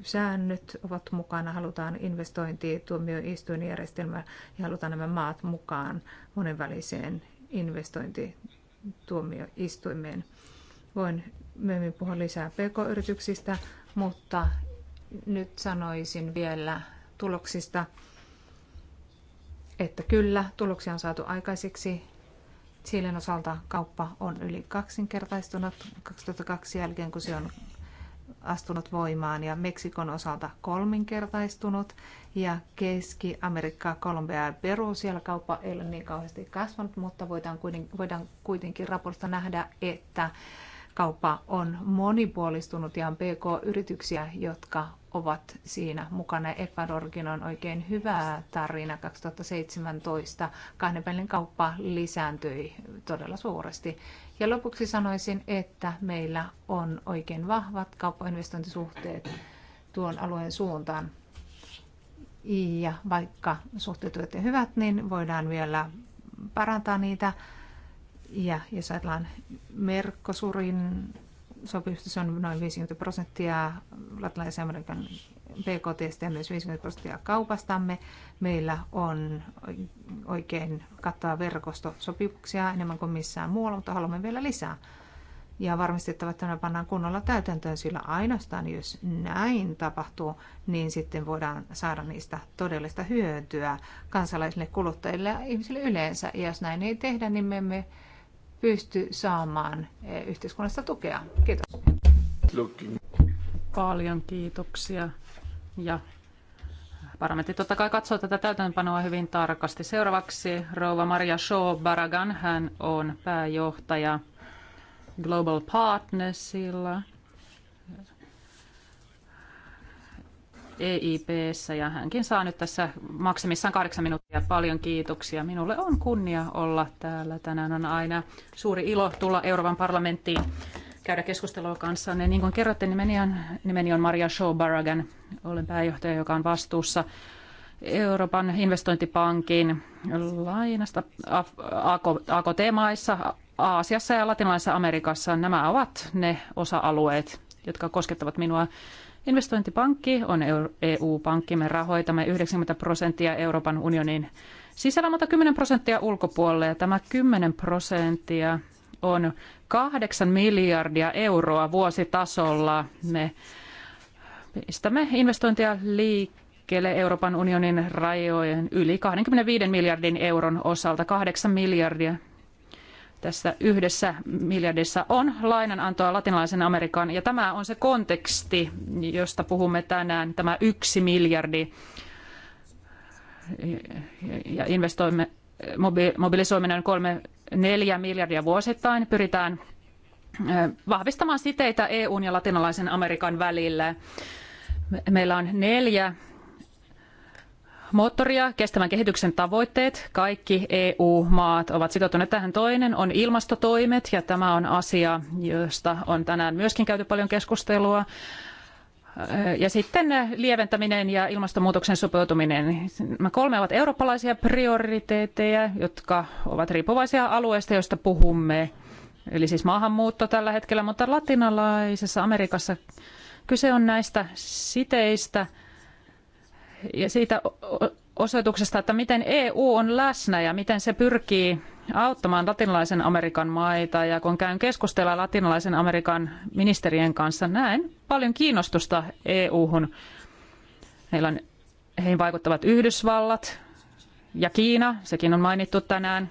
Speaker 3: säännöt ovat mukana. Halutaan investointi tuomioistuinjärjestelmä ja halutaan nämä maat mukaan monenväliseen investointituomioistuimeen. Voin myöhemmin puhua lisää pk-yrityksistä, mutta nyt sanoisin vielä tuloksista että kyllä, tuloksia on saatu aikaiseksi. Chilen osalta kauppa on yli kaksinkertaistunut 2002 jälkeen, kun se on astunut voimaan ja Meksikon osalta kolminkertaistunut ja Keski-Amerikka, Kolumbia ja Peru, siellä kauppa ei ole niin kauheasti kasvanut, mutta voidaan kuitenkin, voidaan kuitenkin raportista nähdä, että kauppa on monipuolistunut ja on PK-yrityksiä, jotka ovat siinä mukana. Ecuadorkin on oikein hyvä tarina. 2017 kahdenvälinen kauppa lisääntyi todella suuresti. Ja lopuksi sanoisin, että meillä on oikein vahvat kauppainvestointisuhteet tuon alueen suuntaan. Ja vaikka suhteet ovat hyvät, niin voidaan vielä parantaa niitä. Ja jos ajatellaan Merkosurin sopimusta. Se on noin 50 prosenttia latinalaisen Amerikan BKT ja myös 50 prosenttia kaupastamme. Meillä on oikein kattava verkosto sopimuksia enemmän kuin missään muualla, mutta haluamme vielä lisää. Ja varmistettava, että ne pannaan kunnolla täytäntöön, sillä ainoastaan jos näin tapahtuu, niin sitten voidaan saada niistä todellista hyötyä kansalaisille, kuluttajille ja ihmisille yleensä. Ja jos näin ei tehdä, niin me emme pysty saamaan
Speaker 1: eh, yhteiskunnasta tukea. Kiitos. Paljon kiitoksia. Ja Parlamentti totta kai katsoo tätä täytäntöpanoa hyvin tarkasti. Seuraavaksi rouva Maria Shaw Baragan, hän on pääjohtaja Global Partnersilla. EIPssä ja hänkin saa nyt tässä maksimissaan kahdeksan minuuttia. Paljon kiitoksia. Minulle on kunnia olla täällä. Tänään on aina suuri ilo tulla Euroopan parlamenttiin käydä keskustelua kanssanne. Niin kuin kerrotte, nimeni on, nimeni on Maria Showbaragan. Olen pääjohtaja, joka on vastuussa Euroopan investointipankin lainasta AKT-maissa, Aasiassa ja Latinalaisessa Amerikassa. Nämä ovat ne osa-alueet, jotka koskettavat minua Investointipankki on eu e pankkimme rahoitamme 90 prosenttia Euroopan unionin sisällä, mutta 10 prosenttia ulkopuolelle. Ja tämä 10 prosenttia on 8 miljardia euroa vuositasolla. Me pistämme investointia liikkeelle Euroopan unionin rajojen yli 25 miljardin euron osalta. 8 miljardia tässä yhdessä miljardissa on lainanantoa latinalaisen Amerikan. Ja tämä on se konteksti, josta puhumme tänään, tämä yksi miljardi. Ja investoimme, mobilisoiminen kolme neljä miljardia vuosittain. Pyritään vahvistamaan siteitä EUn ja latinalaisen Amerikan välillä. Meillä on neljä moottoria, kestävän kehityksen tavoitteet. Kaikki EU-maat ovat sitoutuneet tähän. Toinen on ilmastotoimet ja tämä on asia, josta on tänään myöskin käyty paljon keskustelua. Ja sitten lieventäminen ja ilmastonmuutoksen sopeutuminen. Nämä kolme ovat eurooppalaisia prioriteetteja, jotka ovat riippuvaisia alueista, joista puhumme. Eli siis maahanmuutto tällä hetkellä, mutta latinalaisessa Amerikassa kyse on näistä siteistä – ja siitä osoituksesta, että miten EU on läsnä ja miten se pyrkii auttamaan latinalaisen Amerikan maita. Ja kun käyn keskustella latinalaisen Amerikan ministerien kanssa, näen paljon kiinnostusta EU-hun. Heillä on, heihin vaikuttavat Yhdysvallat ja Kiina, sekin on mainittu tänään.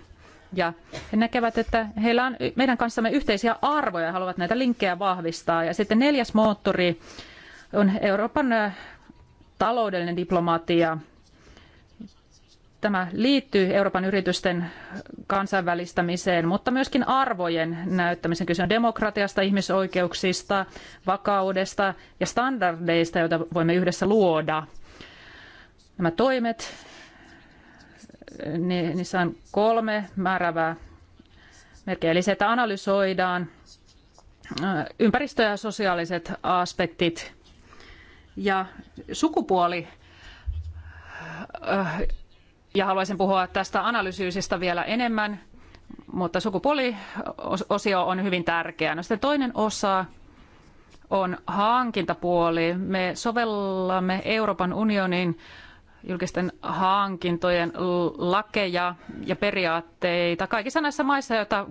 Speaker 1: Ja he näkevät, että heillä on meidän kanssamme yhteisiä arvoja ja haluavat näitä linkkejä vahvistaa. Ja sitten neljäs moottori on Euroopan taloudellinen diplomatia. Tämä liittyy Euroopan yritysten kansainvälistämiseen, mutta myöskin arvojen näyttämisen. Kyse on demokratiasta, ihmisoikeuksista, vakaudesta ja standardeista, joita voimme yhdessä luoda. Nämä toimet, niissä on kolme määrävää merkkiä. Eli se, että analysoidaan ympäristö- ja sosiaaliset aspektit ja sukupuoli äh, ja haluaisin puhua tästä analyysistä vielä enemmän, mutta sukupuoliosio on hyvin tärkeä. No sitten toinen osa on hankintapuoli. Me sovellamme Euroopan unionin julkisten hankintojen lakeja ja periaatteita kaikissa näissä maissa, joita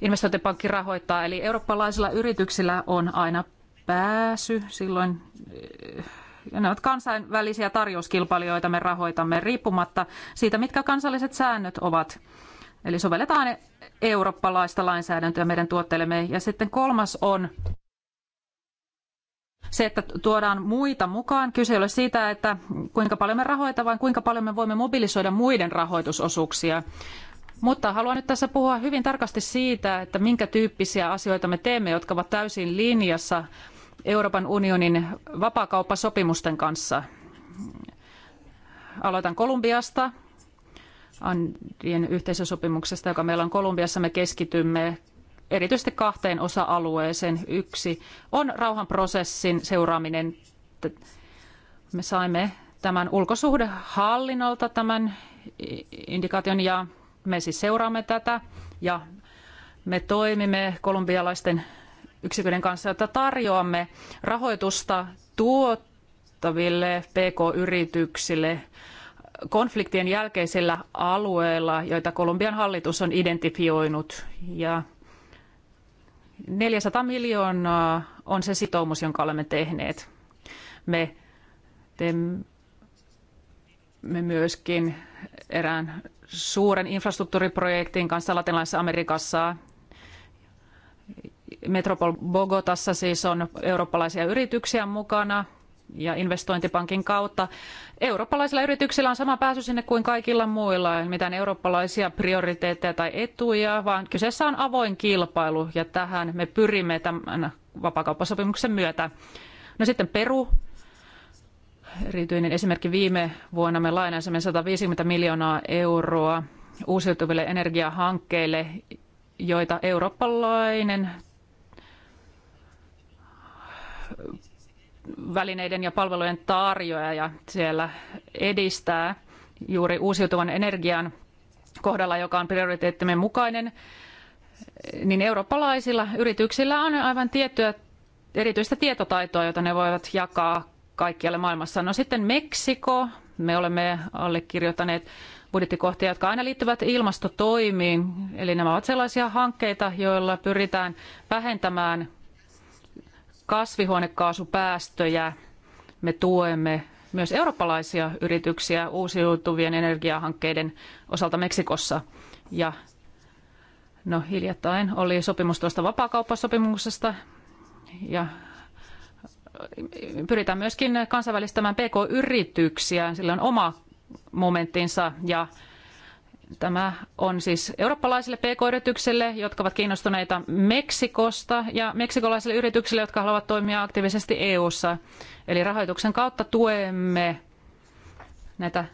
Speaker 1: investointipankki rahoittaa. Eli eurooppalaisilla yrityksillä on aina pääsy silloin eh, ne ovat kansainvälisiä tarjouskilpailijoita, me rahoitamme riippumatta siitä, mitkä kansalliset säännöt ovat. Eli sovelletaan eurooppalaista lainsäädäntöä meidän tuotteillemme. Ja sitten kolmas on se, että tuodaan muita mukaan. Kyse ei ole siitä, että kuinka paljon me rahoitamme, vaan kuinka paljon me voimme mobilisoida muiden rahoitusosuuksia. Mutta haluan nyt tässä puhua hyvin tarkasti siitä, että minkä tyyppisiä asioita me teemme, jotka ovat täysin linjassa Euroopan unionin vapaakauppasopimusten kanssa. Aloitan Kolumbiasta, Andien yhteisösopimuksesta, joka meillä on Kolumbiassa. Me keskitymme erityisesti kahteen osa-alueeseen. Yksi on rauhanprosessin seuraaminen. Me saimme tämän ulkosuhdehallinnolta tämän indikaation ja me siis seuraamme tätä ja me toimimme kolumbialaisten yksiköiden kanssa, että tarjoamme rahoitusta tuottaville PK-yrityksille konfliktien jälkeisillä alueilla, joita Kolumbian hallitus on identifioinut. Ja 400 miljoonaa on se sitoumus, jonka olemme tehneet. Me teemme myöskin erään suuren infrastruktuuriprojektin kanssa Latinalaisessa Amerikassa Metropol Bogotassa siis on eurooppalaisia yrityksiä mukana ja investointipankin kautta. Eurooppalaisilla yrityksillä on sama pääsy sinne kuin kaikilla muilla, ei mitään eurooppalaisia prioriteetteja tai etuja, vaan kyseessä on avoin kilpailu ja tähän me pyrimme tämän vapakauppasopimuksen myötä. No sitten Peru, erityinen esimerkki viime vuonna me lainasimme 150 miljoonaa euroa uusiutuville energiahankkeille, joita eurooppalainen välineiden ja palvelujen tarjoaja ja siellä edistää juuri uusiutuvan energian kohdalla, joka on prioriteettimme mukainen, niin eurooppalaisilla yrityksillä on aivan tiettyä erityistä tietotaitoa, jota ne voivat jakaa kaikkialle maailmassa. No sitten Meksiko, me olemme allekirjoittaneet budjettikohtia, jotka aina liittyvät ilmastotoimiin. Eli nämä ovat sellaisia hankkeita, joilla pyritään vähentämään kasvihuonekaasupäästöjä. Me tuemme myös eurooppalaisia yrityksiä uusiutuvien energiahankkeiden osalta Meksikossa. Ja no, hiljattain oli sopimus tuosta vapaakauppasopimuksesta ja pyritään myöskin kansainvälistämään PK-yrityksiä. Sillä on oma momenttinsa ja Tämä on siis eurooppalaisille pk-yrityksille, jotka ovat kiinnostuneita Meksikosta ja meksikolaisille yrityksille, jotka haluavat toimia aktiivisesti EU:ssa. Eli rahoituksen kautta tuemme näitä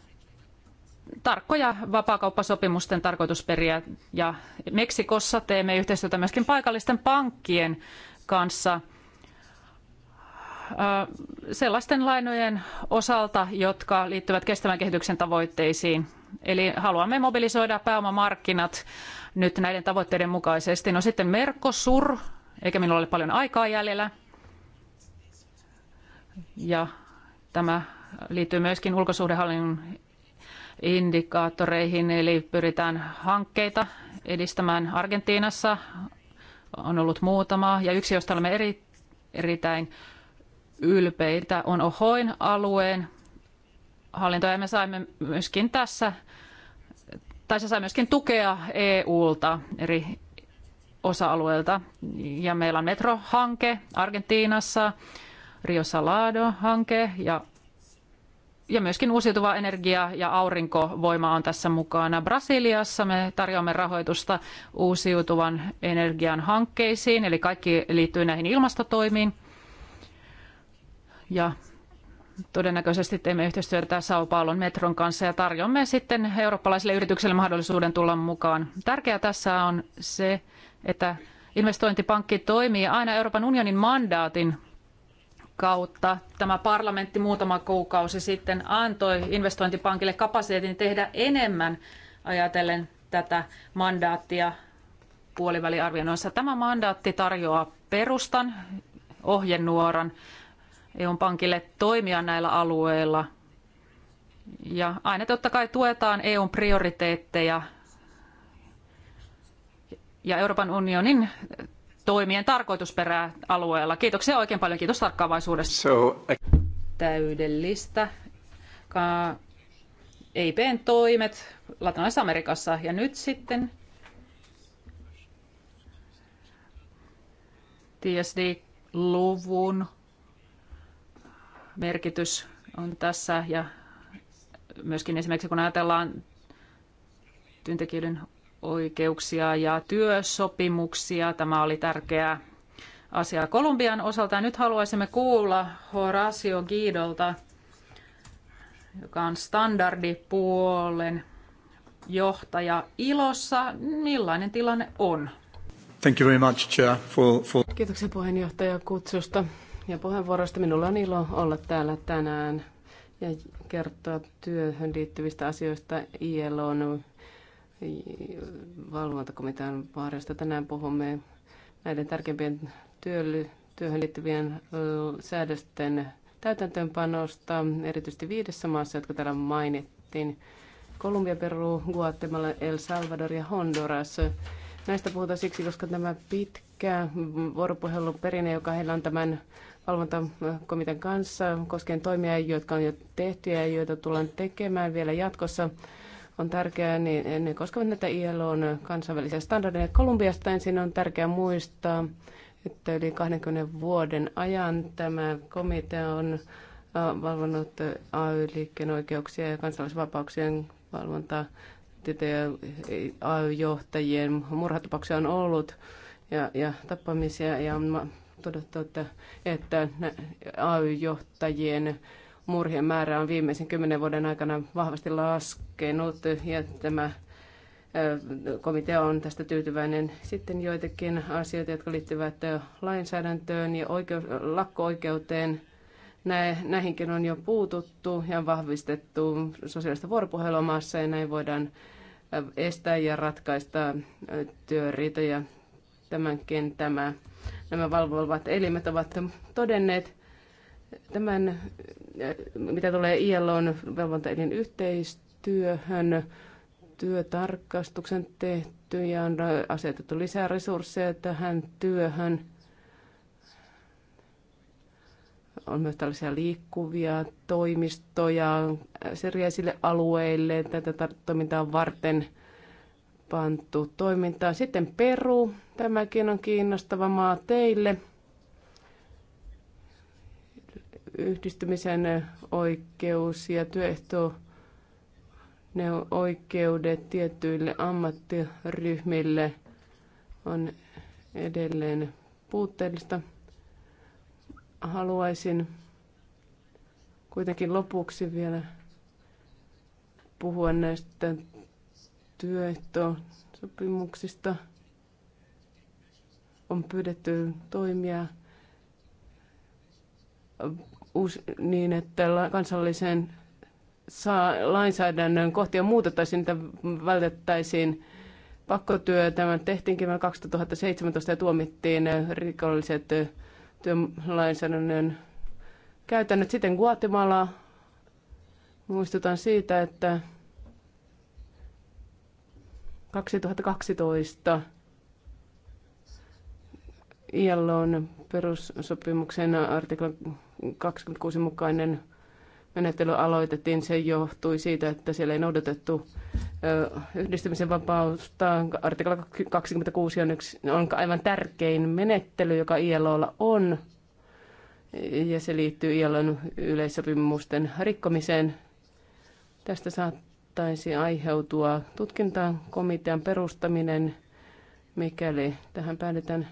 Speaker 1: tarkkoja vapaakauppasopimusten tarkoitusperiä. Ja Meksikossa teemme yhteistyötä myöskin paikallisten pankkien kanssa sellaisten lainojen osalta, jotka liittyvät kestävän kehityksen tavoitteisiin – Eli haluamme mobilisoida pääomamarkkinat nyt näiden tavoitteiden mukaisesti. No sitten Mercosur, eikä minulla ole paljon aikaa jäljellä. Ja tämä liittyy myöskin ulkosuhdehallinnon indikaattoreihin, eli pyritään hankkeita edistämään Argentiinassa. On ollut muutama, ja yksi, josta olemme eri, erittäin ylpeitä, on Ohoin alueen ja me saimme myöskin tässä, tai se sai myöskin tukea EU-lta eri osa-alueilta. Ja meillä on metrohanke Argentiinassa, Rio Salado-hanke ja ja myöskin uusiutuva energia ja aurinkovoima on tässä mukana. Brasiliassa me tarjoamme rahoitusta uusiutuvan energian hankkeisiin, eli kaikki liittyy näihin ilmastotoimiin. Ja Todennäköisesti teemme yhteistyötä Sao Paulon metron kanssa ja tarjoamme sitten eurooppalaisille yrityksille mahdollisuuden tulla mukaan. Tärkeää tässä on se, että investointipankki toimii aina Euroopan unionin mandaatin kautta. Tämä parlamentti muutama kuukausi sitten antoi investointipankille kapasiteetin tehdä enemmän ajatellen tätä mandaattia puoliväliarvioinnissa. Tämä mandaatti tarjoaa perustan, ohjenuoran EUn pankille toimia näillä alueilla. Ja aina totta kai tuetaan EUn prioriteetteja ja Euroopan unionin toimien tarkoitusperää alueella. Kiitoksia oikein paljon. Kiitos tarkkaavaisuudesta. So, I... Täydellistä. Ka- EIPn toimet Latinalaisessa Amerikassa. Ja nyt sitten TSD-luvun merkitys on tässä ja myöskin esimerkiksi kun ajatellaan työntekijöiden oikeuksia ja työsopimuksia, tämä oli tärkeä asia Kolumbian osalta. Ja nyt haluaisimme kuulla Horacio Guidolta, joka on standardipuolen
Speaker 2: johtaja ilossa, millainen tilanne on?
Speaker 5: Thank you very much, Chair, for, for...
Speaker 2: Kiitoksia puheenjohtaja kutsusta ja puheenvuorosta. Minulla on ilo olla täällä tänään ja kertoa työhön liittyvistä asioista ILOn valvontakomitean vaarasta. Tänään puhumme näiden tärkeimpien työhön liittyvien säädösten täytäntöönpanosta, erityisesti viidessä maassa, jotka täällä mainittiin. Kolumbia, Peru, Guatemala, El Salvador ja Honduras. Näistä puhutaan siksi, koska tämä pitkä vuoropuheluperinne, joka heillä on tämän valvontakomitean kanssa koskien toimia, jotka on jo tehty ja joita tullaan tekemään vielä jatkossa. On tärkeää, niin ne koskevat näitä ILOn kansainvälisiä standardeja. Kolumbiasta ensin on tärkeää muistaa, että yli 20 vuoden ajan tämä komitea on valvonnut AY-liikkeen oikeuksia ja kansalaisvapauksien valvontaa. Tytöjen AY-johtajien murhatapauksia on ollut ja, ja tappamisia ja todettu, että, että AY-johtajien murhien määrä on viimeisen kymmenen vuoden aikana vahvasti laskenut ja tämä komitea on tästä tyytyväinen. Sitten joitakin asioita, jotka liittyvät lainsäädäntöön ja oikeus, lakko-oikeuteen. Näihinkin on jo puututtu ja vahvistettu. sosiaalista vuoropuhelua maassa ja näin voidaan estää ja ratkaista työriitoja. Tämänkin tämä nämä valvovat elimet ovat todenneet. Tämän, mitä tulee ILOn valvontaelin yhteistyöhön, työtarkastuksen tehty ja on asetettu lisää resursseja tähän työhön. On myös tällaisia liikkuvia toimistoja syrjäisille alueille tätä toimintaa varten – pantu toimintaa Sitten Peru, tämäkin on kiinnostava maa teille. Yhdistymisen oikeus ja työehto ne oikeudet tietyille ammattiryhmille on edelleen puutteellista. Haluaisin kuitenkin lopuksi vielä puhua näistä työehtosopimuksista on pyydetty toimia niin, että kansallisen lainsäädännön kohtia muutettaisiin, että vältettäisiin pakkotyö. Tämä tehtiinkin 2017 ja tuomittiin rikolliset työlainsäädännön käytännöt. Sitten Guatemala. Muistutan siitä, että 2012 ILOn perussopimuksen artiklan 26 mukainen menettely aloitettiin. Se johtui siitä, että siellä ei noudatettu yhdistymisen vapautta. Artikla 26 on, yksi, on aivan tärkein menettely, joka ILOlla on. Ja se liittyy ILOn yleissopimusten rikkomiseen. Tästä saattaa saattaisi aiheutua tutkintakomitean perustaminen, mikäli tähän päädytään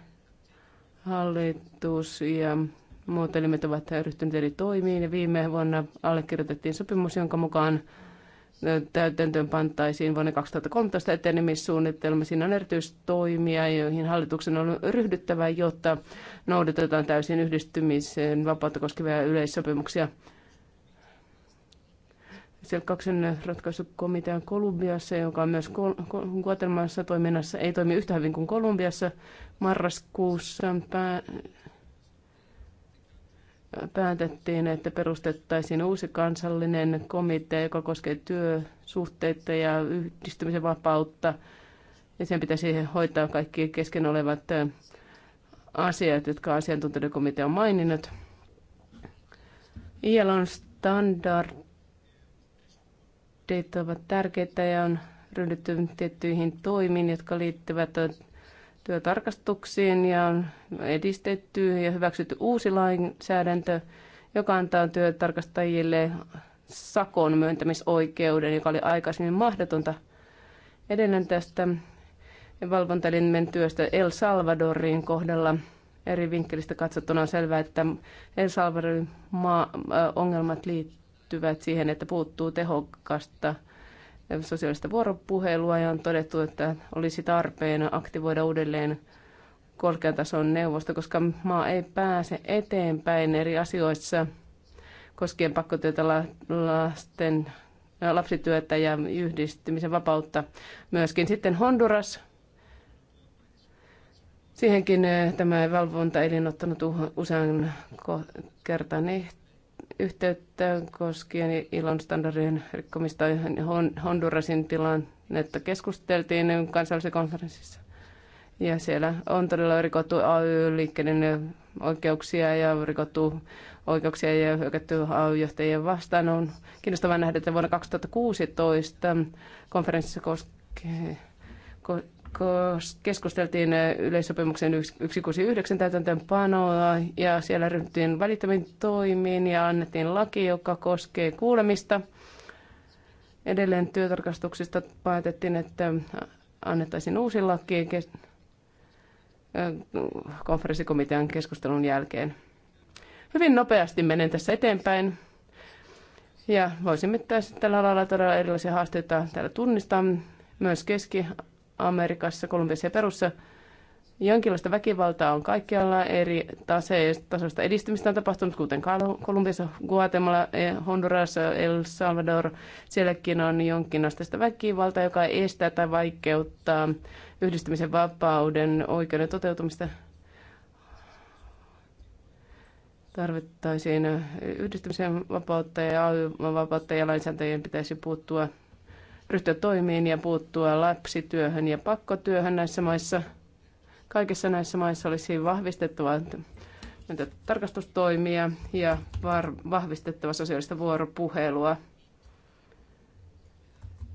Speaker 2: hallitus ja muut elimet ovat ryhtyneet eri toimiin ja viime vuonna allekirjoitettiin sopimus, jonka mukaan täytäntöön pantaisiin vuonna 2013 etenemissuunnitelma. Siinä on erityistoimia, joihin hallituksen on ryhdyttävä, jotta noudatetaan täysin yhdistymisen vapautta koskevia yleissopimuksia kaksen ratkaisukomitean Kolumbiassa, joka on myös Guatemalassa toiminnassa, ei toimi yhtä hyvin kuin Kolumbiassa. Marraskuussa pää- päätettiin, että perustettaisiin uusi kansallinen komitea, joka koskee työsuhteita ja yhdistymisen vapautta. Ja sen pitäisi hoitaa kaikki kesken olevat asiat, jotka asiantuntijakomitea on maininnut. ILOn standard updateet ovat tärkeitä ja on ryhdytty tiettyihin toimiin, jotka liittyvät työtarkastuksiin ja on edistetty ja hyväksytty uusi lainsäädäntö, joka antaa työtarkastajille sakon myöntämisoikeuden, joka oli aikaisemmin mahdotonta. Edelleen tästä valvontaelimen työstä El Salvadorin kohdalla eri vinkkelistä katsottuna on selvää, että El Salvadorin maa, ongelmat liittyvät liittyvät siihen, että puuttuu tehokasta sosiaalista vuoropuhelua ja on todettu, että olisi tarpeen aktivoida uudelleen korkean tason neuvosto, koska maa ei pääse eteenpäin eri asioissa koskien pakkotyötä lasten, äh, lapsityötä ja yhdistymisen vapautta. Myöskin sitten Honduras. Siihenkin äh, tämä valvonta ei ottanut usean kertaan yhteyttä koskien ilon standardien rikkomista Hondurasin tilaan, että keskusteltiin kansallisessa konferenssissa. Ja siellä on todella rikottu AY-liikkeiden oikeuksia ja rikottu oikeuksia ja hyökätty AY-johtajien vastaan. On kiinnostavaa nähdä, että vuonna 2016 konferenssissa koskee keskusteltiin äh, yleissopimuksen 169 täytäntöönpanoa ja siellä ryhdyttiin välittömiin toimiin ja annettiin laki, joka koskee kuulemista. Edelleen työtarkastuksista päätettiin, että annettaisiin uusi laki äh, konferenssikomitean keskustelun jälkeen. Hyvin nopeasti menen tässä eteenpäin. Ja voisimme tässä tällä alalla todella erilaisia haasteita täällä tunnistaa. Myös keski Amerikassa, Kolumbiassa ja Perussa. Jonkinlaista väkivaltaa on kaikkialla, eri tasoista edistymistä on tapahtunut, kuten Kolumbiassa, Guatemala, e- Honduras, El Salvador. Sielläkin on jonkinasteista väkivaltaa, joka estää tai vaikeuttaa yhdistymisen vapauden oikeuden toteutumista. Tarvittaisiin yhdistymisen vapautta ja vapautta ja lainsäätäjien pitäisi puuttua ryhtyä toimiin ja puuttua lapsityöhön ja pakkotyöhön näissä maissa. Kaikissa näissä maissa olisi vahvistettava tarkastustoimia ja vahvistettava sosiaalista vuoropuhelua.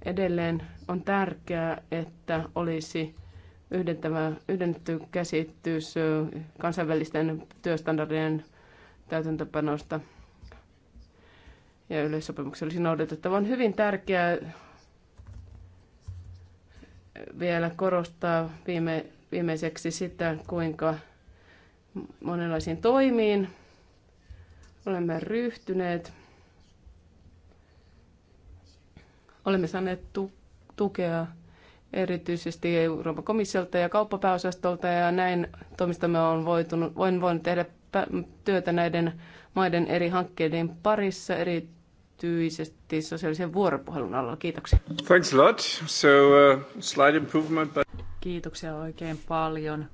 Speaker 2: Edelleen on tärkeää, että olisi yhdentävä, yhdennetty käsitys kansainvälisten työstandardien täytäntöpanosta ja yleissopimuksia olisi noudatettava. On hyvin tärkeää vielä korostaa viime, viimeiseksi sitä, kuinka monenlaisiin toimiin olemme ryhtyneet. Olemme saaneet tu- tukea erityisesti Euroopan komissiolta ja kauppapääosastolta ja näin toimistamme on voitunut, voin, voin tehdä työtä näiden maiden eri hankkeiden parissa, eri erityisesti sosiaalisen vuoropuhelun alalla. Kiitoksia.
Speaker 5: Thanks a lot. So, uh, slight improvement. But...
Speaker 2: Kiitoksia oikein paljon.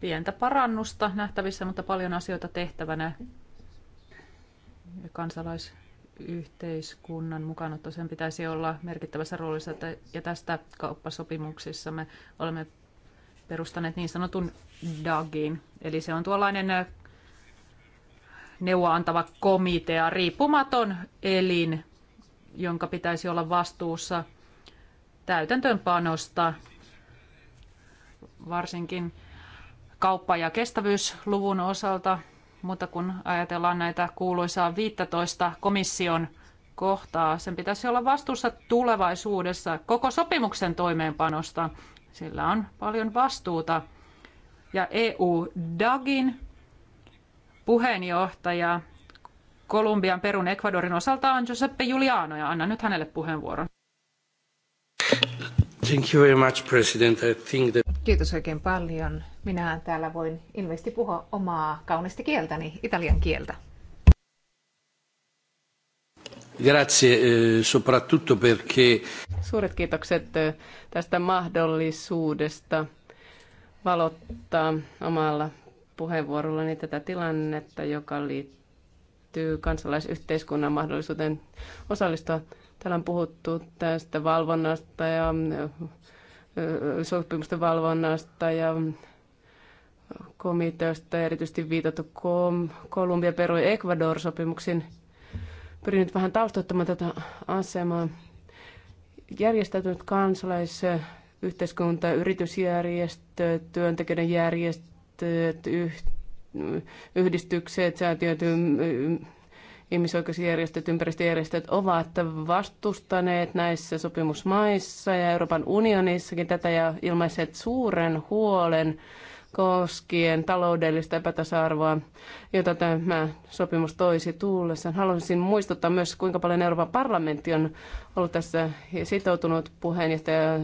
Speaker 2: Pientä
Speaker 1: parannusta nähtävissä, mutta paljon asioita tehtävänä. kansalaisyhteiskunnan yhteiskunnan sen pitäisi olla merkittävässä roolissa. Ja tästä kauppasopimuksissa me olemme perustaneet niin sanotun DAGin. Eli se on tuollainen neuvoa antava komitea, riippumaton elin, jonka pitäisi olla vastuussa täytäntöönpanosta, varsinkin kauppa- ja kestävyysluvun osalta, mutta kun ajatellaan näitä kuuluisaa 15 komission kohtaa, sen pitäisi olla vastuussa tulevaisuudessa koko sopimuksen toimeenpanosta. Sillä on paljon vastuuta. Ja EU-DAGin puheenjohtaja Kolumbian, Perun, Ecuadorin osalta on Giuseppe Giuliano ja annan nyt hänelle puheenvuoron.
Speaker 5: Thank you very much, President. I think that...
Speaker 1: Kiitos oikein paljon. Minähän täällä voin
Speaker 3: ilmeisesti puhua omaa kaunista kieltäni, italian kieltä.
Speaker 5: Grazie, eh, soprattutto perché...
Speaker 2: Suuret kiitokset eh, tästä mahdollisuudesta valottaa omalla puheenvuorollani tätä tilannetta, joka liittyy kansalaisyhteiskunnan mahdollisuuteen osallistua. Täällä on puhuttu tästä valvonnasta ja sopimusten valvonnasta ja komiteasta, erityisesti viitattu Kolumbia, Peru ja Ecuador-sopimuksiin. Pyrin nyt vähän taustoittamaan tätä asemaa. Järjestäytynyt kansalaisyhteiskunta, yritysjärjestö, työntekijöiden järjestö, järjestöt, yhdistykset, säätiöt, ihmisoikeusjärjestöt, ympäristöjärjestöt ovat vastustaneet näissä sopimusmaissa ja Euroopan unionissakin tätä ja ilmaiset suuren huolen koskien taloudellista epätasa-arvoa, jota tämä sopimus toisi tuullessaan. Haluaisin muistuttaa myös, kuinka paljon Euroopan parlamentti on ollut tässä sitoutunut puheenjohtaja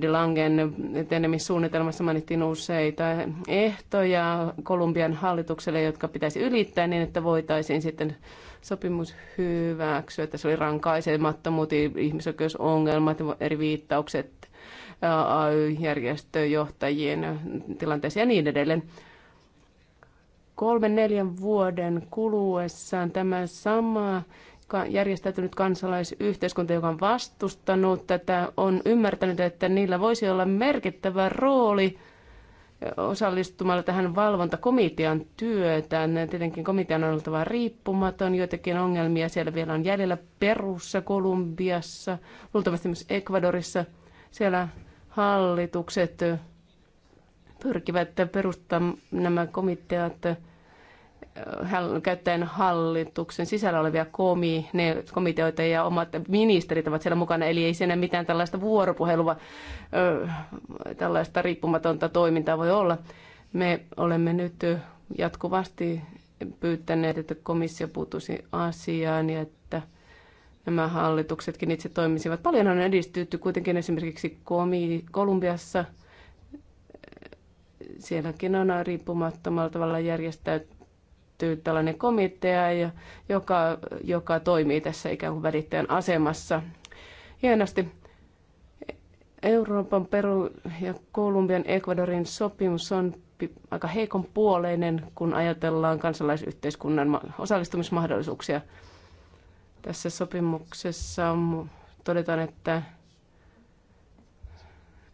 Speaker 2: De Langen etenemissuunnitelmassa mainittiin useita ehtoja Kolumbian hallitukselle, jotka pitäisi ylittää niin, että voitaisiin sitten sopimus hyväksyä. Tässä oli rankaisemattomuus, ihmisoikeusongelmat, eri viittaukset AY-järjestöjohtajien tilanteeseen ja niin edelleen. Kolmen neljän vuoden kuluessaan tämä sama järjestäytynyt kansalaisyhteiskunta, joka on vastustanut tätä, on ymmärtänyt, että niillä voisi olla merkittävä rooli osallistumalla tähän valvontakomitean työtään. Tietenkin komitean on oltava riippumaton, joitakin ongelmia siellä vielä on jäljellä Perussa, Kolumbiassa, luultavasti myös Ecuadorissa. Siellä hallitukset pyrkivät perustamaan nämä komiteat äh, käyttäen hallituksen sisällä olevia komi, ne komiteoita ja omat ministerit ovat siellä mukana, eli ei siinä mitään tällaista vuoropuhelua, äh, tällaista riippumatonta toimintaa voi olla. Me olemme nyt jatkuvasti pyytäneet, että komissio puuttuisi asiaan ja että nämä hallituksetkin itse toimisivat. Paljon on edistytty kuitenkin esimerkiksi Kolumbiassa. Sielläkin on riippumattomalla tavalla järjestäytyy tällainen komitea, joka, joka toimii tässä ikään kuin välittäjän asemassa. Hienosti. Euroopan, Peru ja Kolumbian Ecuadorin sopimus on aika heikon puoleinen, kun ajatellaan kansalaisyhteiskunnan osallistumismahdollisuuksia – tässä sopimuksessa todetaan, että,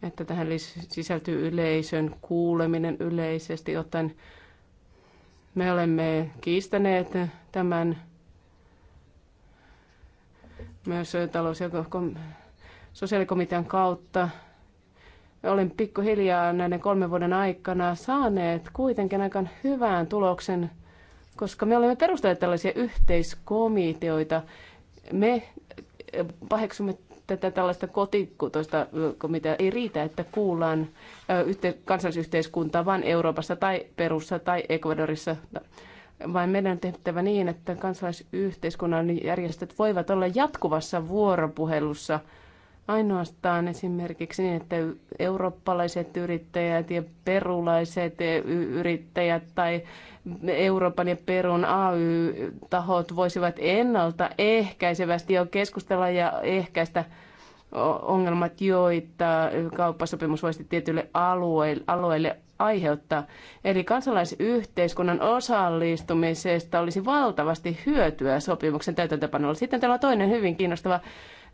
Speaker 2: että tähän sisältyy yleisön kuuleminen yleisesti, joten me olemme kiistäneet tämän myös talous- ja sosiaalikomitean kautta. Olen pikkuhiljaa näiden kolmen vuoden aikana saaneet kuitenkin aika hyvän tuloksen koska me olemme perustaneet tällaisia yhteiskomiteoita. Me paheksumme tätä tällaista kotikutoista, mitä ei riitä, että kuullaan kansallisyhteiskuntaa vain Euroopassa tai Perussa tai Ecuadorissa, vaan meidän on tehtävä niin, että kansalaisyhteiskunnan järjestöt voivat olla jatkuvassa vuoropuhelussa – ainoastaan esimerkiksi niin, että eurooppalaiset yrittäjät ja perulaiset yrittäjät tai Euroopan ja Perun AY-tahot voisivat ennaltaehkäisevästi jo keskustella ja ehkäistä ongelmat, joita kauppasopimus voisi tietylle alueelle alueelle aiheuttaa. Eli kansalaisyhteiskunnan osallistumisesta olisi valtavasti hyötyä sopimuksen täytäntöpanolla. Sitten täällä on toinen hyvin kiinnostava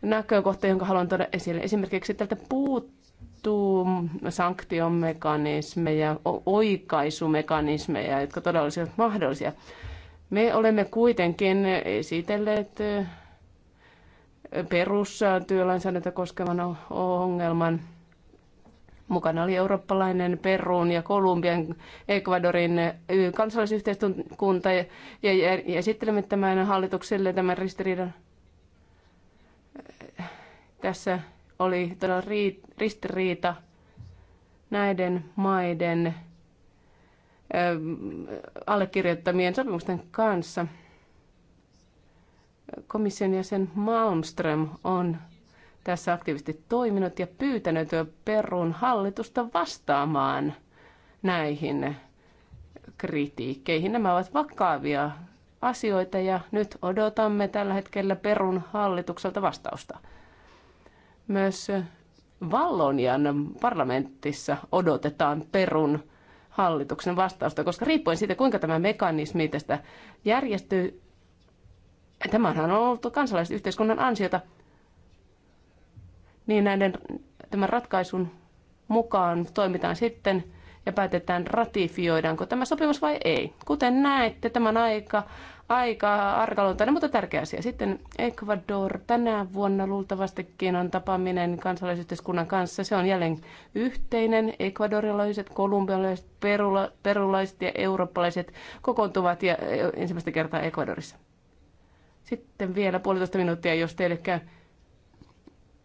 Speaker 2: näkökohta, jonka haluan tuoda esille. Esimerkiksi tältä puuttuu sanktiomekanismeja, oikaisumekanismeja, jotka todella olisivat mahdollisia. Me olemme kuitenkin esitelleet perustyölainsäädäntö koskevan ongelman. Mukana oli eurooppalainen Peruun ja Kolumbian, Ecuadorin kansalaisyhteiskunta ja esittelemme tämän hallitukselle tämän ristiriidan tässä oli todella ristiriita näiden maiden ähm, allekirjoittamien sopimusten kanssa. Komission jäsen Malmström on tässä aktiivisesti toiminut ja pyytänyt Perun hallitusta vastaamaan näihin kritiikkeihin. Nämä ovat vakavia asioita ja nyt odotamme tällä hetkellä Perun hallitukselta vastausta. Myös Vallonian parlamentissa odotetaan Perun hallituksen vastausta, koska riippuen siitä, kuinka tämä mekanismi tästä järjestyy, tämähän on ollut kansalaisyhteiskunnan ansiota, niin näiden, tämän ratkaisun mukaan toimitaan sitten ja päätetään ratifioidaanko tämä sopimus vai ei. Kuten näette, tämän aika aika arkaluontainen, mutta tärkeä asia. Sitten Ecuador tänä vuonna luultavastikin on tapaaminen kansalaisyhteiskunnan kanssa. Se on jälleen yhteinen. Ecuadorilaiset, kolumbialaiset, perula, perulaiset ja eurooppalaiset kokoontuvat ja e, ensimmäistä kertaa Ecuadorissa. Sitten vielä puolitoista minuuttia, jos teille käy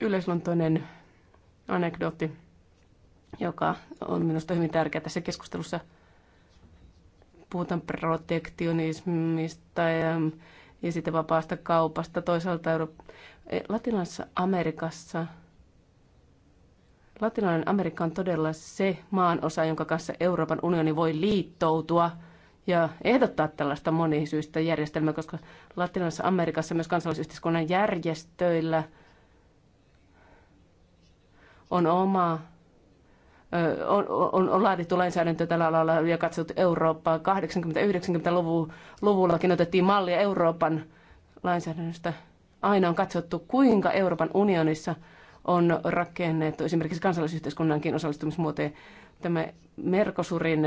Speaker 2: yleisluontoinen anekdootti, joka on minusta hyvin tärkeä tässä keskustelussa – puhutaan protektionismista ja, ja sitten vapaasta kaupasta. Toisaalta Euro- e, Latinalaisessa Amerikassa Latinalainen Amerikka on todella se maanosa, jonka kanssa Euroopan unioni voi liittoutua ja ehdottaa tällaista monisyistä järjestelmää, koska Latinalaisessa Amerikassa myös kansallisyhteiskunnan järjestöillä on oma on, on, on laadittu lainsäädäntö tällä alalla ja katsottu Eurooppaa. 80-90-luvullakin otettiin mallia Euroopan lainsäädännöstä. Aina on katsottu, kuinka Euroopan unionissa on rakennettu esimerkiksi kansallisyhteiskunnankin osallistumismuoteen Tämä Merkosurin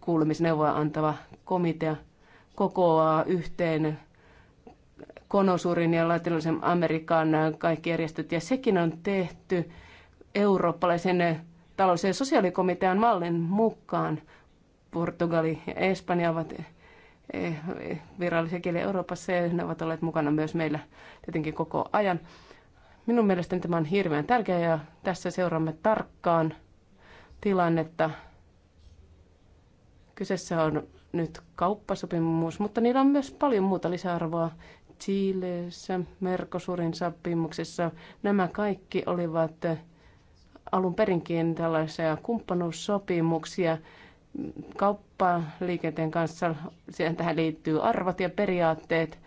Speaker 2: kuulemisneuvoa antava komitea kokoaa yhteen Konosurin ja Latinalaisen Amerikan kaikki järjestöt, ja sekin on tehty eurooppalaisen talous- ja sosiaalikomitean mallin mukaan Portugali ja Espanja ovat eh, virallisia kieliä Euroopassa ja ne ovat olleet mukana myös meillä tietenkin koko ajan. Minun mielestäni tämä on hirveän tärkeää ja tässä seuraamme tarkkaan tilannetta. Kyseessä on nyt kauppasopimus, mutta niillä on myös paljon muuta lisäarvoa. Chileessä, Mercosurin sopimuksessa, nämä kaikki olivat alun perinkin tällaisia kumppanuussopimuksia kauppaliikenteen kanssa. Siihen tähän liittyy arvot ja periaatteet,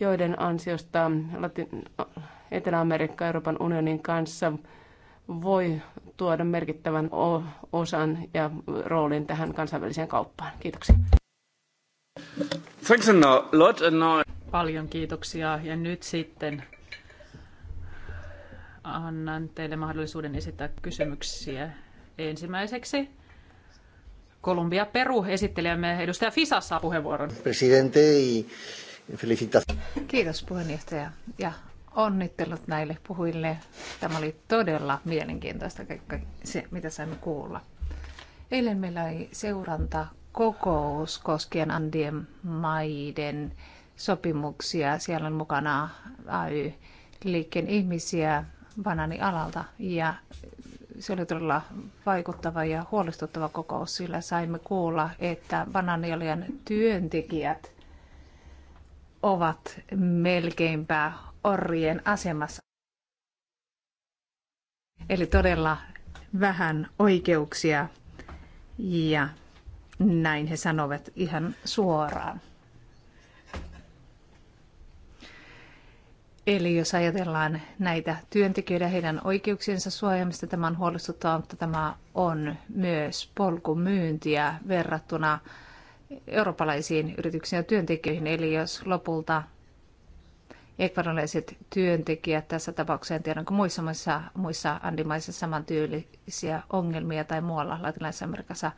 Speaker 2: joiden ansiosta Etelä-Amerikka Euroopan unionin kanssa voi tuoda merkittävän osan ja roolin tähän kansainväliseen kauppaan. Kiitoksia. Thanks a lot.
Speaker 1: Paljon kiitoksia. Ja nyt sitten annan teille mahdollisuuden esittää kysymyksiä. Ensimmäiseksi Kolumbia Peru esittelijämme edustaja Fisa saa puheenvuoron. Presidente Kiitos puheenjohtaja ja onnittelut näille puhujille. Tämä oli
Speaker 3: todella mielenkiintoista kaikki se, mitä saimme kuulla. Eilen meillä oli kokous koskien Andien maiden sopimuksia. Siellä on mukana AY-liikkeen ihmisiä, alalta ja se oli todella vaikuttava ja huolestuttava kokous, sillä saimme kuulla, että bananialien työntekijät ovat melkeinpä orrien asemassa. Eli todella vähän oikeuksia ja näin he sanovat ihan suoraan. Eli jos ajatellaan näitä työntekijöitä, heidän oikeuksiensa suojaamista, tämä on huolestuttavaa, mutta tämä on myös polkumyyntiä verrattuna eurooppalaisiin yrityksiin ja työntekijöihin. Eli jos lopulta ekvadonlaiset työntekijät tässä tapauksessa, en tiedä onko muissa, muissa, muissa andimaissa samantyylisiä ongelmia tai muualla latinalaisessa Amerikassa,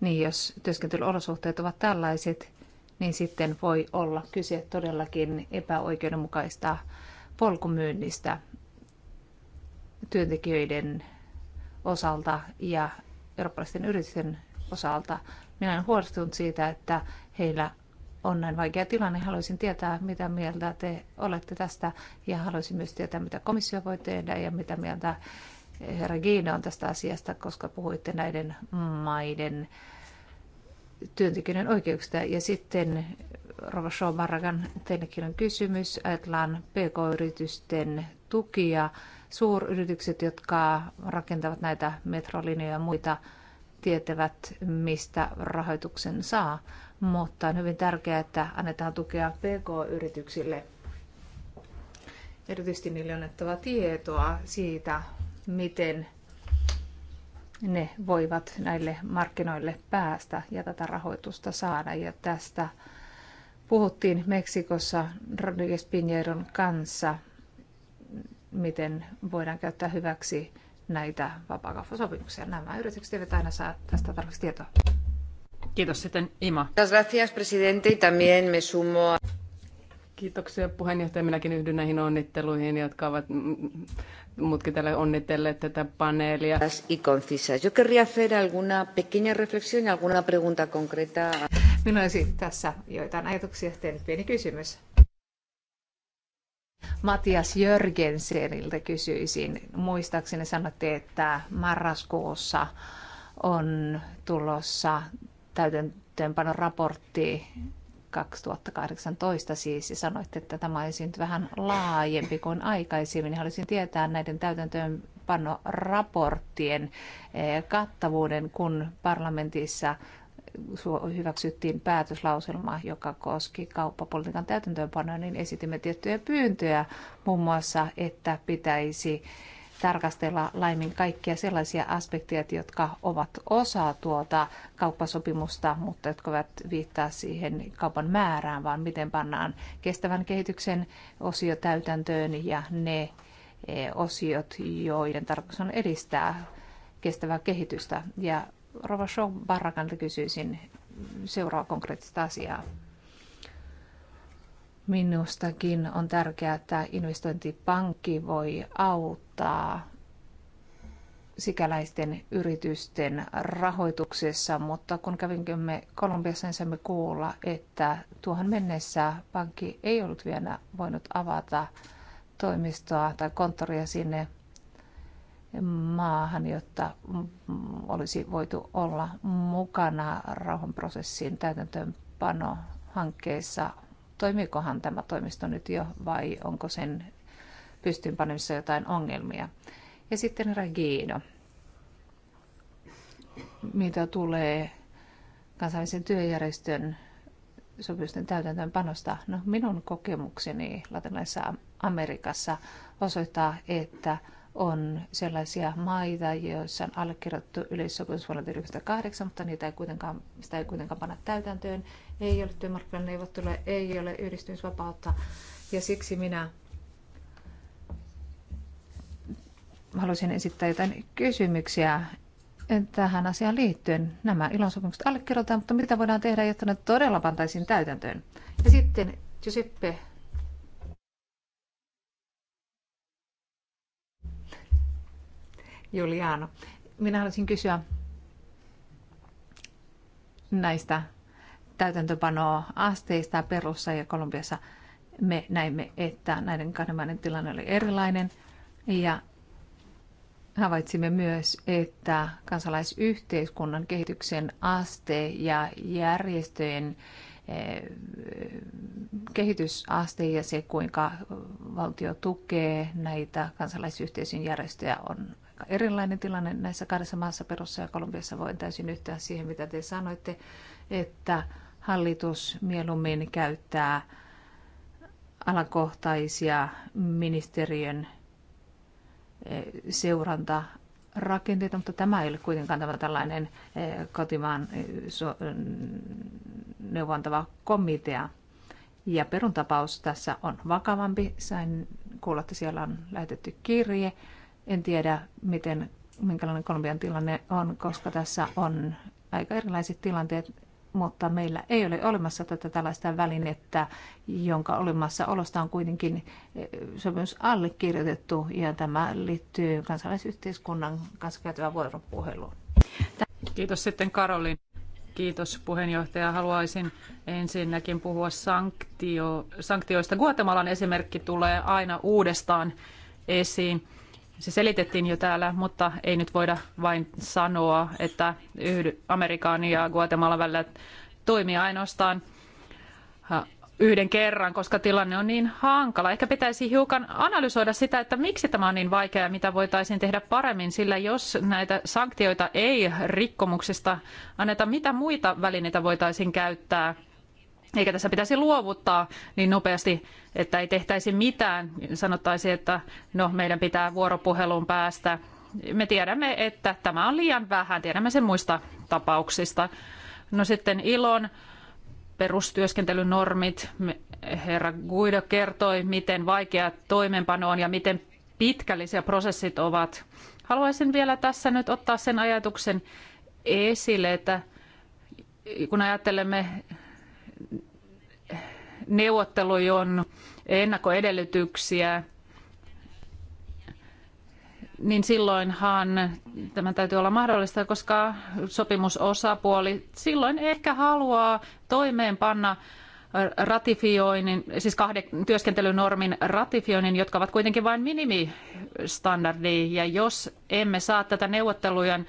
Speaker 3: niin jos työskentelyolosuhteet ovat tällaiset, niin sitten voi olla kyse todellakin epäoikeudenmukaista polkumyynnistä työntekijöiden osalta ja eurooppalaisten yritysten osalta. Minä olen huolestunut siitä, että heillä on näin vaikea tilanne. Haluaisin tietää, mitä mieltä te olette tästä ja haluaisin myös tietää, mitä komissio voi tehdä ja mitä mieltä herra Gino on tästä asiasta, koska puhuitte näiden maiden työntekijöiden oikeuksista. Ja sitten Rova Shomaragan, teillekin on kysymys. Ajatellaan PK-yritysten tukia. Suuryritykset, jotka rakentavat näitä metrolinjoja ja muita, tietävät, mistä rahoituksen saa. Mutta on hyvin tärkeää, että annetaan tukea PK-yrityksille. Erityisesti niille on annettava tietoa siitä, miten ne voivat näille markkinoille päästä ja tätä rahoitusta saada. Ja tästä puhuttiin Meksikossa Rodriguez Pinheiron kanssa, miten voidaan käyttää hyväksi näitä vapaakauppasopimuksia. Nämä yritykset eivät aina saa tästä tarpeeksi tietoa.
Speaker 2: Kiitos sitten Ima. Gracias, presidente, y también me sumo. Kiitoksia puheenjohtaja. Minäkin yhdyn näihin onnitteluihin, jotka ovat muutkin täällä onnitelleet tätä paneelia. Y concisas. Yo querría hacer alguna pequeña reflexión,
Speaker 3: alguna pregunta concreta. Minulla olisi tässä joitain ajatuksia, sitten pieni kysymys. Matias Jörgenseniltä kysyisin. Muistaakseni sanotte, että marraskuussa on tulossa täytäntöönpanon raportti 2018 siis, ja sanoitte, että tämä olisi nyt vähän laajempi kuin aikaisemmin. Haluaisin tietää näiden täytäntöönpanoraporttien eh, kattavuuden, kun parlamentissa hyväksyttiin päätöslauselma, joka koski kauppapolitiikan täytäntöönpanoa, niin esitimme tiettyjä pyyntöjä, muun muassa, että pitäisi tarkastella laimin kaikkia sellaisia aspekteja, jotka ovat osa tuota kauppasopimusta, mutta jotka ovat viittaa siihen kaupan määrään, vaan miten pannaan kestävän kehityksen osio täytäntöön ja ne e, osiot, joiden tarkoitus on edistää kestävää kehitystä. Ja Rova Show Barrakan kysyisin seuraa konkreettista asiaa. Minustakin on tärkeää, että investointipankki voi auttaa sikäläisten yritysten rahoituksessa, mutta kun kävinkymme Kolumbiassa, niin saimme kuulla, että tuohon mennessä pankki ei ollut vielä voinut avata toimistoa tai konttoria sinne maahan, jotta olisi voitu olla mukana rauhanprosessin täytäntöönpano hankkeessa Toimiikohan tämä toimisto nyt jo vai onko sen pystyynpanemissa jotain ongelmia? Ja sitten Regino, Mitä tulee kansainvälisen työjärjestön sopimusten täytäntöönpanosta? No, minun kokemukseni Latinalaisessa Amerikassa osoittaa, että on sellaisia maita, joissa on allekirjoitettu yleissopimus vuonna 1998, mutta niitä ei kuitenkaan, sitä ei kuitenkaan panna täytäntöön ei ole työmarkkinaneuvotteluja, ei ole yhdistymisvapautta. Ja siksi minä haluaisin esittää jotain kysymyksiä tähän asiaan liittyen. Nämä ilosopimukset allekirjoitetaan, mutta mitä voidaan tehdä, jotta ne todella pantaisiin täytäntöön? Ja sitten Giuseppe Juliano. Minä haluaisin kysyä näistä täytäntöpanoa asteista Perussa ja Kolumbiassa me näimme, että näiden kahden maiden tilanne oli erilainen ja havaitsimme myös, että kansalaisyhteiskunnan kehityksen aste ja järjestöjen eh, kehitysaste ja se, kuinka valtio tukee näitä kansalaisyhteisön järjestöjä, on erilainen tilanne näissä kahdessa maassa, Perussa ja Kolumbiassa. Voin täysin yhtyä siihen, mitä te sanoitte, että hallitus mieluummin käyttää alakohtaisia ministeriön eh, seuranta rakenteita, mutta tämä ei ole kuitenkaan tämä tällainen eh, kotimaan eh, mm, neuvontava komitea. Ja perun tapaus tässä on vakavampi. Sain kuulla, että siellä on lähetetty kirje. En tiedä, miten, minkälainen Kolumbian tilanne on, koska tässä on aika erilaiset tilanteet mutta meillä ei ole olemassa tätä tällaista välinettä, jonka olemassaolosta on kuitenkin eh, sopimus allekirjoitettu, ja tämä liittyy
Speaker 1: kansalaisyhteiskunnan kanssa käytävään vuoropuheluun. Kiitos sitten Karolin. Kiitos puheenjohtaja. Haluaisin ensinnäkin puhua sanktio, sanktioista. Guatemalan esimerkki tulee aina uudestaan esiin se selitettiin jo täällä, mutta ei nyt voida vain sanoa, että Amerikan ja Guatemalan välillä toimii ainoastaan äh, yhden kerran, koska tilanne on niin hankala. Ehkä pitäisi hiukan analysoida sitä, että miksi tämä on niin vaikeaa ja mitä voitaisiin tehdä paremmin, sillä jos näitä sanktioita ei rikkomuksista anneta, mitä muita välineitä voitaisiin käyttää – eikä tässä pitäisi luovuttaa niin nopeasti, että ei tehtäisi mitään. Sanottaisiin, että no, meidän pitää vuoropuheluun päästä. Me tiedämme, että tämä on liian vähän. Tiedämme sen muista tapauksista. No sitten ilon perustyöskentelynormit. Herra Guido kertoi, miten vaikea toimenpano on ja miten pitkällisiä prosessit ovat. Haluaisin vielä tässä nyt ottaa sen ajatuksen esille, että kun ajattelemme neuvotteluja on ennakkoedellytyksiä, niin silloinhan tämä täytyy olla mahdollista, koska sopimusosapuoli silloin ehkä haluaa toimeenpanna ratifioinnin, siis kahden työskentelynormin ratifioinnin, jotka ovat kuitenkin vain minimistandardi. Ja jos emme saa tätä neuvottelujen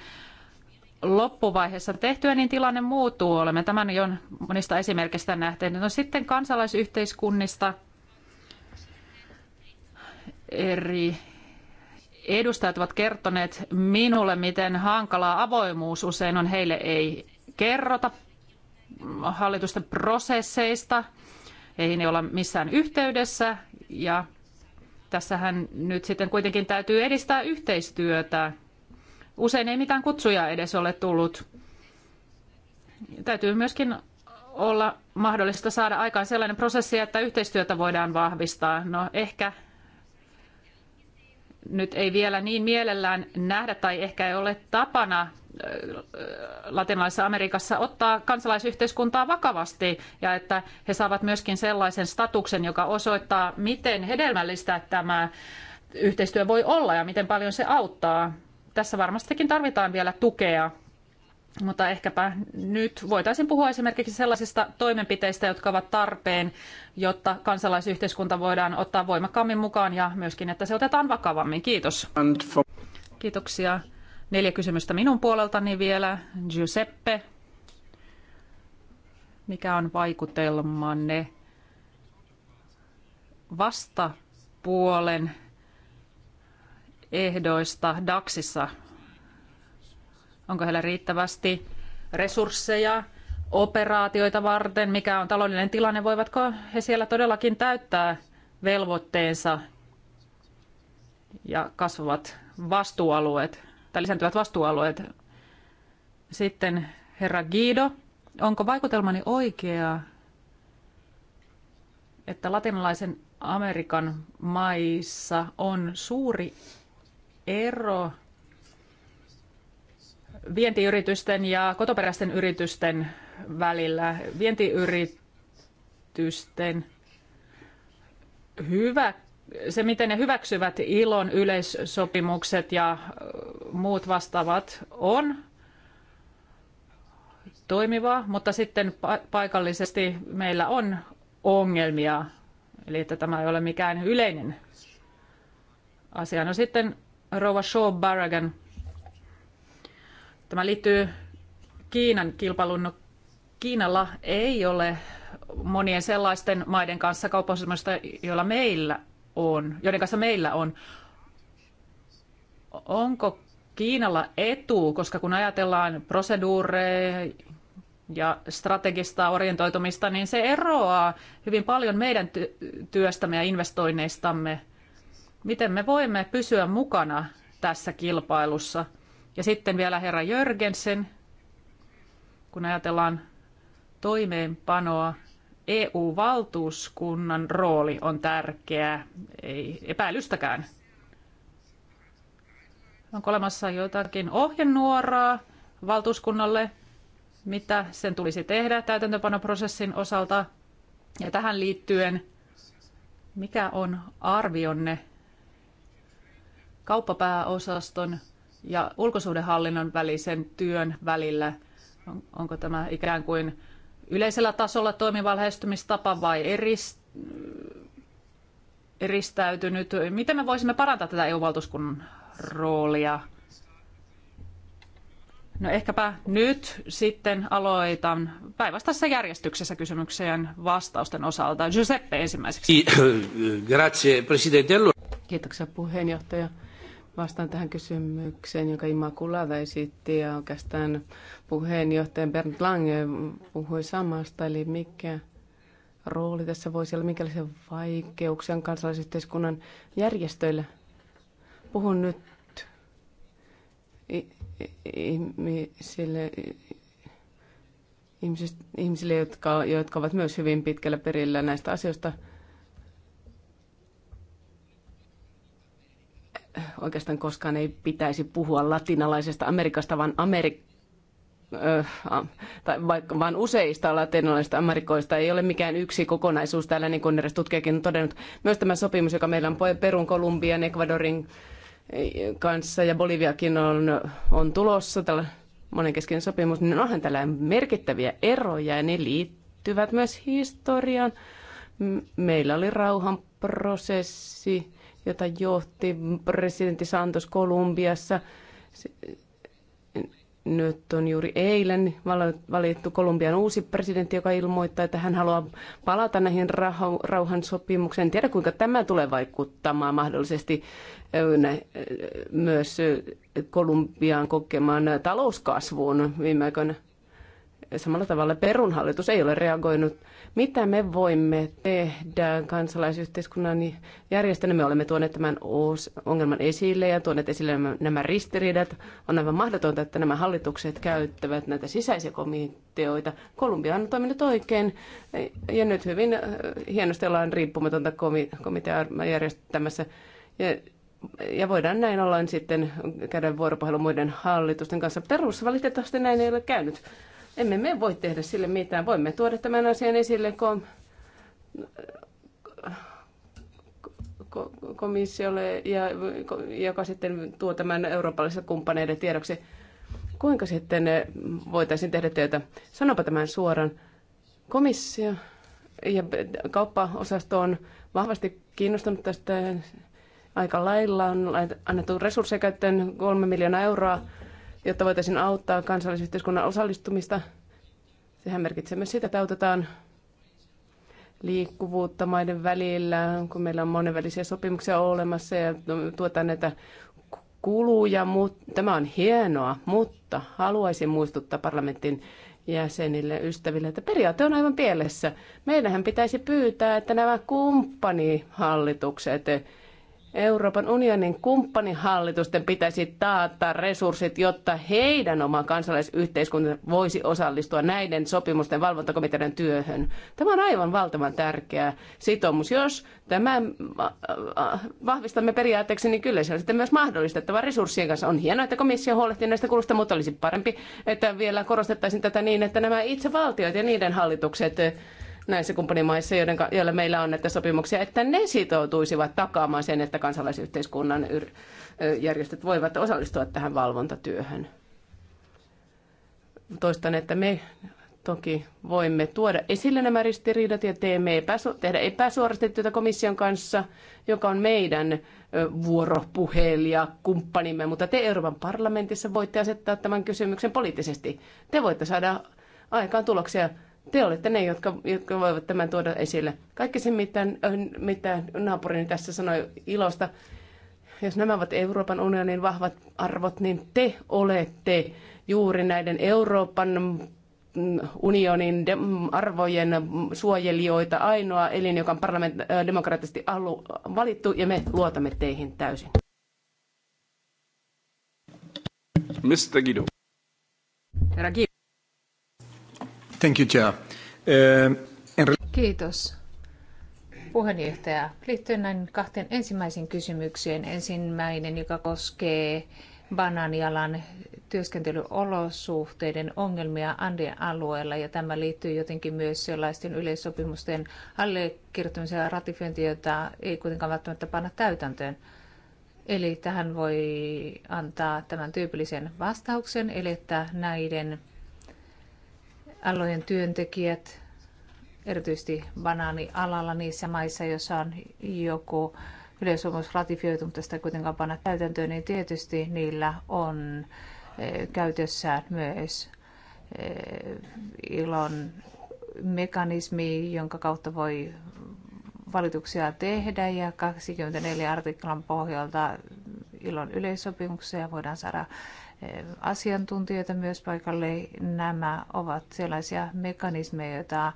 Speaker 1: loppuvaiheessa tehtyä, niin tilanne muuttuu. Olemme tämän jo monista esimerkistä nähneet. No sitten kansalaisyhteiskunnista eri edustajat ovat kertoneet minulle, miten hankalaa avoimuus usein on. Heille ei kerrota hallitusten prosesseista, ei ne olla missään yhteydessä ja tässähän nyt sitten kuitenkin täytyy edistää yhteistyötä Usein ei mitään kutsuja edes ole tullut. Täytyy myöskin olla mahdollista saada aikaan sellainen prosessi, että yhteistyötä voidaan vahvistaa. No ehkä nyt ei vielä niin mielellään nähdä tai ehkä ei ole tapana latinalaisessa Amerikassa ottaa kansalaisyhteiskuntaa vakavasti ja että he saavat myöskin sellaisen statuksen, joka osoittaa, miten hedelmällistä tämä yhteistyö voi olla ja miten paljon se auttaa tässä varmastikin tarvitaan vielä tukea, mutta ehkäpä nyt voitaisiin puhua esimerkiksi sellaisista toimenpiteistä, jotka ovat tarpeen, jotta kansalaisyhteiskunta voidaan ottaa voimakkaammin mukaan ja myöskin, että se otetaan vakavammin. Kiitos. Kiitoksia. Neljä kysymystä minun puoleltani vielä. Giuseppe, mikä on vaikutelmanne vastapuolen ehdoista DAXissa? Onko heillä riittävästi resursseja operaatioita varten? Mikä on taloudellinen tilanne? Voivatko he siellä todellakin täyttää velvoitteensa ja kasvavat vastuualueet tai lisääntyvät vastuualueet? Sitten herra Guido, onko vaikutelmani oikea, että latinalaisen Amerikan maissa on suuri ero vientiyritysten ja kotoperäisten yritysten välillä. Vientiyritysten hyvä, se, miten ne hyväksyvät ilon yleissopimukset ja muut vastaavat, on toimiva, mutta sitten paikallisesti meillä on ongelmia, eli että tämä ei ole mikään yleinen asia. No sitten rouva Shaw Barragan. Tämä liittyy Kiinan kilpailun. No, Kiinalla ei ole monien sellaisten maiden kanssa kauppasopimusta, joilla meillä on, joiden kanssa meillä on. Onko Kiinalla etu, koska kun ajatellaan proseduureja ja strategista orientoitumista, niin se eroaa hyvin paljon meidän työstämme ja investoinneistamme – miten me voimme pysyä mukana tässä kilpailussa. Ja sitten vielä herra Jörgensen, kun ajatellaan toimeenpanoa, EU-valtuuskunnan rooli on tärkeä, ei epäilystäkään. Onko olemassa jotakin ohjenuoraa valtuuskunnalle, mitä sen tulisi tehdä täytäntöpanoprosessin osalta? Ja tähän liittyen, mikä on arvionne kauppapääosaston ja ulkosuhdehallinnon välisen työn välillä? Onko tämä ikään kuin yleisellä tasolla toimiva lähestymistapa vai eristä? eristäytynyt? Miten me voisimme parantaa tätä EU-valtuuskunnan roolia? No ehkäpä nyt sitten aloitan päinvastaisessa järjestyksessä kysymykseen vastausten osalta. Giuseppe ensimmäiseksi.
Speaker 5: Grazie, presidente.
Speaker 2: Kiitoksia puheenjohtaja. Vastaan tähän kysymykseen, jonka Immaculada esitti ja oikeastaan puheenjohtaja Bernd Lange puhui samasta, eli mikä rooli tässä voisi olla, minkälaisia vaikeuksia on kansalaisyhteiskunnan järjestöillä. Puhun nyt ihmisille, ihmisille jotka, jotka ovat myös hyvin pitkällä perillä näistä asioista – oikeastaan koskaan ei pitäisi puhua latinalaisesta Amerikasta, vaan Amerikasta tai vaikka vain useista latinalaisista amerikoista ei ole mikään yksi kokonaisuus täällä, niin kuin eräs tutkijakin on todennut. Myös tämä sopimus, joka meillä on Perun, Kolumbian, Ecuadorin kanssa ja Boliviakin on, on tulossa, tällä monenkeskinen sopimus, niin onhan täällä merkittäviä eroja ja ne liittyvät myös historiaan. Meillä oli rauhanprosessi jota johti presidentti Santos Kolumbiassa. Nyt on juuri eilen valittu Kolumbian uusi presidentti, joka ilmoittaa, että hän haluaa palata näihin rauhansopimukseen. En tiedä, kuinka tämä tulee vaikuttamaan mahdollisesti myös Kolumbiaan kokemaan talouskasvuun viime aikoina samalla tavalla Perun hallitus ei ole reagoinut. Mitä me voimme tehdä kansalaisyhteiskunnan järjestönä? Me olemme tuoneet tämän ongelman esille ja tuoneet esille nämä ristiriidat. On aivan mahdotonta, että nämä hallitukset käyttävät näitä sisäisiä komiteoita. Kolumbia on toiminut oikein ja nyt hyvin äh, hienosti ollaan riippumatonta komitea järjestämässä. Ja ja voidaan näin ollen sitten käydä vuoropuhelu muiden hallitusten kanssa. Perussa valitettavasti näin ei ole käynyt. Emme me voi tehdä sille mitään. Voimme tuoda tämän asian esille kom- komissiolle, ja, joka sitten tuo tämän eurooppalaisille kumppaneiden tiedoksi. Kuinka sitten voitaisiin tehdä töitä? Sanopa tämän suoran. Komissio ja kauppaosasto on vahvasti kiinnostunut tästä aika lailla. On annettu resursseja käyttöön kolme miljoonaa euroa jotta voitaisiin auttaa kansalaisyhteiskunnan osallistumista. Sehän merkitsee myös sitä, että autetaan liikkuvuutta maiden välillä, kun meillä on monenvälisiä sopimuksia olemassa ja tuotaan näitä kuluja. Tämä on hienoa, mutta haluaisin muistuttaa parlamentin jäsenille, ystäville, että periaate on aivan pielessä. Meidähän pitäisi pyytää, että nämä kumppanihallitukset Euroopan unionin kumppanihallitusten pitäisi taata resurssit, jotta heidän oma kansalaisyhteiskunta voisi osallistua näiden sopimusten valvontakomitean työhön. Tämä on aivan valtavan tärkeä sitoumus. Jos tämä äh, äh, vahvistamme periaatteeksi, niin kyllä se on sitten myös mahdollistettava resurssien kanssa. On hienoa, että komissio huolehtii näistä kulusta, mutta olisi parempi, että vielä korostettaisiin tätä niin, että nämä itse valtiot ja niiden hallitukset näissä kumppanimaissa, joiden, joilla meillä on näitä sopimuksia, että ne sitoutuisivat takaamaan sen, että kansalaisyhteiskunnan järjestöt voivat osallistua tähän valvontatyöhön. Toistan, että me toki voimme tuoda esille nämä ristiriidat ja teemme epäsu- tehdä epäsuorasti työtä komission kanssa, joka on meidän vuoropuhelija kumppanimme, mutta te Euroopan parlamentissa voitte asettaa tämän kysymyksen poliittisesti. Te voitte saada aikaan tuloksia te olette ne, jotka, jotka voivat tämän tuoda esille. Kaikki se, mitä, mitä naapurini tässä sanoi ilosta, jos nämä ovat Euroopan unionin vahvat arvot, niin te olette juuri näiden Euroopan unionin arvojen suojelijoita, ainoa elin, joka on parlament, demokraattisesti valittu, ja me luotamme teihin täysin.
Speaker 1: Mr. Guido. Herra Guido. Thank you, Chair. Eh,
Speaker 3: Kiitos. Puheenjohtaja, liittyen näin kahteen ensimmäisiin kysymykseen. Ensimmäinen, joka koskee Bananialan työskentelyolosuhteiden ongelmia Andien alueella ja tämä liittyy jotenkin myös sellaisten yleissopimusten allekirjoittamiseen ja ratifiointiin, joita ei kuitenkaan välttämättä panna täytäntöön. Eli tähän voi antaa tämän tyypillisen vastauksen, eli että näiden alojen työntekijät, erityisesti banaanialalla niissä maissa, joissa on joku yleisomus ratifioitu, mutta sitä kuitenkaan panna täytäntöön, niin tietysti niillä on eh, käytössään myös eh, ilon mekanismi, jonka kautta voi valituksia tehdä ja 24 artiklan pohjalta ilon yleissopimuksia voidaan saada asiantuntijoita myös paikalle. Nämä ovat sellaisia mekanismeja, joita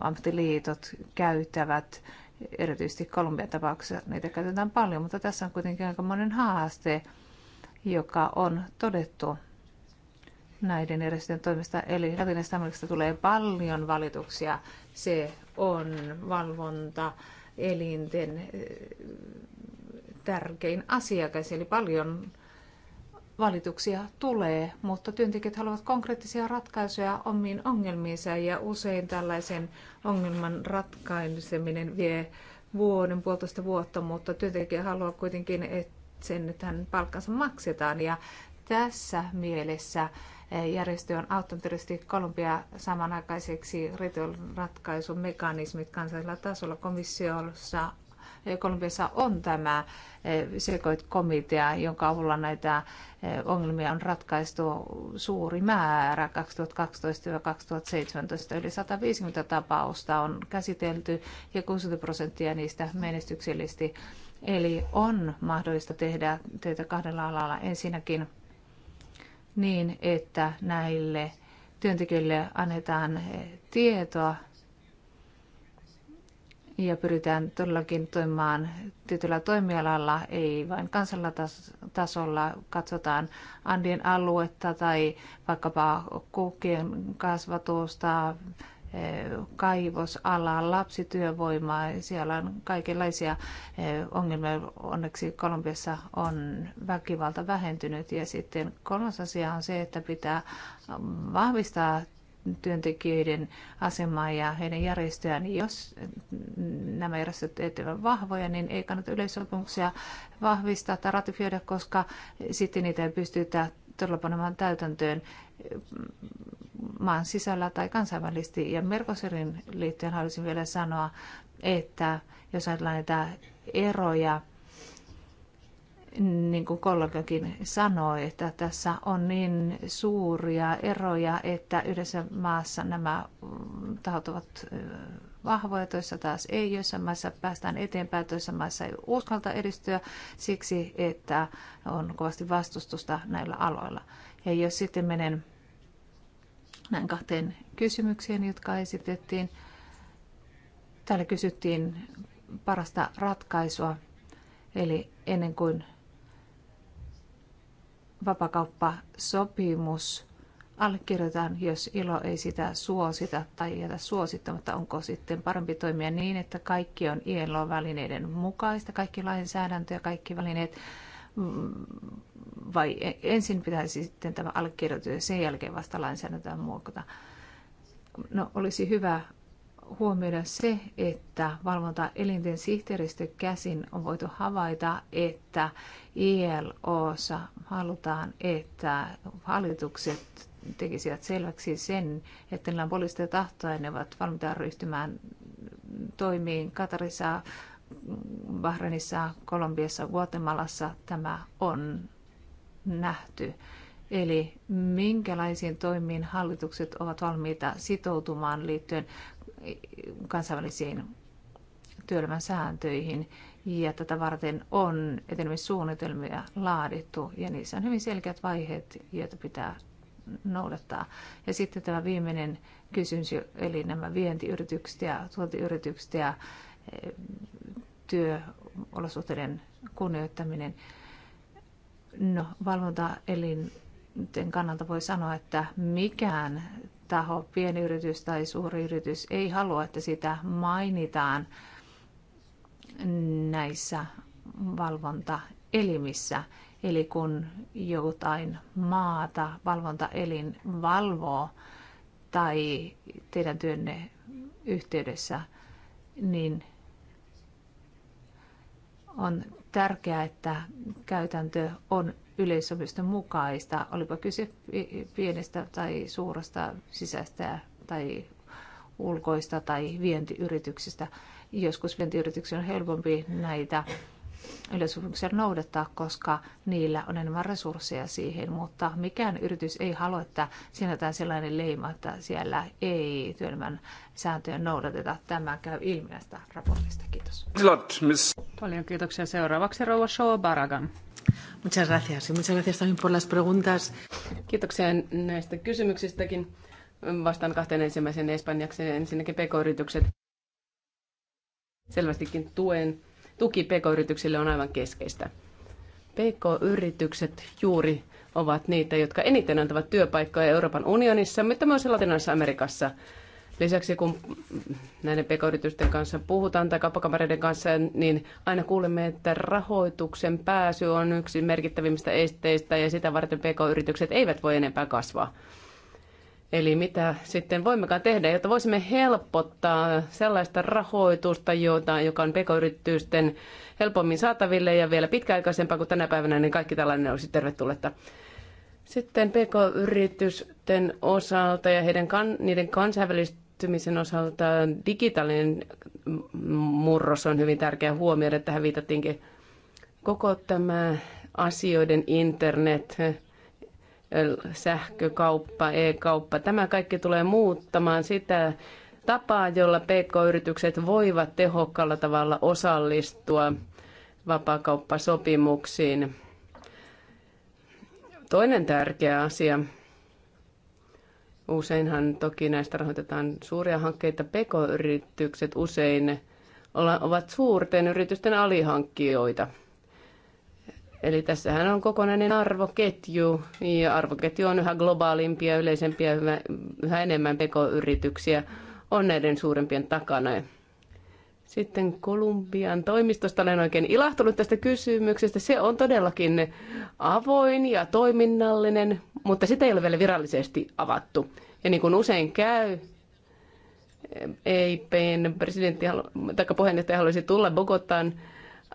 Speaker 3: ammattiliitot käyttävät, erityisesti Kolumbian tapauksessa niitä käytetään paljon, mutta tässä on kuitenkin aika monen haaste, joka on todettu näiden järjestöjen toimesta. Eli Latinasta Amerikasta tulee paljon valituksia. Se on valvonta elinten tärkein asiakas, eli paljon valituksia tulee, mutta työntekijät haluavat konkreettisia ratkaisuja omiin ongelmiinsa ja usein tällaisen ongelman ratkaiseminen vie vuoden, puolitoista vuotta, mutta työntekijä haluaa kuitenkin, että sen, että hän palkkansa maksetaan ja tässä mielessä eh, järjestö on auttanut erityisesti Kolumbia samanaikaiseksi riitojen ratkaisumekanismit kansallisella tasolla. Komissiossa Kolumbiassa on tämä eh, sekoitkomitea, jonka avulla näitä eh, ongelmia on ratkaistu suuri määrä. 2012-2017 yli 150 tapausta on käsitelty ja 60 prosenttia niistä menestyksellisesti. Eli on mahdollista tehdä töitä kahdella alalla. Ensinnäkin niin, että näille työntekijöille annetaan eh, tietoa ja pyritään todellakin toimimaan tietyllä toimialalla, ei vain tasolla Katsotaan Andien aluetta tai vaikkapa kukkien kasvatusta, eh, kaivosala, lapsityövoimaa. Siellä on kaikenlaisia eh, ongelmia. Onneksi Kolumbiassa on väkivalta vähentynyt. Ja sitten kolmas asia on se, että pitää vahvistaa työntekijöiden asemaa ja heidän järjestöjään. Jos nämä järjestöt eivät vahvoja, niin ei kannata yleissopimuksia vahvistaa tai ratifioida, koska sitten niitä ei pystytä todella panemaan täytäntöön maan sisällä tai kansainvälisesti. Ja Mercosurin liittyen haluaisin vielä sanoa, että jos ajatellaan näitä eroja niin kuin kollegakin sanoi, että tässä on niin suuria eroja, että yhdessä maassa nämä tahot ovat vahvoja, toissa taas ei, joissa maissa päästään eteenpäin, toissa maissa ei uskalta edistyä siksi, että on kovasti vastustusta näillä aloilla. Ja jos sitten menen näin kahteen kysymykseen, jotka esitettiin. Täällä kysyttiin parasta ratkaisua, eli ennen kuin vapakauppasopimus allekirjoitetaan, jos ilo ei sitä suosita tai jätä suosittamatta, onko sitten parempi toimia niin, että kaikki on ILO-välineiden mukaista, kaikki lainsäädäntö ja kaikki välineet, vai ensin pitäisi sitten tämä allekirjoitus ja sen jälkeen vasta lainsäädäntöä muokata. No olisi hyvä huomioida se, että valvontaelinten sihteeristö käsin on voitu havaita, että ILOssa halutaan, että hallitukset tekisivät selväksi sen, että niillä on poliista tahtoa ja ne ovat valmiita ryhtymään toimiin Katarissa, Bahrainissa, Kolumbiassa, Guatemalassa. Tämä on nähty. Eli minkälaisiin toimiin hallitukset ovat valmiita sitoutumaan liittyen kansainvälisiin työelämän sääntöihin. Ja tätä varten on etenemissuunnitelmia laadittu ja niissä on hyvin selkeät vaiheet, joita pitää noudattaa. Ja sitten tämä viimeinen kysymys, eli nämä vientiyritykset ja tuontiyritykset ja eh, työolosuhteiden kunnioittaminen. No, valvontaelinten kannalta voi sanoa, että mikään taho, pienyritys tai suuri yritys ei halua, että sitä mainitaan näissä valvontaelimissä. Eli kun jotain maata valvontaelin valvoo tai teidän työnne yhteydessä, niin on tärkeää, että käytäntö on yleissopimusten mukaista, olipa kyse pienestä tai suuresta sisäistä tai ulkoista tai vientiyrityksistä. Joskus vientiyrityksiä on helpompi näitä yleissopimuksia noudattaa, koska niillä on enemmän resursseja siihen, mutta mikään yritys ei halua, että siinä sellainen leima, että siellä ei työelämän sääntöjä noudateta. Tämä käy ilmi näistä raportista. Kiitos.
Speaker 2: Paljon kiitoksia. Seuraavaksi rouva Shaw Baragan. Muchas gracias. Y muchas gracias también por las preguntas. Kiitoksia näistä kysymyksistäkin. Vastaan kahteen ensimmäisen espanjaksi. Ensinnäkin pk-yritykset. Selvästikin tuen, tuki pk-yrityksille on aivan keskeistä. PK-yritykset juuri ovat niitä, jotka eniten antavat työpaikkoja Euroopan unionissa, mutta myös Latinalaisessa Amerikassa. Lisäksi kun näiden pekoyritysten kanssa puhutaan tai kauppakamareiden kanssa, niin aina kuulemme, että rahoituksen pääsy on yksi merkittävimmistä esteistä ja sitä varten pk-yritykset eivät voi enempää kasvaa. Eli mitä sitten voimmekaan tehdä, jotta voisimme helpottaa sellaista rahoitusta, jota, joka on pk-yritysten helpommin saataville ja vielä pitkäaikaisempaa kuin tänä päivänä, niin kaikki tällainen olisi tervetulletta. Sitten pk-yritysten osalta ja heidän kan, niiden kansainvälistä kehittymisen osalta digitaalinen murros on hyvin tärkeä huomioida. Tähän viitattiinkin koko tämä asioiden internet, sähkökauppa, e-kauppa. Tämä kaikki tulee muuttamaan sitä tapaa, jolla pk-yritykset voivat tehokkaalla tavalla osallistua vapaakauppasopimuksiin. Toinen tärkeä asia Useinhan toki näistä rahoitetaan suuria hankkeita. Pekoyritykset usein ovat suurten yritysten alihankkijoita. Eli tässähän on kokonainen arvoketju, ja arvoketju on yhä globaalimpia, yleisempiä, yhä enemmän pekoyrityksiä on näiden suurempien takana. Sitten Kolumbian toimistosta olen oikein ilahtunut tästä kysymyksestä. Se on todellakin avoin ja toiminnallinen, mutta sitä ei ole vielä virallisesti avattu. Ja niin kuin usein käy, EIPn presidentti tai puheenjohtaja haluaisi tulla Bogotaan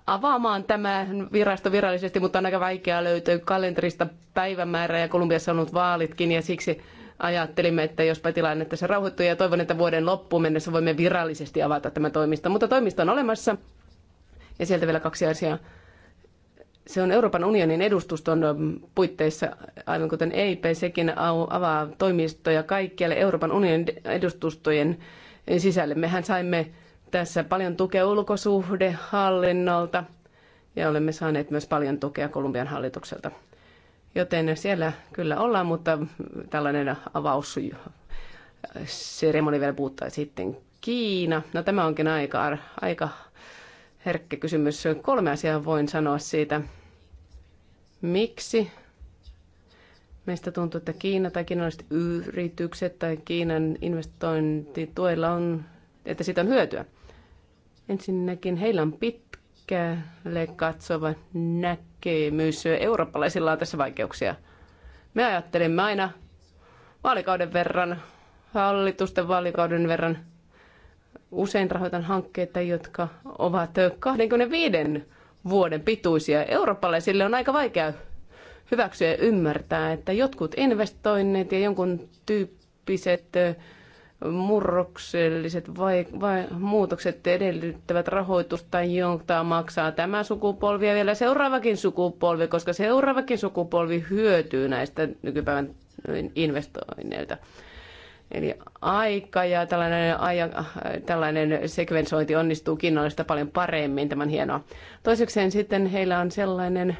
Speaker 2: avaamaan tämä virasto virallisesti, mutta on aika vaikea löytyä kalenterista päivämäärää ja Kolumbiassa on ollut vaalitkin ja siksi ajattelimme, että jospa tilanne se rauhoittuu ja toivon, että vuoden loppuun mennessä voimme virallisesti avata tämä toimisto. Mutta toimisto on olemassa ja sieltä vielä kaksi asiaa. Se on Euroopan unionin edustuston mm, puitteissa, aivan kuten EIP, sekin avaa toimistoja kaikkialle Euroopan unionin edustustojen sisälle. Mehän saimme tässä paljon tukea ulkosuhdehallinnolta ja olemme saaneet myös paljon tukea Kolumbian hallitukselta. Joten siellä kyllä ollaan, mutta tällainen avaus seremoni vielä puuttaa sitten Kiina. No tämä onkin aika, aika herkkä kysymys. Kolme asiaa voin sanoa siitä. Miksi meistä tuntuu, että Kiina tai kiinalaiset yritykset tai Kiinan investointituella on, että siitä on hyötyä? Ensinnäkin heillä on pitkälle katsova näkö myös Eurooppalaisilla on tässä vaikeuksia. Me ajattelimme aina vaalikauden verran, hallitusten vaalikauden verran. Usein rahoitan hankkeita, jotka ovat 25 vuoden pituisia. Eurooppalaisille on aika vaikea hyväksyä ja ymmärtää, että jotkut investoinnit ja jonkun tyyppiset murrokselliset vai, vai, muutokset edellyttävät rahoitusta, jonka maksaa tämä sukupolvi ja vielä seuraavakin sukupolvi, koska seuraavakin sukupolvi hyötyy näistä nykypäivän investoinneilta. Eli aika ja tällainen, aja, tällainen sekvensointi onnistuu kinnallista paljon paremmin, tämän hienoa. Toisekseen sitten heillä on sellainen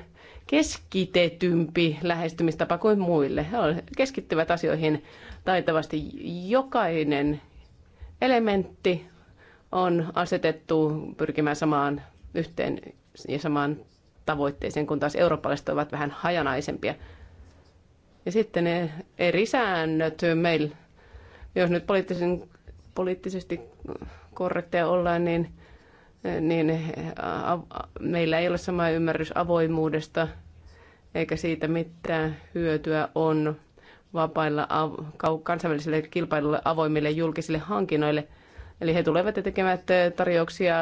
Speaker 2: keskitetympi lähestymistapa kuin muille. He keskittyvät asioihin taitavasti. Jokainen elementti on asetettu pyrkimään samaan yhteen ja samaan tavoitteeseen, kun taas eurooppalaiset ovat vähän hajanaisempia. Ja sitten ne eri säännöt meillä, jos nyt poliittisen, poliittisesti korrekteja ollaan, niin, niin äh, meillä ei ole sama ymmärrys avoimuudesta, eikä siitä mitään hyötyä on vapailla kansainvälisille kilpailulle avoimille julkisille hankinnoille. Eli he tulevat tekemään tarjouksia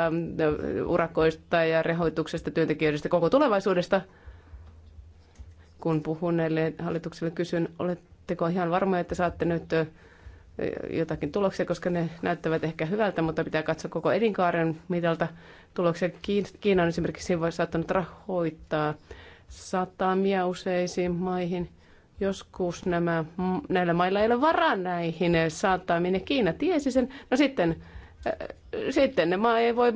Speaker 2: urakoista ja rehoituksesta, työntekijöistä, koko tulevaisuudesta. Kun puhun näille hallituksille, kysyn, oletteko ihan varmoja, että saatte nyt jotakin tuloksia, koska ne näyttävät ehkä hyvältä, mutta pitää katsoa koko edinkaaren mitalta tuloksia. Kiina on esimerkiksi saattanut rahoittaa satamia useisiin maihin – Joskus nämä, näillä mailla ei ole varaa näihin saattaa minne Kiina tiesi sen. No sitten, äh, sitten ne maa ei voi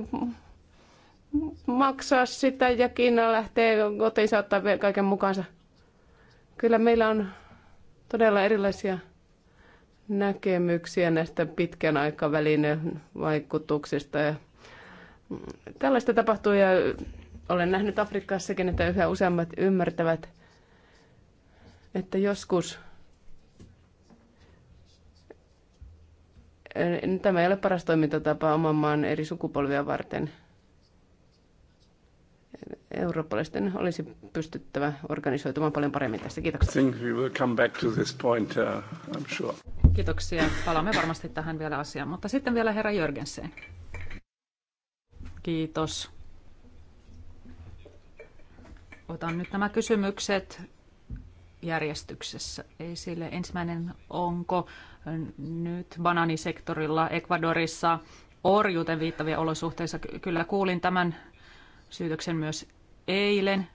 Speaker 2: maksaa sitä ja Kiina lähtee kotiin saattaa kaiken mukaansa. Kyllä meillä on todella erilaisia näkemyksiä näistä pitkän aikavälin vaikutuksista. Ja mm, tällaista tapahtuu ja olen nähnyt Afrikassakin, että yhä useammat ymmärtävät – että joskus tämä ei ole paras toimintatapa oman maan eri sukupolvia varten. Eurooppalaisten olisi pystyttävä organisoitumaan paljon paremmin tässä. Kiitoksia.
Speaker 5: think we will come back to this point, uh,
Speaker 2: I'm sure. Kiitoksia.
Speaker 1: Palaamme varmasti tähän vielä asiaan. Mutta sitten vielä herra Jörgensen. Kiitos. Otan nyt nämä kysymykset järjestyksessä esille. Ensimmäinen, onko nyt bananisektorilla Ecuadorissa orjuuteen viittavia olosuhteissa? Kyllä kuulin tämän syytöksen myös eilen.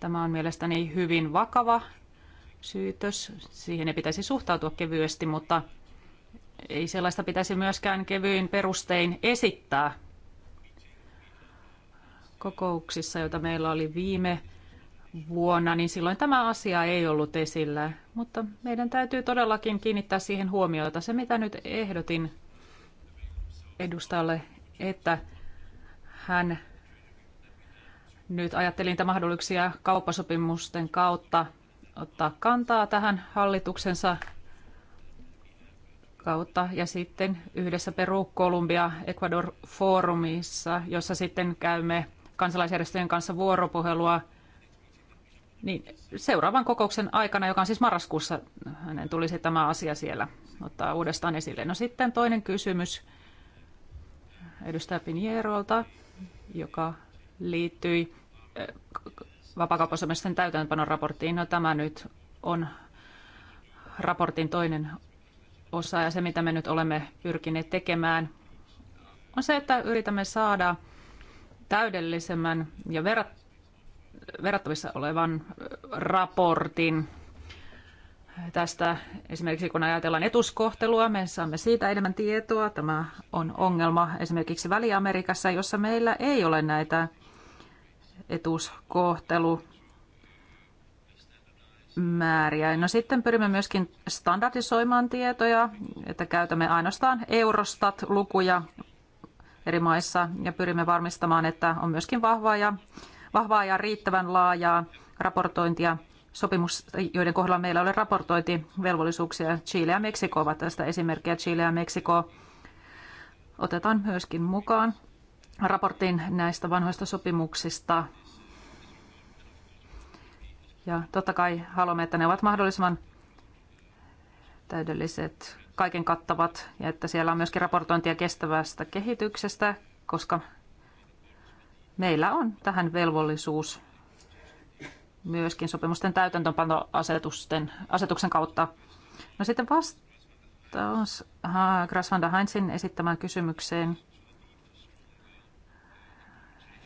Speaker 1: Tämä on mielestäni hyvin vakava syytös. Siihen ei pitäisi suhtautua kevyesti, mutta ei sellaista pitäisi myöskään kevyin perustein esittää. Kokouksissa, joita meillä oli viime vuonna, niin silloin tämä asia ei ollut esillä. Mutta meidän täytyy todellakin kiinnittää siihen huomiota. Se, mitä nyt ehdotin edustajalle, että hän nyt ajatteli niitä mahdollisuuksia kauppasopimusten kautta ottaa kantaa tähän hallituksensa kautta ja sitten yhdessä Peru Columbia Ecuador foorumissa, jossa sitten käymme kansalaisjärjestöjen kanssa vuoropuhelua – niin, seuraavan kokouksen aikana, joka on siis marraskuussa, hänen tulisi tämä asia siellä ottaa uudestaan esille. No sitten toinen kysymys edustaja Pinierolta, joka liittyi eh, vapakauppasomisten täytäntöpanon raporttiin. No tämä nyt on raportin toinen osa ja se, mitä me nyt olemme pyrkineet tekemään, on se, että yritämme saada täydellisemmän ja verrattuna verrattavissa olevan raportin tästä. Esimerkiksi kun ajatellaan etuskohtelua, me saamme siitä enemmän tietoa. Tämä on ongelma esimerkiksi Väli-Amerikassa, jossa meillä ei ole näitä etuskohtelu määriä. No sitten pyrimme myöskin standardisoimaan tietoja, että käytämme ainoastaan Eurostat-lukuja eri maissa ja pyrimme varmistamaan, että on myöskin vahvaa ja vahvaa ja riittävän laajaa raportointia sopimus, joiden kohdalla meillä ei ole raportointivelvollisuuksia. Chile ja Meksiko ovat tästä esimerkkejä. Chile ja Meksiko otetaan myöskin mukaan raportin näistä vanhoista sopimuksista. Ja totta kai haluamme, että ne ovat mahdollisimman täydelliset, kaiken kattavat ja että siellä on myöskin raportointia kestävästä kehityksestä, koska meillä on tähän velvollisuus myöskin sopimusten täytäntöönpanoasetusten asetuksen kautta. No sitten vastaus Gras van der Heinzin esittämään kysymykseen.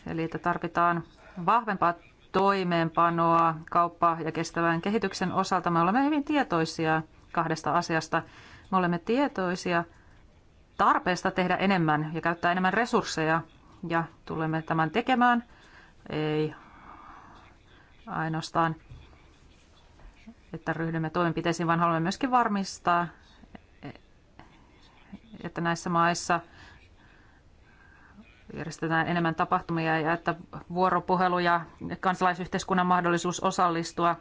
Speaker 1: Eli että tarvitaan vahvempaa toimeenpanoa kauppa- ja kestävän kehityksen osalta. Me olemme hyvin tietoisia kahdesta asiasta. Me olemme tietoisia tarpeesta tehdä enemmän ja käyttää enemmän resursseja – ja tulemme tämän tekemään. Ei ainoastaan, että ryhdymme toimenpiteisiin, vaan haluamme myöskin varmistaa, että näissä maissa järjestetään enemmän tapahtumia ja että vuoropuhelu ja kansalaisyhteiskunnan mahdollisuus osallistua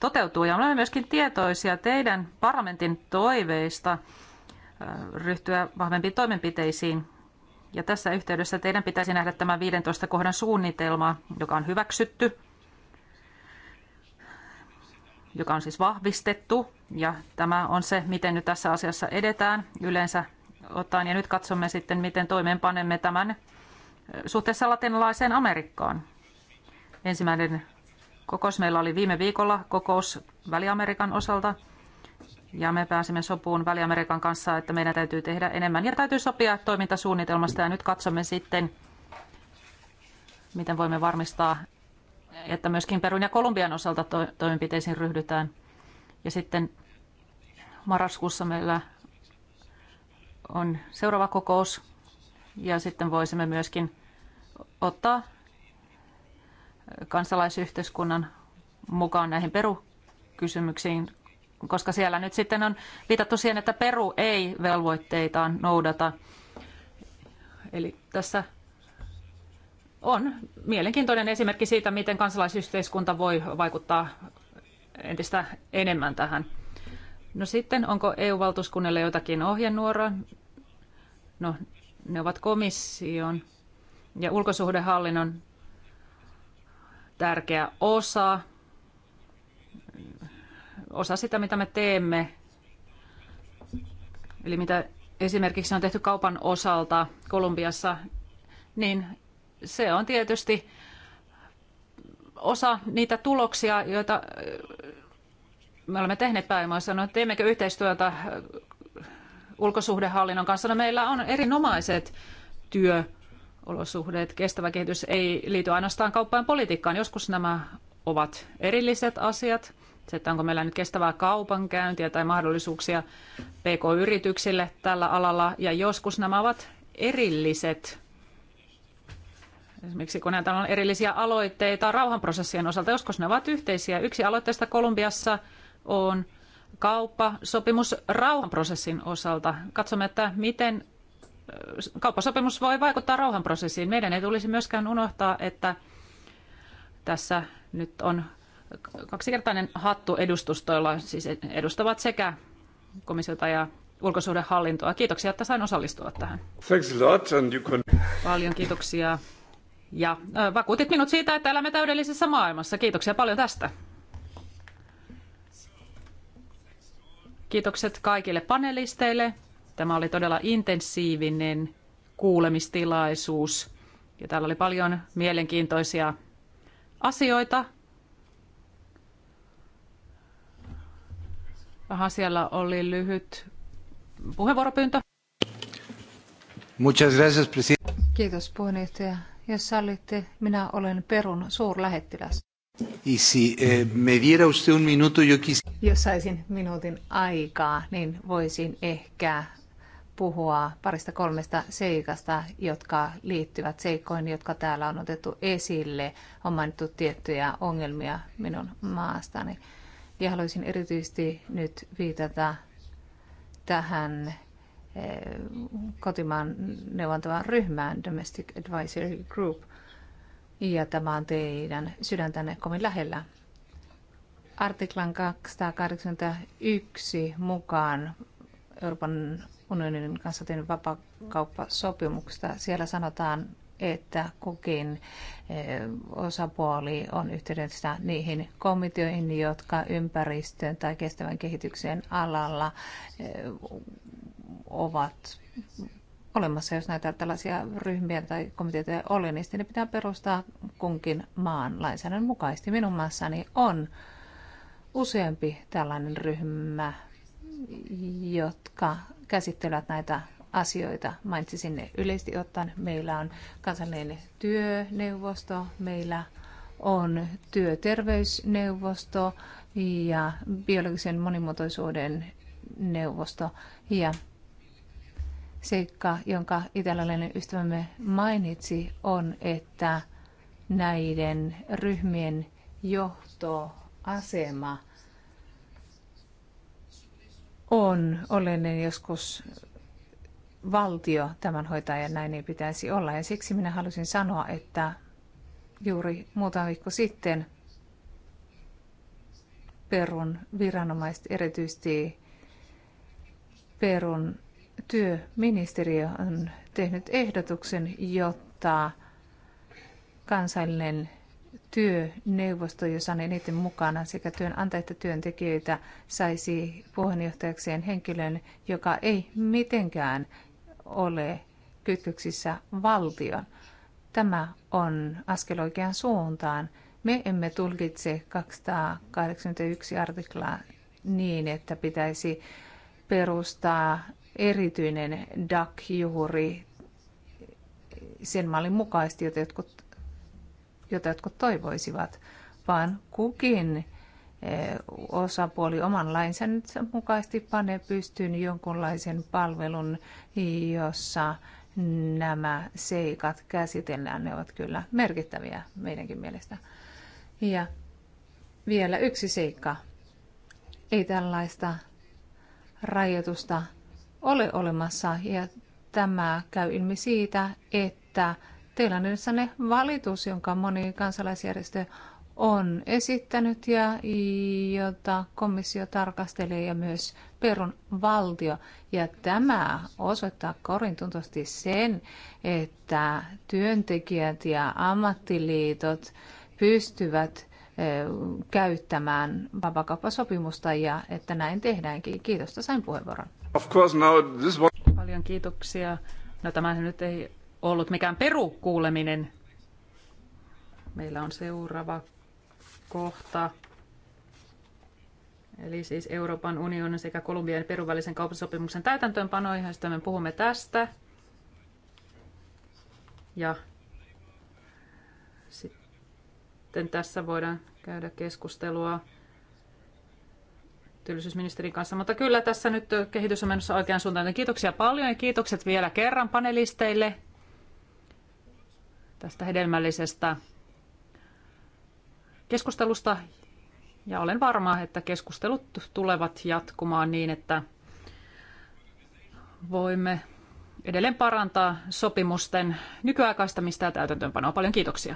Speaker 1: toteutuu. Ja olemme myöskin tietoisia teidän parlamentin toiveista äh, ryhtyä vahvempiin toimenpiteisiin ja tässä yhteydessä teidän pitäisi nähdä tämä 15 kohdan suunnitelma, joka on hyväksytty, joka on siis vahvistettu. Ja tämä on se, miten nyt tässä asiassa edetään yleensä ottaen. Ja nyt katsomme sitten, miten toimeenpanemme tämän suhteessa latinalaiseen Amerikkaan. Ensimmäinen kokous meillä oli viime viikolla kokous Väli-Amerikan osalta – ja me pääsimme sopuun Väli-Amerikan kanssa, että meidän täytyy tehdä enemmän ja täytyy sopia toimintasuunnitelmasta ja nyt katsomme sitten, miten voimme varmistaa, että myöskin Perun ja Kolumbian osalta to- toimenpiteisiin ryhdytään. Ja sitten marraskuussa meillä on seuraava kokous ja sitten voisimme myöskin ottaa kansalaisyhteiskunnan mukaan näihin perukysymyksiin koska siellä nyt sitten on viitattu siihen, että Peru ei velvoitteitaan noudata. Eli tässä on mielenkiintoinen esimerkki siitä, miten kansalaisyhteiskunta voi vaikuttaa entistä enemmän tähän. No sitten, onko EU-valtuuskunnille jotakin ohjenuoroa? No, ne ovat komission ja ulkosuhdehallinnon tärkeä osa osa sitä, mitä me teemme, eli mitä esimerkiksi on tehty kaupan osalta Kolumbiassa, niin se on tietysti osa niitä tuloksia, joita me olemme tehneet päivässä, No, teemmekö yhteistyötä ulkosuhdehallinnon kanssa? No, meillä on erinomaiset työolosuhteet. Kestävä kehitys ei liity ainoastaan kauppaan politiikkaan. Joskus nämä ovat erilliset asiat se, että onko meillä nyt kestävää kaupankäyntiä tai mahdollisuuksia PK-yrityksille tällä alalla. Ja joskus nämä ovat erilliset. Esimerkiksi kun näitä on erillisiä aloitteita rauhanprosessien osalta, joskus ne ovat yhteisiä. Yksi aloitteesta Kolumbiassa on kauppasopimus rauhanprosessin osalta. Katsomme, että miten kauppasopimus voi vaikuttaa rauhanprosessiin. Meidän ei tulisi myöskään unohtaa, että tässä nyt on kaksikertainen hattu edustustoilla, siis edustavat sekä komissiota ja ulkosuhdehallintoa. Kiitoksia, että sain osallistua tähän.
Speaker 5: Thanks a lot and you can...
Speaker 1: Paljon kiitoksia. Ja vakuutit minut siitä, että elämme täydellisessä maailmassa. Kiitoksia paljon tästä. Kiitokset kaikille panelisteille. Tämä oli todella intensiivinen kuulemistilaisuus. Ja täällä oli paljon mielenkiintoisia asioita. Aha, siellä oli lyhyt
Speaker 3: puheenvuoropyyntö.
Speaker 5: Muchas gracias, presidente.
Speaker 3: Kiitos puheenjohtaja. Jos sallitte, minä olen Perun suurlähettiläs.
Speaker 5: Y si eh, me diera usted un minuto, yo
Speaker 3: Jos saisin minuutin aikaa, niin voisin ehkä puhua parista kolmesta seikasta, jotka liittyvät seikkoihin, jotka täällä on otettu esille. On mainittu tiettyjä ongelmia minun maastani. Ja haluaisin erityisesti nyt viitata tähän eh, kotimaan neuvontavaan ryhmään, Domestic Advisory Group, ja tämä on teidän sydäntänne kovin lähellä. Artiklan 281 mukaan Euroopan unionin kanssa tehnyt vapakauppasopimuksesta. Siellä sanotaan, että kukin eh, osapuoli on yhteydessä niihin komiteoihin, jotka ympäristön tai kestävän kehityksen alalla eh, ovat olemassa, jos näitä tällaisia ryhmiä tai komiteoita ei ole, niin ne pitää perustaa kunkin maan lainsäädännön mukaisesti. Minun maassani on useampi tällainen ryhmä, jotka käsittelevät näitä asioita. Mainitsisin ne yleisesti ottaen. Meillä on kansallinen työneuvosto, meillä on työterveysneuvosto ja biologisen monimuotoisuuden neuvosto ja seikka, jonka italialainen ystävämme mainitsi, on, että näiden ryhmien johtoasema on olennainen joskus valtio tämän hoitaa ja näin ei pitäisi olla. Ja siksi minä halusin sanoa, että juuri muutama viikko sitten Perun viranomaiset, erityisesti Perun työministeriö on tehnyt ehdotuksen, jotta kansallinen työneuvosto, jossa on eniten mukana sekä työnantajat että työntekijöitä, saisi puheenjohtajakseen henkilön, joka ei mitenkään ole kytköksissä valtion. Tämä on askel oikeaan suuntaan. Me emme tulkitse 281 artiklaa niin, että pitäisi perustaa erityinen DAC juuri sen mallin mukaisesti, jota jotkut, jota jotkut toivoisivat, vaan kukin Eh, osapuoli oman lainsäädännön mukaisesti panee pystyyn jonkunlaisen palvelun, jossa nämä seikat käsitellään. Ne ovat kyllä merkittäviä meidänkin mielestä. Ja vielä yksi seikka. Ei tällaista rajoitusta ole olemassa ja tämä käy ilmi siitä, että teillä on valitus, jonka moni kansalaisjärjestö on esittänyt ja jota komissio tarkastelee ja myös Perun valtio. Ja tämä osoittaa tuntosti sen, että työntekijät ja ammattiliitot pystyvät käyttämään
Speaker 1: vapakauppasopimusta ja että näin tehdäänkin. Kiitos, että sain puheenvuoron.
Speaker 5: Of course no, this one...
Speaker 1: Paljon kiitoksia. No tämä nyt ei ollut mikään perukuuleminen. Meillä on seuraava kohta. Eli siis Euroopan unionin sekä Kolumbian ja Perun välisen kauppasopimuksen täytäntöönpano, josta me puhumme tästä. Ja sitten tässä voidaan käydä keskustelua työllisyysministerin kanssa. Mutta kyllä tässä nyt kehitys on menossa oikean suuntaan. Joten kiitoksia paljon ja kiitokset vielä kerran panelisteille tästä hedelmällisestä keskustelusta ja olen varma, että keskustelut tulevat jatkumaan niin, että voimme edelleen parantaa sopimusten nykyaikaistamista ja täytäntöönpanoa. Paljon kiitoksia.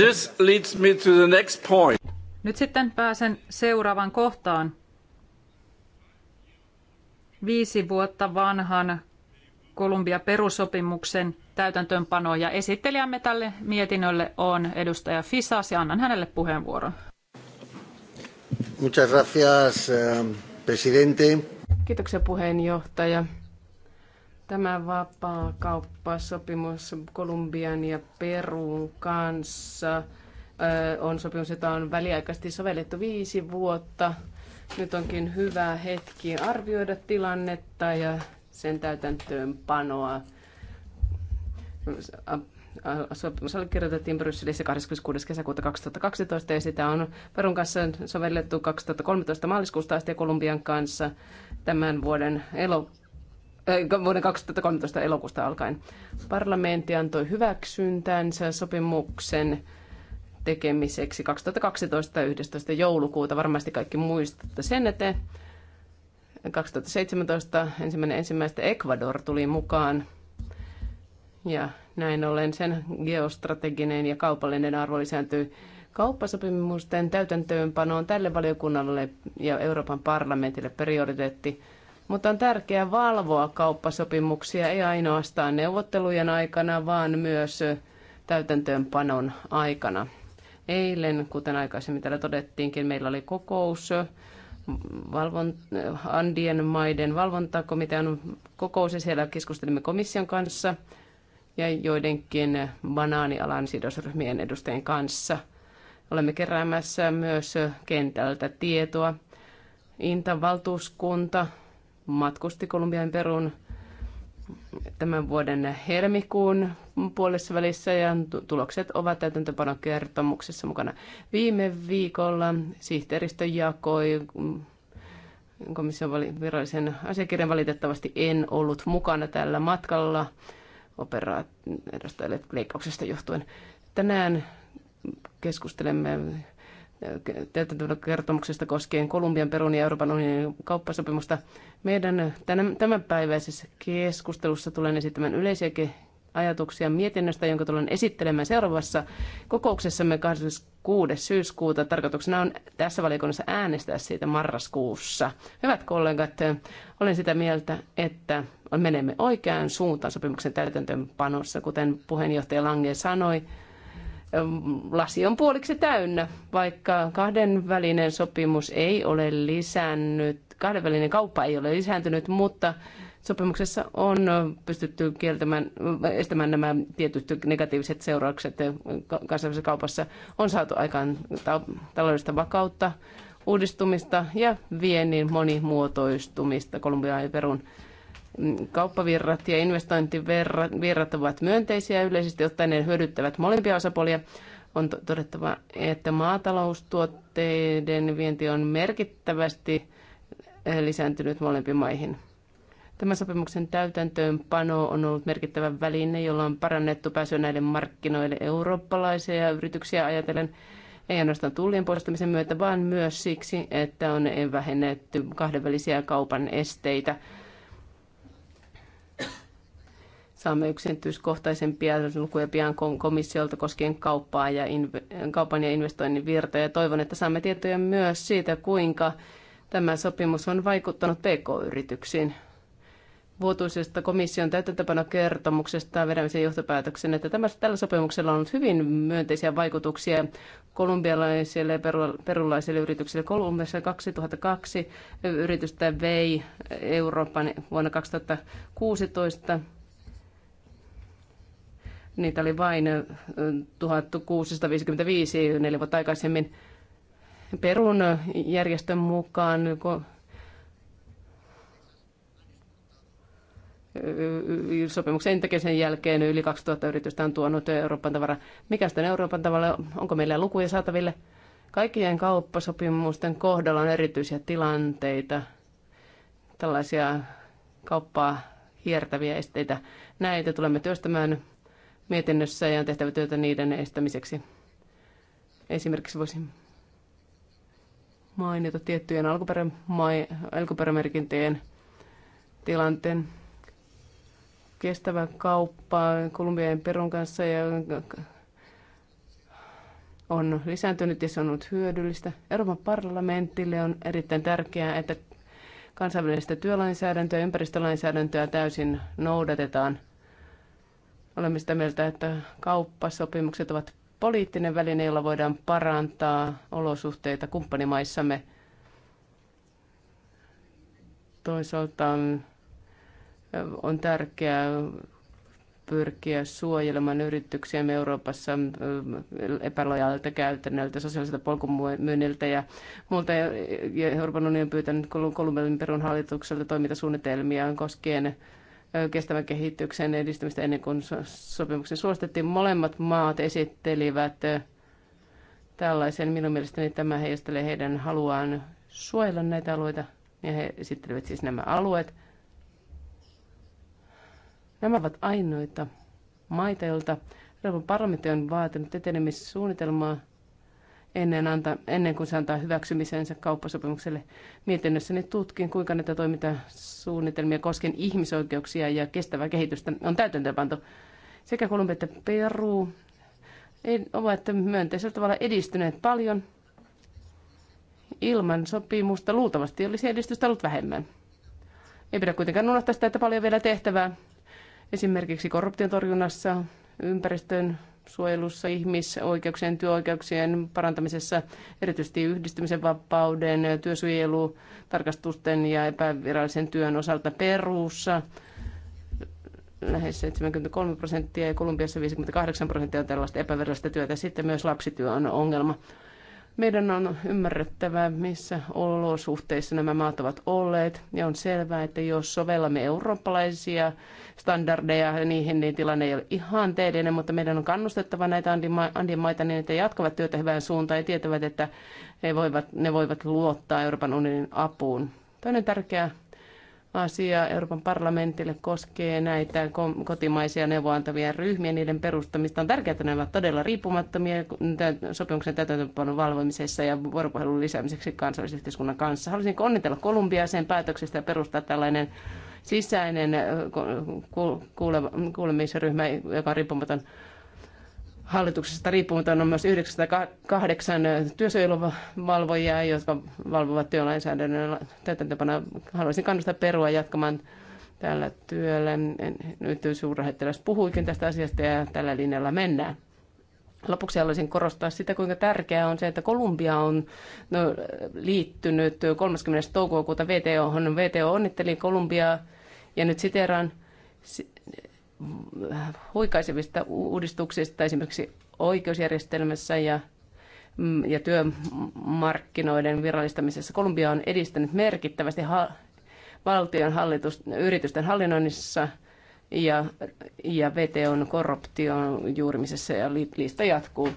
Speaker 5: This leads me to the next point.
Speaker 1: Nyt sitten pääsen seuraavan kohtaan. Viisi vuotta vanhan Kolumbia perusopimuksen täytäntöönpano ja esittelijämme tälle mietinnölle on edustaja Fisas ja annan
Speaker 2: hänelle puheenvuoron.
Speaker 5: Muchas gracias, eh, presidente.
Speaker 2: Kiitoksia puheenjohtaja. Tämä vapaa kauppasopimus Kolumbian ja Perun kanssa eh, on sopimus, jota on väliaikaisesti sovellettu viisi vuotta. Nyt onkin hyvä hetki arvioida tilannetta ja sen täytäntöönpanoa. Sopimus allekirjoitettiin Brysselissä 26. kesäkuuta 2012 ja sitä on Perun kanssa sovellettu 2013 maaliskuusta asti ja Kolumbian kanssa tämän vuoden elo, äh, vuoden 2013 elokuusta alkaen. Parlamentti antoi hyväksyntänsä sopimuksen tekemiseksi 2012 11. joulukuuta. Varmasti kaikki muistatte sen, että 2017 ensimmäinen ensimmäistä Ecuador tuli mukaan ja näin ollen sen geostrateginen ja kaupallinen arvo lisääntyi kauppasopimusten täytäntöönpano on tälle valiokunnalle ja Euroopan parlamentille prioriteetti, mutta on tärkeää valvoa kauppasopimuksia ei ainoastaan neuvottelujen aikana, vaan myös täytäntöönpanon aikana. Eilen, kuten aikaisemmin täällä todettiinkin, meillä oli kokous valvon, Andien maiden valvontakomitean kokous ja siellä keskustelimme komission kanssa ja joidenkin banaanialan sidosryhmien edustajien kanssa. Olemme keräämässä myös kentältä tietoa. Intan valtuuskunta matkusti Kolumbian Perun tämän vuoden helmikuun puolessa välissä ja tulokset ovat täytäntöpanokertomuksessa mukana. Viime viikolla sihteeristö jakoi mm, komission virallisen asiakirjan. Valitettavasti en ollut mukana tällä matkalla operaatioiden leikkauksesta johtuen. Tänään keskustelemme kertomuksesta koskien Kolumbian, Perun ja Euroopan unionin kauppasopimusta. Meidän tämänpäiväisessä keskustelussa tulen esittämään yleisiä ajatuksia mietinnöstä, jonka tulen esittelemään seuraavassa kokouksessamme 26. syyskuuta. Tarkoituksena on tässä valiokunnassa äänestää siitä marraskuussa. Hyvät kollegat, olen sitä mieltä, että menemme oikeaan suuntaan sopimuksen täytäntöönpanossa, kuten puheenjohtaja Lange sanoi lasi on puoliksi täynnä, vaikka kahdenvälinen sopimus ei ole lisännyt, kahdenvälinen kauppa ei ole lisääntynyt, mutta sopimuksessa on pystytty kieltämään, estämään nämä tietyt negatiiviset seuraukset kansainvälisessä kaupassa. On saatu aikaan taloudellista vakautta, uudistumista ja viennin monimuotoistumista Kolumbiaan ja Perun Kauppavirrat ja investointivirrat ovat myönteisiä yleisesti ottaen ne hyödyttävät molempia osapuolia. On todettava, että maataloustuotteiden vienti on merkittävästi eh, lisääntynyt molempiin maihin. Tämän sopimuksen täytäntöönpano on ollut merkittävä väline, jolla on parannettu pääsyä näille markkinoille eurooppalaisia yrityksiä ajatellen ei ainoastaan tullien poistamisen myötä, vaan myös siksi, että on vähennetty kahdenvälisiä kaupan esteitä Saamme yksityiskohtaisempia lukuja pian komissiolta koskien kauppaa ja inv- kaupan ja investoinnin virtoja. Toivon, että saamme tietoja myös siitä, kuinka tämä sopimus on vaikuttanut pk-yrityksiin. Vuotuisesta komission täytäntöpanokertomuksesta vedämisen johtopäätöksen, että tämä, tällä sopimuksella on ollut hyvin myönteisiä vaikutuksia kolumbialaisille ja perulaisille yrityksille. Kolumbiassa 2002 yritystä vei Euroopan vuonna 2016 Niitä oli vain 1655 neljä vuotta aikaisemmin. Perun järjestön mukaan sopimuksen tekemisen jälkeen yli 2000 yritystä on tuonut Euroopan tavara. Mikä sitten Euroopan tavalla, onko meillä lukuja saataville? Kaikkien kauppasopimusten kohdalla on erityisiä tilanteita, tällaisia kauppaa hiertäviä esteitä. Näitä tulemme työstämään mietinnössä ja on tehtävä työtä niiden estämiseksi. Esimerkiksi voisin mainita tiettyjen alkuperämerkintöjen tilanteen kestävän kauppaa Kolumbian ja Perun kanssa ja on lisääntynyt ja se on ollut hyödyllistä. Euroopan parlamentille on erittäin tärkeää, että kansainvälistä työlainsäädäntöä ja ympäristölainsäädäntöä täysin noudatetaan – Olemme sitä mieltä, että kauppasopimukset ovat poliittinen väline, jolla voidaan parantaa olosuhteita kumppanimaissamme. Toisaalta eh, on tärkeää pyrkiä suojelemaan yrityksiä Euroopassa eh, epälojaalilta käytännöltä, sosiaaliselta polkumyynniltä ja muuta. Euroopan unioni on pyytänyt Kolumbian perun hallitukselta toimintasuunnitelmia koskien kestävän kehityksen edistämistä ennen kuin sopimuksen suostettiin. Molemmat maat esittelivät tällaisen. Minun mielestäni tämä heijastelee heidän haluaan suojella näitä alueita. Ja he esittelivät siis nämä alueet. Nämä ovat ainoita maita, joilta Euroopan parlamentti on vaatinut etenemissuunnitelmaa – ennen, anta, ennen kuin se antaa hyväksymisensä kauppasopimukselle mietinnössä, niin tutkin, kuinka näitä toimintasuunnitelmia koskien ihmisoikeuksia ja kestävää kehitystä on täytäntöönpanto. Sekä Kolumbia että Peru ovat myönteisellä tavalla edistyneet paljon. Ilman sopimusta luultavasti olisi edistystä ollut vähemmän. Ei pidä kuitenkaan unohtaa sitä, että paljon vielä tehtävää. Esimerkiksi korruption torjunnassa, ympäristön suojelussa, ihmisoikeuksien, työoikeuksien parantamisessa, erityisesti yhdistymisen vapauden, työsuojelutarkastusten tarkastusten ja epävirallisen työn osalta Peruussa lähes 73 prosenttia ja Kolumbiassa 58 prosenttia on tällaista epävirallista työtä. Sitten myös lapsityö on ongelma. Meidän on ymmärrettävä, missä olosuhteissa nämä maat ovat olleet, ja on selvää, että jos sovellamme eurooppalaisia standardeja, niihin niin tilanne ei ole ihan teidinen, mutta meidän on kannustettava näitä Andien maita niin, että jatkavat työtä hyvään suuntaan ja tietävät, että he voivat, ne voivat luottaa Euroopan unionin apuun. Toinen tärkeä asia Euroopan parlamentille koskee näitä kotimaisia neuvoantavia ryhmiä, niiden perustamista. On tärkeää, että ne ovat todella riippumattomia sopimuksen täytäntöönpanon valvomisessa ja vuoropuhelun lisäämiseksi kansallisyhteiskunnan kanssa. Haluaisin onnitella Kolumbiaa sen päätöksestä perustaa tällainen sisäinen kuulemisryhmä, joka on riippumaton hallituksesta riippumatta on myös 98 työsuojeluvalvojia, jotka valvovat työlainsäädännön täytäntöpanoa. Haluaisin kannustaa perua jatkamaan tällä työllä. Nyt suurrahettelässä puhuikin tästä asiasta ja tällä linjalla mennään. Lopuksi haluaisin korostaa sitä, kuinka tärkeää on se, että Kolumbia on no, liittynyt 30. toukokuuta VTO. VTO onnitteli Kolumbiaa ja nyt siteraan huikaisevista uudistuksista esimerkiksi oikeusjärjestelmässä ja, mm, ja työmarkkinoiden virallistamisessa. Kolumbia on edistänyt merkittävästi ha- valtion hallitus, yritysten hallinnoinnissa ja, ja VTOn korruption juurimisessa ja li, lista jatkuu.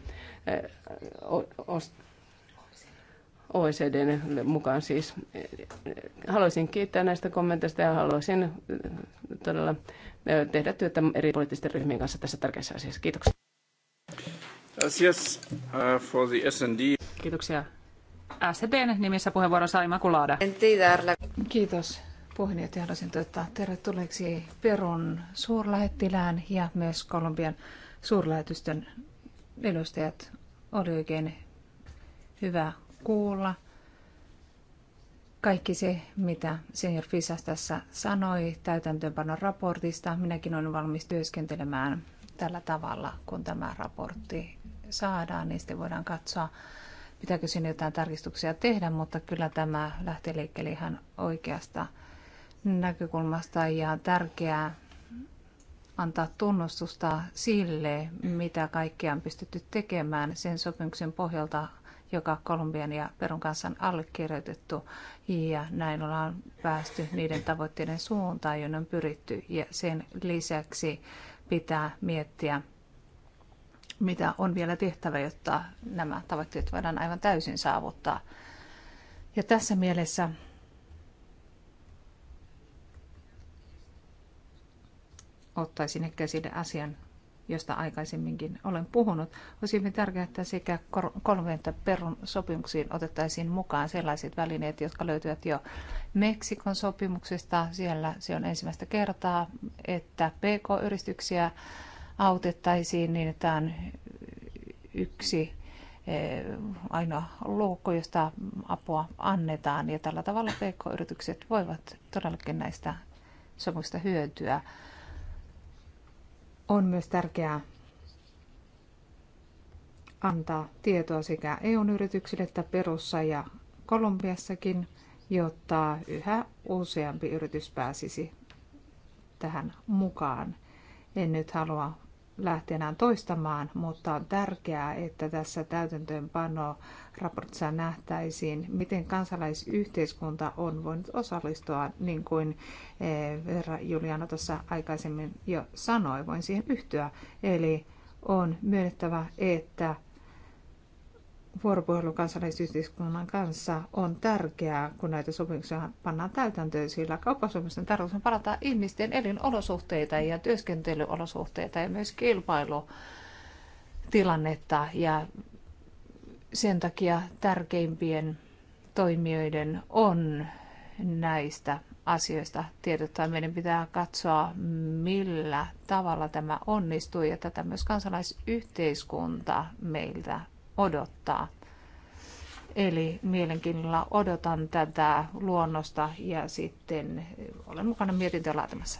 Speaker 2: OECDn mukaan siis. Haluaisin kiittää näistä kommenteista ja haluaisin todella tehdä työtä eri poliittisten ryhmien kanssa tässä tärkeässä asiassa. Kiitoksia.
Speaker 5: Gracias uh, for the S&D.
Speaker 1: Kiitoksia. STN nimissä puheenvuoro Saima Makulaada. Kiitos
Speaker 3: puheenjohtaja. Haluaisin toivottaa tervetulleeksi Perun suurlähettilään ja myös Kolumbian suurlähetystön edustajat. Oli oikein hyvä kuulla kaikki se, mitä senior Fisas tässä sanoi täytäntöönpanon raportista. Minäkin olen valmis työskentelemään tällä tavalla, kun tämä raportti saadaan, niin sitten voidaan katsoa, pitääkö sinne jotain tarkistuksia tehdä, mutta kyllä tämä lähtee liikkeelle ihan oikeasta näkökulmasta ja on tärkeää antaa tunnustusta sille, mitä kaikkea on pystytty tekemään sen sopimuksen pohjalta, joka Kolumbian ja Perun kanssa on allekirjoitettu. Ja näin ollaan päästy niiden tavoitteiden suuntaan, joiden on pyritty. Ja sen lisäksi pitää miettiä, mitä on vielä tehtävä, jotta nämä tavoitteet voidaan aivan täysin saavuttaa. Ja tässä mielessä ottaisin ehkä asian josta aikaisemminkin olen puhunut. Olisi hyvin tärkeää, että sekä kolmenta perun sopimuksiin otettaisiin mukaan sellaiset välineet, jotka löytyvät jo Meksikon sopimuksesta. Siellä se on ensimmäistä kertaa, että PK-yrityksiä autettaisiin niin, että on yksi e, ainoa luukko, josta apua annetaan. Ja tällä tavalla PK-yritykset voivat todellakin näistä sopimuksista hyötyä. On myös tärkeää antaa tietoa sekä eu yrityksille että Perussa ja Kolumbiassakin, jotta yhä useampi yritys pääsisi tähän mukaan. En nyt halua lähteä enää toistamaan, mutta on tärkeää, että tässä täytäntöönpano raportissa nähtäisiin, miten kansalaisyhteiskunta on voinut osallistua, niin kuin Vera eh, Juliana tuossa aikaisemmin jo sanoi, voin siihen yhtyä. Eli on myönnettävä, että vuoropuhelu kansalaisyhteiskunnan kanssa on tärkeää, kun näitä sopimuksia pannaan täytäntöön, sillä kauppasopimusten tarkoitus on parantaa ihmisten elinolosuhteita ja työskentelyolosuhteita ja myös kilpailutilannetta ja sen takia tärkeimpien toimijoiden on näistä asioista tiedottaa. Meidän pitää katsoa, millä tavalla tämä onnistuu ja tätä myös kansalaisyhteiskunta meiltä odottaa. Eli mielenkiinnolla odotan tätä luonnosta ja sitten
Speaker 1: olen mukana mietintöä laatimassa.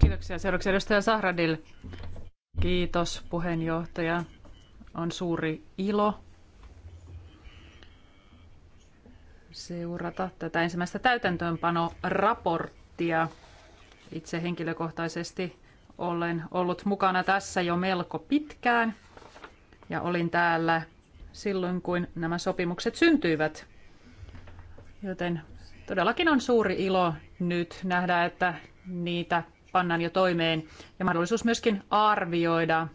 Speaker 1: Kiitoksia. Seuraavaksi edustaja Sahradil. Kiitos puheenjohtaja. On suuri ilo seurata tätä ensimmäistä täytäntöönpanoraporttia. Itse henkilökohtaisesti olen ollut mukana tässä jo melko pitkään – ja olin täällä silloin, kun nämä sopimukset syntyivät. Joten todellakin on suuri ilo nyt nähdä, että niitä pannaan jo toimeen ja mahdollisuus myöskin arvioida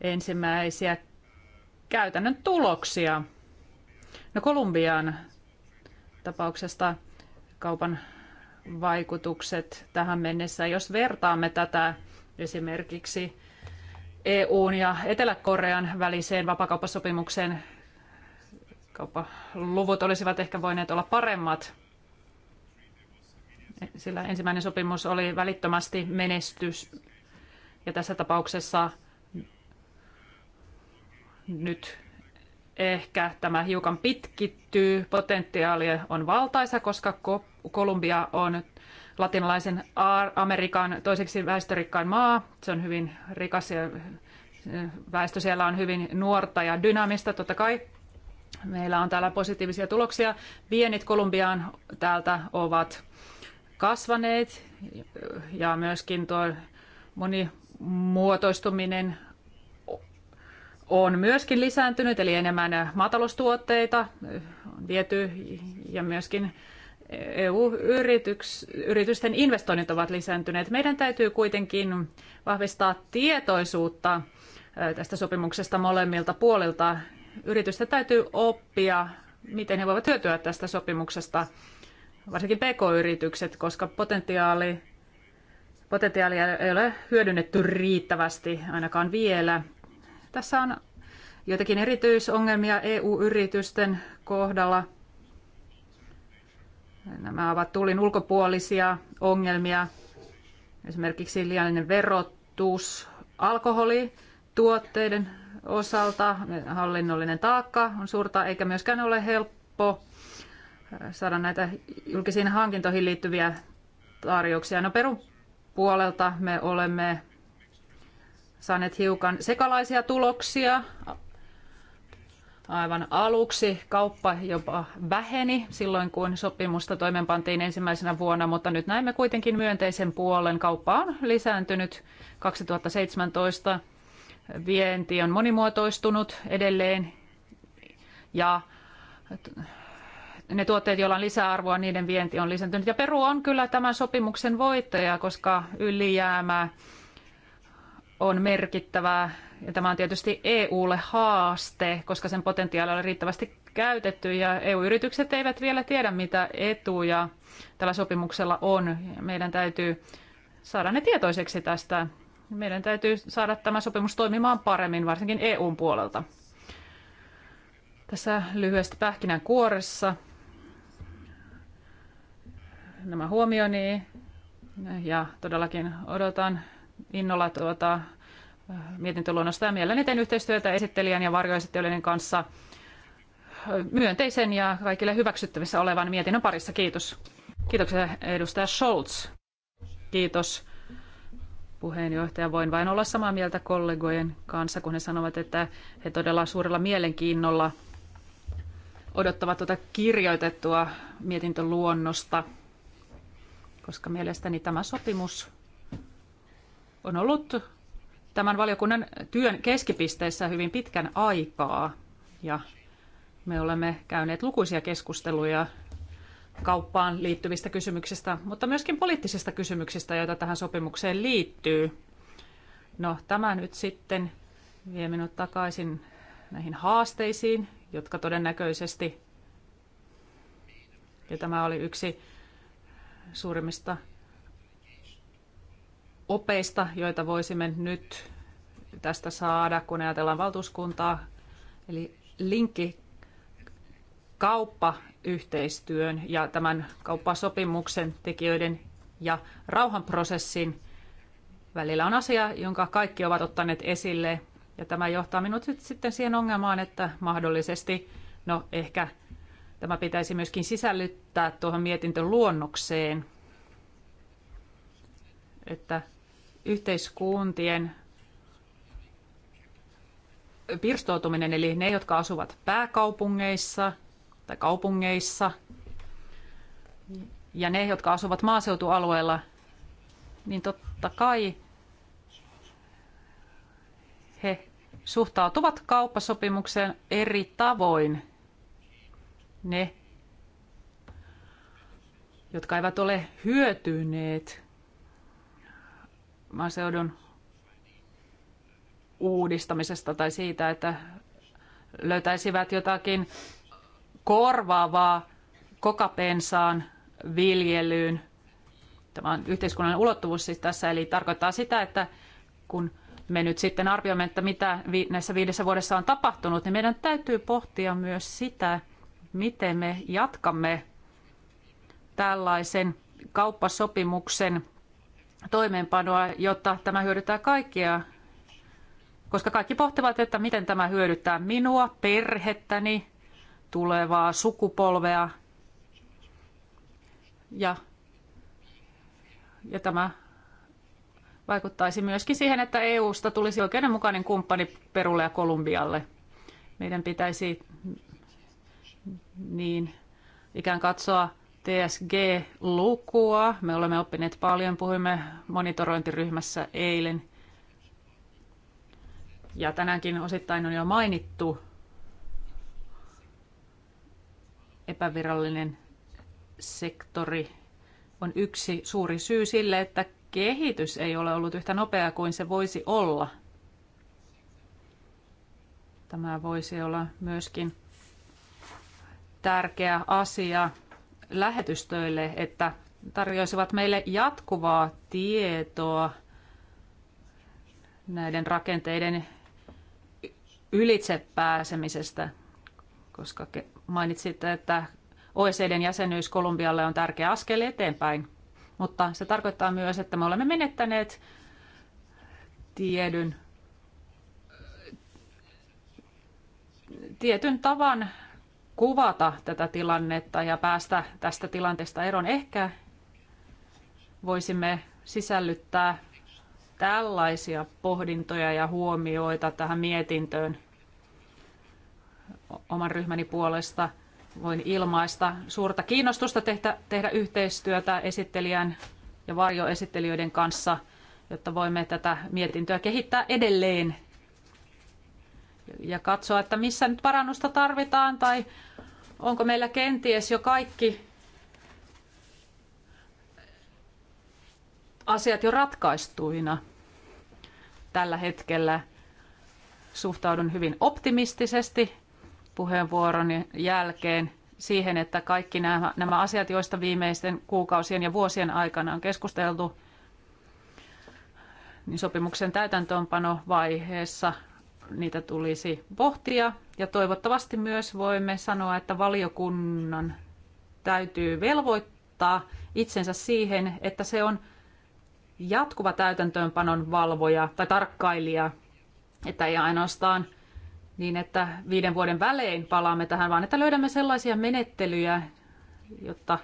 Speaker 1: ensimmäisiä käytännön tuloksia. No Kolumbian tapauksesta kaupan vaikutukset tähän mennessä. Jos vertaamme tätä esimerkiksi EUn ja Etelä-Korean väliseen vapakauppasopimukseen. Kauppaluvut olisivat ehkä voineet olla paremmat, sillä ensimmäinen sopimus oli välittömästi menestys. Ja tässä tapauksessa nyt ehkä tämä hiukan pitkittyy. potentiaali on valtaisa, koska Kolumbia on latinalaisen Amerikan toiseksi väestörikkain maa. Se on hyvin rikas ja väestö siellä on hyvin nuorta ja dynaamista totta kai. Meillä on täällä positiivisia tuloksia. Vienit Kolumbiaan täältä ovat kasvaneet ja myöskin tuo monimuotoistuminen on myöskin lisääntynyt, eli enemmän maataloustuotteita on viety ja myöskin EU-yritysten investoinnit ovat lisääntyneet. Meidän täytyy kuitenkin vahvistaa tietoisuutta tästä sopimuksesta molemmilta puolilta. Yritysten täytyy oppia, miten he voivat hyötyä tästä sopimuksesta, varsinkin pk-yritykset, koska potentiaali, potentiaalia ei ole hyödynnetty riittävästi ainakaan vielä. Tässä on joitakin erityisongelmia EU-yritysten kohdalla – Nämä ovat tullin ulkopuolisia ongelmia, esimerkiksi liiallinen verotus, alkoholi, tuotteiden osalta hallinnollinen taakka on suurta, eikä myöskään ole helppo äh, saada näitä julkisiin hankintoihin liittyviä tarjouksia. No Perun puolelta me olemme saaneet hiukan sekalaisia tuloksia Aivan aluksi kauppa jopa väheni silloin, kun sopimusta toimenpantiin ensimmäisenä vuonna, mutta nyt näemme kuitenkin myönteisen puolen. Kauppa on lisääntynyt 2017. Vienti on monimuotoistunut edelleen ja ne tuotteet, joilla on lisäarvoa, niiden vienti on lisääntynyt. Ja Peru on kyllä tämän sopimuksen voittaja, koska ylijäämä on merkittävää ja tämä on tietysti EUlle haaste, koska sen potentiaali on riittävästi käytetty ja EU-yritykset eivät vielä tiedä, mitä etuja tällä sopimuksella on. Meidän täytyy saada ne tietoiseksi tästä. Meidän täytyy saada tämä sopimus toimimaan paremmin, varsinkin EUn puolelta. Tässä lyhyesti pähkinän kuoressa nämä huomioni ja todellakin odotan innolla tuota mietintöluonnosta ja mielelläni teen yhteistyötä esittelijän ja varjoesittelijöiden kanssa myönteisen ja kaikille hyväksyttävissä olevan mietinnön parissa. Kiitos. Kiitoksia edustaja Scholz. Kiitos puheenjohtaja. Voin vain olla samaa mieltä kollegojen kanssa, kun he sanovat, että he todella suurella mielenkiinnolla odottavat tuota kirjoitettua mietintöluonnosta, koska mielestäni tämä sopimus on ollut tämän valiokunnan työn keskipisteessä hyvin pitkän aikaa ja me olemme käyneet lukuisia keskusteluja kauppaan liittyvistä kysymyksistä, mutta myöskin poliittisista kysymyksistä, joita tähän sopimukseen liittyy. No tämä nyt sitten vie minut takaisin näihin haasteisiin, jotka todennäköisesti, ja tämä oli yksi suurimmista opeista, joita voisimme nyt tästä saada, kun ajatellaan valtuuskuntaa. Eli linkki kauppayhteistyön ja tämän kauppasopimuksen tekijöiden ja rauhanprosessin välillä on asia, jonka kaikki ovat ottaneet esille. Ja tämä johtaa minut sitten siihen ongelmaan, että mahdollisesti, no ehkä tämä pitäisi myöskin sisällyttää tuohon mietintöluonnokseen, että yhteiskuntien pirstoutuminen, eli ne, jotka asuvat pääkaupungeissa tai kaupungeissa, ja ne, jotka asuvat maaseutualueella, niin totta kai he suhtautuvat kauppasopimukseen eri tavoin. Ne, jotka eivät ole hyötyneet maaseudun uudistamisesta tai siitä, että löytäisivät jotakin korvaavaa kokapensaan viljelyyn. Tämä on yhteiskunnallinen ulottuvuus siis tässä, eli tarkoittaa sitä, että kun me nyt sitten arvioimme, että mitä näissä viidessä vuodessa on tapahtunut, niin meidän täytyy pohtia myös sitä, miten me jatkamme tällaisen kauppasopimuksen toimeenpanoa, jotta tämä hyödyttää kaikkia, koska kaikki pohtivat, että miten tämä hyödyttää minua, perhettäni, tulevaa sukupolvea. Ja, ja tämä vaikuttaisi myöskin siihen, että EUsta tulisi oikeudenmukainen kumppani Perulle ja Kolumbialle. Meidän pitäisi niin ikään katsoa TSG-lukua. Me olemme oppineet paljon, puhuimme monitorointiryhmässä eilen. Ja tänäänkin osittain on jo mainittu epävirallinen sektori on yksi suuri syy sille, että kehitys ei ole ollut yhtä nopeaa kuin se voisi olla. Tämä voisi olla myöskin tärkeä asia lähetystöille, että tarjoisivat meille jatkuvaa tietoa näiden rakenteiden ylitse pääsemisestä, koska mainitsitte, että OECDn jäsenyys Kolumbialle on tärkeä askel eteenpäin, mutta se tarkoittaa myös, että me olemme menettäneet tiedyn, tietyn tavan kuvata tätä tilannetta ja päästä tästä tilanteesta eroon. Ehkä voisimme sisällyttää tällaisia pohdintoja ja huomioita tähän mietintöön oman ryhmäni puolesta. Voin ilmaista suurta kiinnostusta tehdä, tehdä yhteistyötä esittelijän ja varjoesittelijöiden kanssa, jotta voimme tätä mietintöä kehittää edelleen ja katsoa, että missä nyt parannusta tarvitaan tai onko meillä kenties jo kaikki asiat jo ratkaistuina tällä hetkellä. Suhtaudun hyvin optimistisesti puheenvuoron jälkeen siihen, että kaikki nämä, nämä asiat, joista viimeisten kuukausien ja vuosien aikana on keskusteltu, niin sopimuksen täytäntöönpanovaiheessa niitä tulisi pohtia. Ja toivottavasti myös voimme sanoa, että valiokunnan täytyy velvoittaa itsensä siihen, että se on jatkuva täytäntöönpanon valvoja tai tarkkailija, että ei ainoastaan niin, että viiden vuoden välein palaamme tähän, vaan että löydämme sellaisia menettelyjä, jotta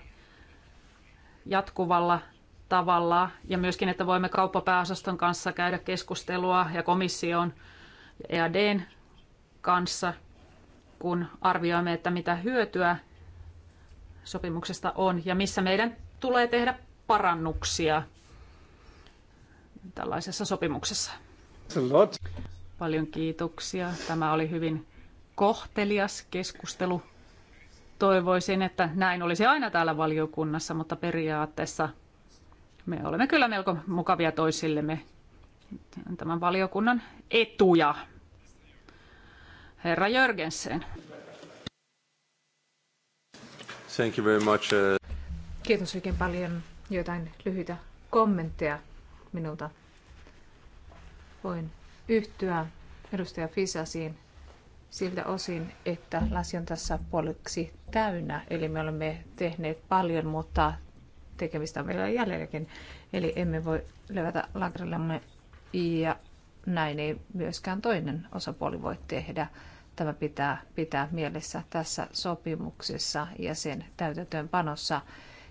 Speaker 1: jatkuvalla tavalla ja myöskin, että voimme kauppapääosaston kanssa käydä keskustelua ja komission EADn kanssa, kun arvioimme, että mitä hyötyä sopimuksesta on ja missä meidän tulee tehdä parannuksia tällaisessa sopimuksessa. Paljon kiitoksia. Tämä oli hyvin kohtelias keskustelu. Toivoisin, että näin olisi aina täällä valiokunnassa, mutta periaatteessa me olemme kyllä melko mukavia toisillemme tämän valiokunnan etuja. Herra Jörgensen.
Speaker 5: Thank you very much. Uh,
Speaker 1: Kiitos oikein paljon.
Speaker 3: Joitain lyhyitä kommentteja minulta. Voin yhtyä edustaja Fisasiin siltä osin, että lasi on tässä puoliksi täynnä. Eli me olemme tehneet paljon, mutta tekemistä on vielä jäljelläkin. Eli emme voi levätä lakrillemme ja näin ei myöskään toinen osapuoli voi tehdä. Tämä pitää pitää mielessä tässä sopimuksessa ja sen täytäntöönpanossa.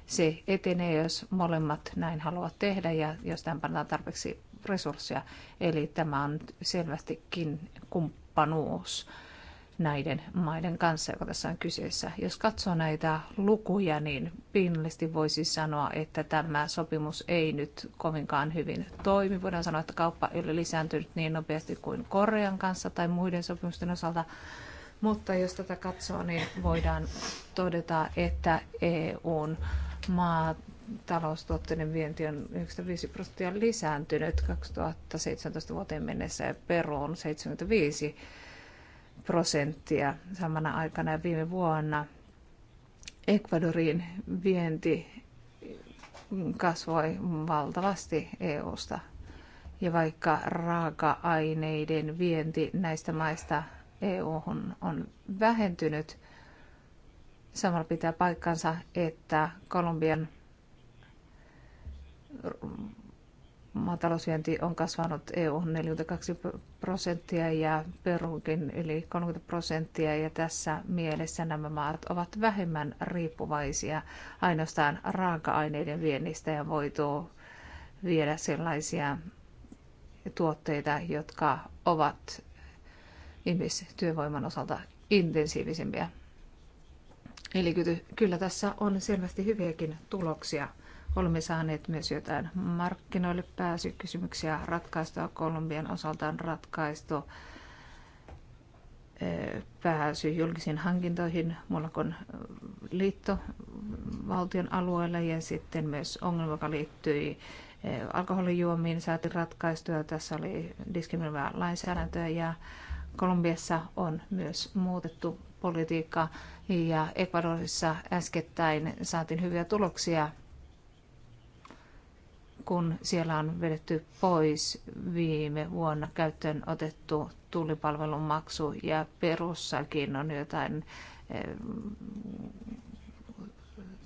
Speaker 3: Se etenee, jos molemmat näin haluavat tehdä ja jos tämän pannaan tarpeeksi resursseja. Eli tämä on selvästikin kumppanuus näiden maiden kanssa, joka tässä on kyseessä. Jos katsoo näitä lukuja, niin pinnallisesti voisi sanoa, että tämä sopimus ei nyt kovinkaan hyvin toimi. Voidaan sanoa, että kauppa ei ole lisääntynyt niin nopeasti kuin Korean kanssa tai muiden sopimusten osalta. Mutta jos tätä katsoo, niin voidaan todeta, että EUn maataloustuotteiden vienti on 95 prosenttia lisääntynyt 2017 vuoteen mennessä ja Peru on 75 prosenttia samana aikana viime vuonna. Ecuadorin vienti kasvoi valtavasti EU-sta. Ja vaikka raaka-aineiden vienti näistä maista EUhun on vähentynyt, samalla pitää paikkansa, että Kolumbian maatalousvienti on kasvanut EU 42 prosenttia ja Perukin yli 30 prosenttia ja tässä mielessä nämä maat ovat vähemmän riippuvaisia ainoastaan raaka-aineiden viennistä ja voitu viedä sellaisia tuotteita, jotka ovat ihmistyövoiman osalta intensiivisempiä. Eli kyllä tässä on selvästi hyviäkin tuloksia – Olemme saaneet myös jotain markkinoille pääsykysymyksiä ratkaistua. Kolumbian osalta on ratkaistu pääsy julkisiin hankintoihin Monakon liittovaltion alueella ja sitten myös ongelma, joka liittyi alkoholijuomiin, saatiin ratkaistua. Tässä oli diskriminoivaa lainsäädäntöä ja Kolumbiassa on myös muutettu politiikkaa ja Ecuadorissa äskettäin saatiin hyviä tuloksia kun siellä on vedetty pois viime vuonna käyttöön otettu tullipalvelun maksu ja perussakin on jotain eh,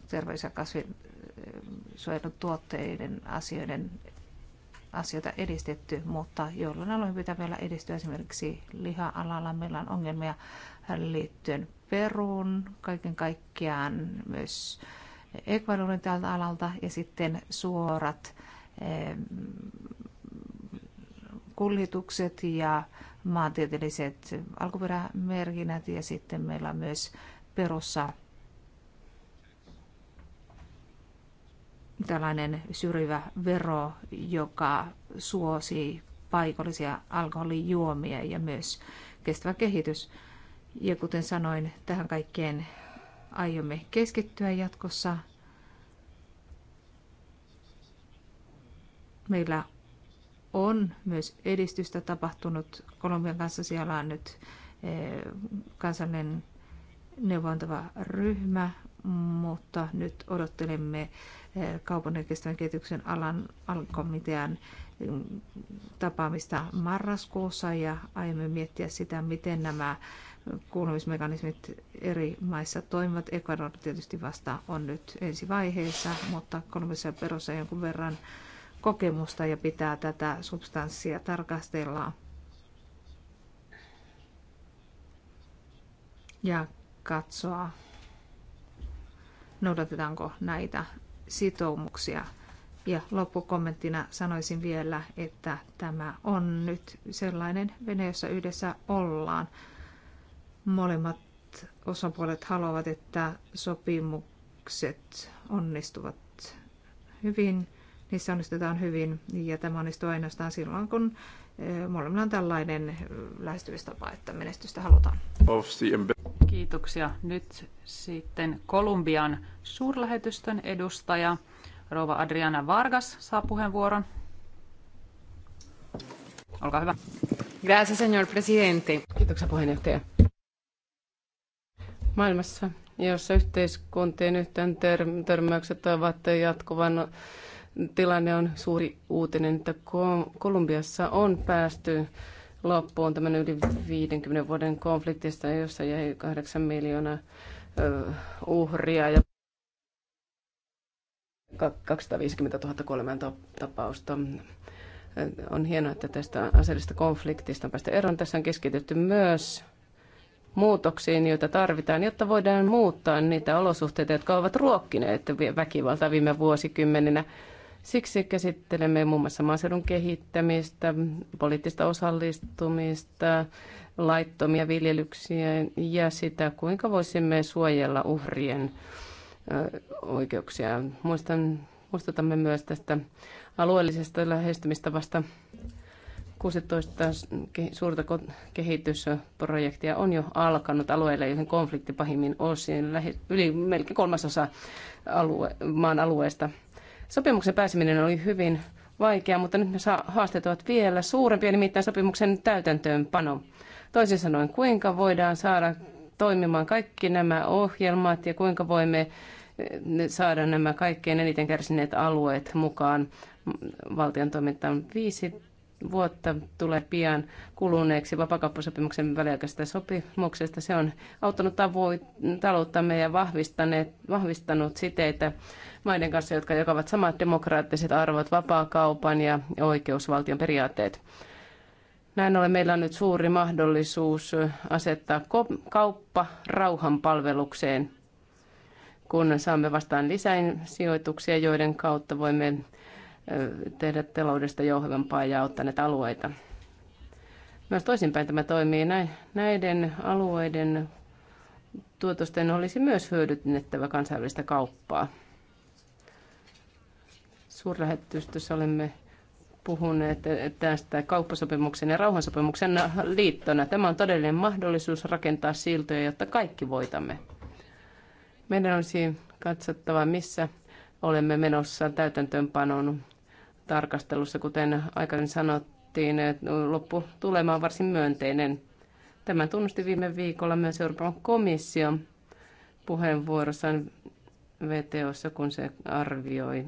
Speaker 3: terveys- ja kasvinsuojelutuotteiden asioiden asioita edistetty, mutta jollain aloin pitää vielä edistyä. Esimerkiksi liha-alalla meillä on ongelmia liittyen Peruun, kaiken kaikkiaan myös Ecuadorin tältä alalta ja sitten suorat kuljetukset ja maantieteelliset alkuperämerkinnät ja sitten meillä on myös perussa tällainen syrjivä vero, joka suosi paikallisia alkoholijuomia ja myös kestävä kehitys. Ja kuten sanoin, tähän kaikkeen aiomme keskittyä jatkossa Meillä on myös edistystä tapahtunut. Kolumbian kanssa siellä on nyt eh, kansallinen neuvontava ryhmä, mutta nyt odottelemme eh, kaupungin kestävän kehityksen alan alkomitean mm, tapaamista marraskuussa ja aiemmin miettiä sitä, miten nämä kuulumismekanismit eri maissa toimivat. Ecuador tietysti vasta on nyt ensi vaiheessa, mutta kolmessa perussa jonkun verran kokemusta ja pitää tätä substanssia tarkastella. Ja katsoa, noudatetaanko näitä sitoumuksia. Ja loppukommenttina sanoisin vielä, että tämä on nyt sellainen vene, jossa yhdessä ollaan. Molemmat osapuolet haluavat, että sopimukset onnistuvat hyvin – niissä onnistutaan hyvin ja tämä onnistuu ainoastaan silloin, kun eh,
Speaker 1: molemmilla on tällainen eh, lähestymistapa, että menestystä halutaan. Kiitoksia. Nyt sitten Kolumbian suurlähetystön edustaja Rova Adriana Vargas saa puheenvuoron. Olkaa hyvä.
Speaker 2: Gracias, señor presidente. Kiitoksia puheenjohtaja. Maailmassa, jossa yhteiskuntien yhteen törmäykset ovat jatkuvan tilanne on suuri uutinen, että Kolumbiassa on päästy loppuun tämän yli 50 vuoden konfliktista, jossa jäi 8 miljoonaa uhria ja 250 000 kuoleman tapausta. On hienoa, että tästä aseellisesta konfliktista on päästy eroon. Tässä on keskitytty myös muutoksiin, joita tarvitaan, jotta voidaan muuttaa niitä olosuhteita, jotka ovat ruokkineet väkivaltaa viime vuosikymmeninä. Siksi käsittelemme muun muassa maaseudun kehittämistä, poliittista osallistumista, laittomia viljelyksiä ja sitä, kuinka voisimme suojella uhrien oikeuksia. Muistan, muistutamme myös tästä alueellisesta lähestymistavasta. 16 suurta kehitysprojektia on jo alkanut alueille, joihin konflikti pahimmin osin, yli melkein kolmasosa alue, maan alueesta – Sopimuksen pääseminen oli hyvin vaikea, mutta nyt saa haasteet ovat vielä suurempia, nimittäin sopimuksen täytäntöönpano. Toisin sanoen, kuinka voidaan saada toimimaan kaikki nämä ohjelmat ja kuinka voimme eh, saada nämä kaikkein eniten kärsineet alueet mukaan valtion toimintaan. Viisi vuotta tulee pian kuluneeksi vapakauppasopimuksen väliaikaisesta sopimuksesta. Se on auttanut talouttamme ja vahvistanut siteitä maiden kanssa, jotka jakavat samat demokraattiset arvot, vapaakaupan ja oikeusvaltion periaatteet. Näin ollen meillä on nyt suuri mahdollisuus asettaa kauppa rauhan palvelukseen, kun saamme vastaan lisäsijoituksia, joiden kautta voimme tehdä taloudesta jouhevampaa ja auttaa näitä alueita. Myös toisinpäin tämä toimii. Näiden alueiden tuotosten olisi myös hyödynnettävä kansainvälistä kauppaa. Suurlähetystössä olemme puhuneet tästä kauppasopimuksen ja rauhansopimuksen liittona. Tämä on todellinen mahdollisuus rakentaa siltoja, jotta kaikki voitamme. Meidän olisi katsottava, missä olemme menossa täytäntöönpanon tarkastelussa, kuten aikaisemmin sanottiin, loppu tulemaan varsin myönteinen. Tämän tunnusti viime viikolla myös Euroopan komissio puheenvuorossaan VTOssa, kun se arvioi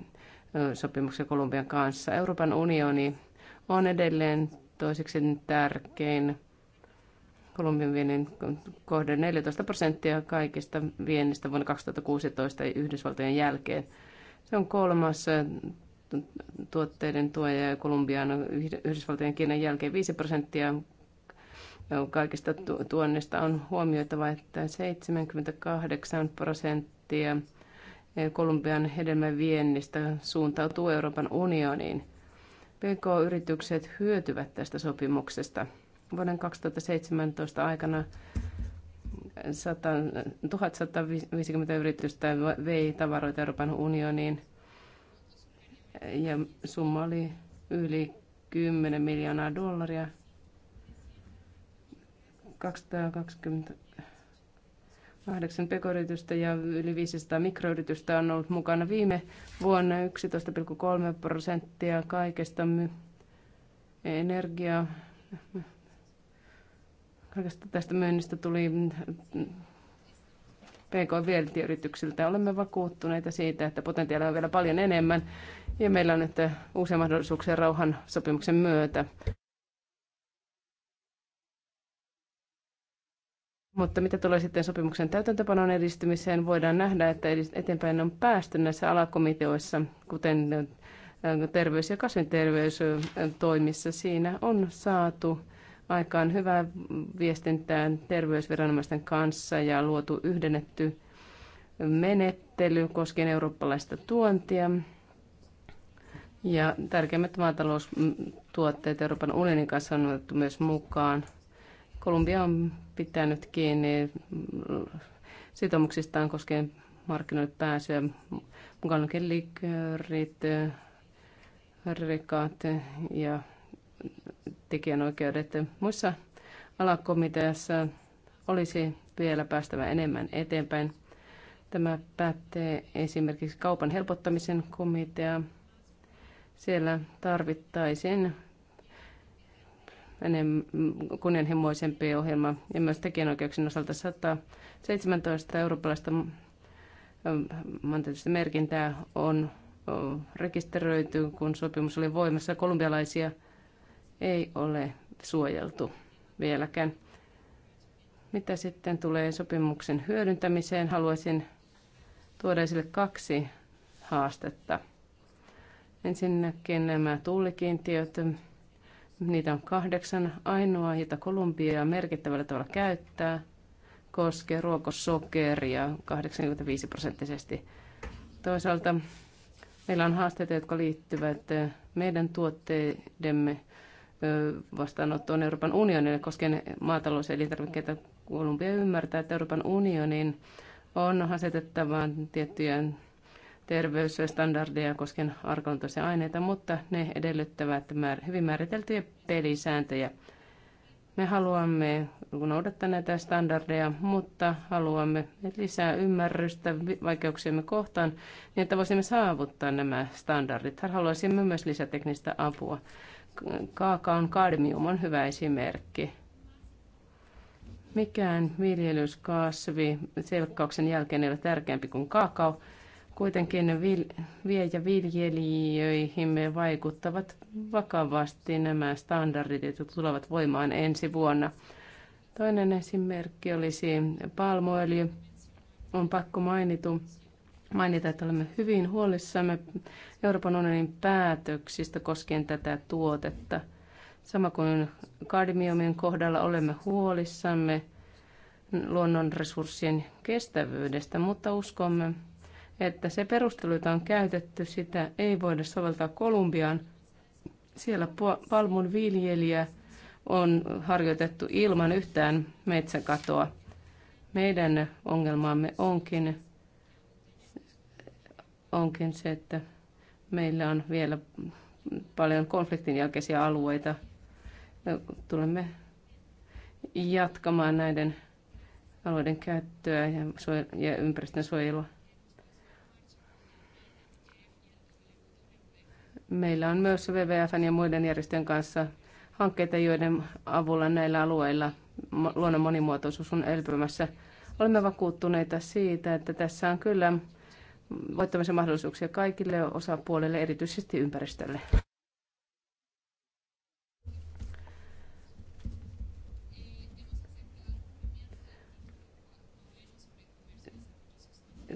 Speaker 2: sopimuksen Kolumbian kanssa. Euroopan unioni on edelleen toiseksi tärkein Kolumbian viennin kohde 14 prosenttia kaikista viennistä vuonna 2016 Yhdysvaltojen jälkeen. Se on kolmas tuotteiden tuoja Kolumbian Yhdysvaltojen Kiinan jälkeen 5 prosenttia kaikista tuonnista on huomioitava, että 78 prosenttia Kolumbian hedelmäviennistä suuntautuu Euroopan unioniin. PK-yritykset hyötyvät tästä sopimuksesta. Vuoden 2017 aikana 100, 1150 yritystä vei tavaroita Euroopan unioniin – ja summa oli yli 10 miljoonaa dollaria. 228 pekoritystä ja yli 500 mikroyritystä on ollut mukana viime vuonna 11,3 prosenttia kaikesta energiaa. Kaikesta tästä myynnistä tuli PK-vientiyrityksiltä. Olemme vakuuttuneita siitä, että potentiaalia on vielä paljon enemmän ja meillä on nyt uusia mahdollisuuksia rauhan sopimuksen myötä. Mutta mitä tulee sitten sopimuksen täytäntöpanon edistymiseen, voidaan nähdä, että eteenpäin on päästy näissä alakomiteoissa, kuten äh, terveys- ja kasvinterveystoimissa. Siinä on saatu aikaan hyvää viestintää terveysviranomaisten kanssa ja luotu yhdennetty menettely koskien eurooppalaista tuontia. Ja tärkeimmät maataloustuotteet Euroopan unionin kanssa on otettu myös mukaan. Kolumbia on pitänyt kiinni sitoumuksistaan koskien markkinoille pääsyä, mukaan lukien liikkeet rekat ja tekijänoikeudet muissa alakomiteassa olisi vielä päästävä enemmän eteenpäin. Tämä pätee esimerkiksi kaupan helpottamisen komitea. Siellä tarvittaisiin kunnianhimoisempi ohjelma ja myös tekijänoikeuksien osalta 117 eurooppalaista mantelista merkintää on rekisteröity, kun sopimus oli voimassa. Kolumbialaisia ei ole suojeltu vieläkään. Mitä sitten tulee sopimuksen hyödyntämiseen, haluaisin tuoda esille kaksi haastetta. Ensinnäkin nämä tuulikiintiöt, niitä on kahdeksan ainoa, jota Kolumbia merkittävällä tavalla käyttää, koskee ruokosokeria 85 prosenttisesti. Toisaalta meillä on haasteita, jotka liittyvät meidän tuotteidemme vastaanottoon Euroopan unionille koskien maatalous- ja elintarvikkeita. kuulumpia ymmärtää, että Euroopan unionin on asetettava tiettyjä terveysstandardeja koskien arkaluontoisia aineita, mutta ne edellyttävät hyvin määriteltyjä pelisääntöjä. Me haluamme noudattaa näitä standardeja, mutta haluamme lisää ymmärrystä vaikeuksiemme kohtaan, niin että voisimme saavuttaa nämä standardit. Haluaisimme myös lisäteknistä apua kaakaon kadmium on hyvä esimerkki. Mikään viljelyskasvi selkkauksen jälkeen ei ole tärkeämpi kuin kaakao. Kuitenkin vil- vie- ja me vaikuttavat vakavasti nämä standardit, jotka tulevat voimaan ensi vuonna. Toinen esimerkki olisi palmuöljy. On pakko mainitu, mainita, että olemme hyvin huolissamme Euroopan unionin päätöksistä koskien tätä tuotetta. Sama kuin kadmiumin kohdalla olemme huolissamme luonnonresurssien kestävyydestä, mutta uskomme, että se perustelu, jota on käytetty, sitä ei voida soveltaa Kolumbiaan. Siellä palmun viljelijä on harjoitettu ilman yhtään metsäkatoa. Meidän ongelmaamme onkin onkin se, että meillä on vielä paljon konfliktin jälkeisiä alueita. Tulemme jatkamaan näiden alueiden käyttöä ja, suojel- ja ympäristön suojelua. Meillä on myös WWFn ja muiden järjestöjen kanssa hankkeita, joiden avulla näillä alueilla luonnon monimuotoisuus on elpymässä. Olemme vakuuttuneita siitä, että tässä on kyllä voittamisen mahdollisuuksia kaikille osapuolille, erityisesti ympäristölle.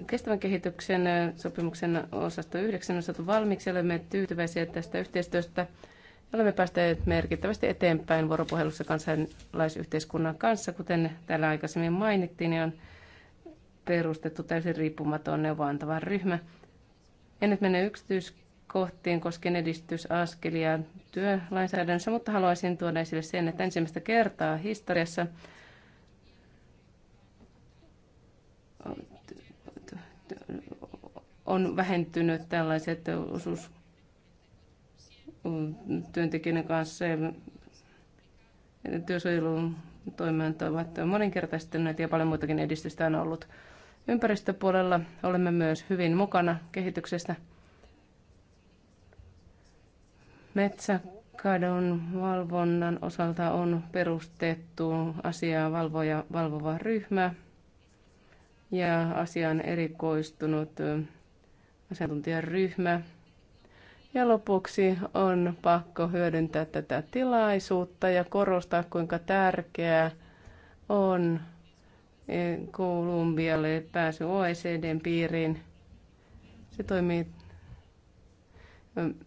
Speaker 2: kestävän kehityksen sopimuksen osasto 9 on saatu valmiiksi. Olemme tyytyväisiä tästä yhteistyöstä. Olemme päästäneet merkittävästi eteenpäin vuoropuhelussa kansalaisyhteiskunnan kanssa, kuten täällä aikaisemmin mainittiin, niin on perustettu täysin riippumaton neuvoantava ryhmä. En nyt mene yksityiskohtiin koskien edistysaskelia työlainsäädännössä, mutta haluaisin tuoda esille sen, että ensimmäistä kertaa historiassa on vähentynyt tällaiset osuus työntekijöiden kanssa työsuojelun toimeentuvat moninkertaisesti ja paljon muutakin edistystä on ollut. Ympäristöpuolella olemme myös hyvin mukana kehityksestä. Metsäkadon valvonnan osalta on perustettu asiaa valvoja, valvova ryhmä ja asiaan erikoistunut asiantuntijaryhmä. Ja lopuksi on pakko hyödyntää tätä tilaisuutta ja korostaa, kuinka tärkeää on Kolumbialle pääsy OECDn piiriin. Se toimii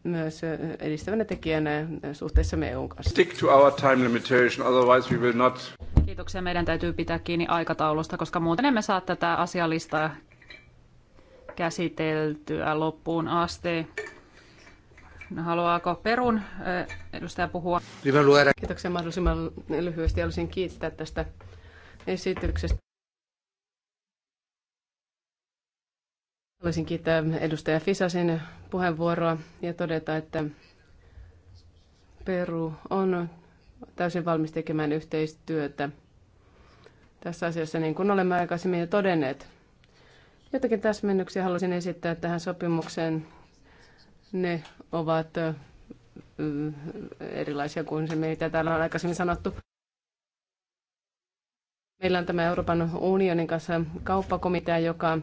Speaker 2: myös edistävänä tekijänä suhteessa EUn kanssa.
Speaker 5: Stick to our time limitation, otherwise we will not...
Speaker 1: Kiitoksia. Meidän täytyy pitää kiinni aikataulusta, koska muuten emme saa tätä asialistaa käsiteltyä loppuun asti.
Speaker 2: No, haluaako Perun eh, edustaja puhua? Kiitoksia mahdollisimman lyhyesti. Haluaisin kiittää tästä esityksestä. Haluaisin kiittää edustaja Fisasin puheenvuoroa ja todeta, että Peru on täysin valmis tekemään yhteistyötä tässä asiassa, niin kuin olemme aikaisemmin jo todenneet. Jotakin täsmennyksiä haluaisin esittää tähän sopimukseen. Ne ovat erilaisia kuin se, mitä täällä on aikaisemmin sanottu. Meillä on tämä Euroopan unionin kanssa kauppakomitea, joka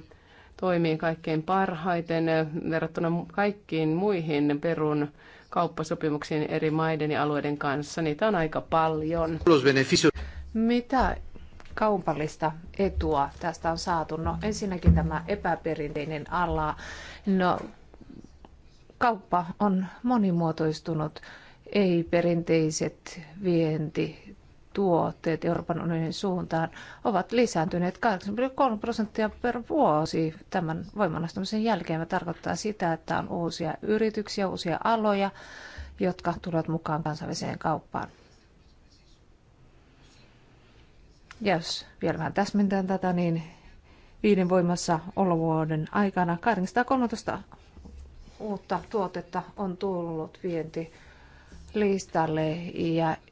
Speaker 2: toimii kaikkein parhaiten eh, verrattuna kaikkiin muihin Perun kauppasopimuksiin eri maiden ja alueiden kanssa. Niitä on aika paljon. Mitä kaupallista etua tästä on
Speaker 3: saatu? No ensinnäkin tämä epäperinteinen ala. No kauppa on monimuotoistunut. Ei perinteiset vienti tuotteet Euroopan unionin suuntaan ovat lisääntyneet 8,3 prosenttia per vuosi tämän voimanastamisen jälkeen. Me tarkoittaa sitä, että on uusia yrityksiä, uusia aloja, jotka tulevat mukaan kansainväliseen kauppaan. Ja jos vielä vähän täsmentään tätä, niin viiden voimassa olovuoden aikana 813 uutta tuotetta on tullut vienti listalle ja 97,9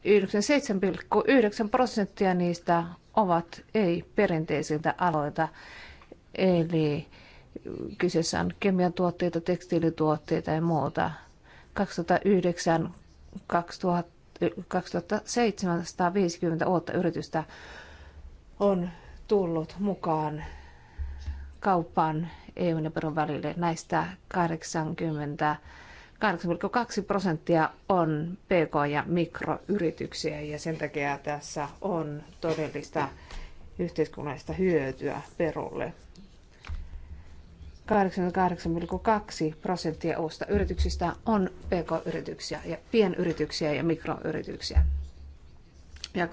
Speaker 3: prosenttia niistä ovat ei-perinteisiltä aloilta. Eli kyseessä on kemian tuotteita, tekstiilituotteita ja muuta. 2009 2750 uutta yritystä on tullut mukaan kauppaan EUn ja Perun välille. Näistä 80 8,2 prosenttia on pk- ja mikroyrityksiä ja sen takia tässä on todellista yhteiskunnallista hyötyä perulle. 88,2 prosenttia uusista yrityksistä on pk-yrityksiä ja pienyrityksiä ja mikroyrityksiä. Ja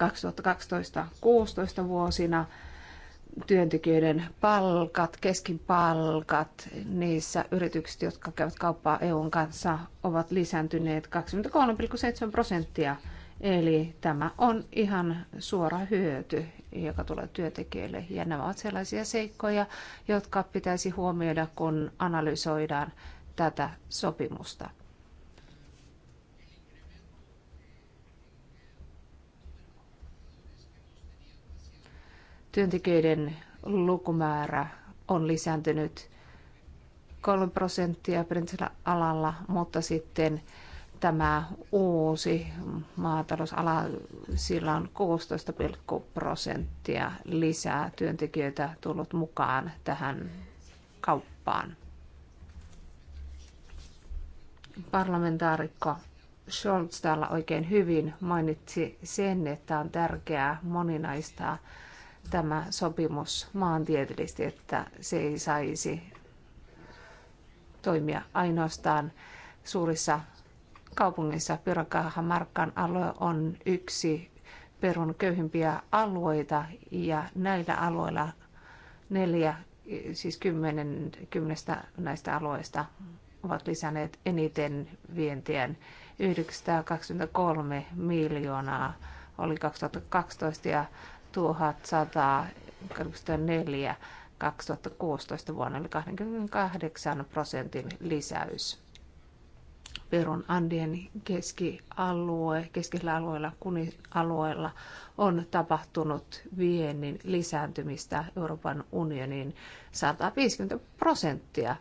Speaker 3: 2012-2016 vuosina työntekijöiden palkat, keskipalkat niissä yritykset, jotka käyvät kauppaa EUn kanssa, ovat lisääntyneet 23,7 prosenttia. Eli tämä on ihan suora hyöty, joka tulee työntekijöille. Ja nämä ovat sellaisia seikkoja, jotka pitäisi huomioida, kun analysoidaan tätä sopimusta. työntekijöiden lukumäärä on lisääntynyt 3 prosenttia perinteisellä alalla, mutta sitten tämä uusi maatalousala, sillä on 16, prosenttia lisää työntekijöitä tullut mukaan tähän kauppaan. Parlamentaarikko Scholz täällä oikein hyvin mainitsi sen, että on tärkeää moninaistaa tämä sopimus maantieteellisesti, että se ei saisi toimia ainoastaan suurissa kaupungeissa. Pyrakahan Markkan alue on yksi Perun köyhimpiä alueita ja näillä alueilla neljä, siis kymmenen, kymmenestä näistä alueista ovat lisänneet eniten vientien 923 miljoonaa oli 2012 ja 1104 2016 vuonna, eli 28 prosentin lisäys. Perun Andien keskialue, keskellä alueella, alueella on tapahtunut viennin lisääntymistä Euroopan unionin 150 prosenttia.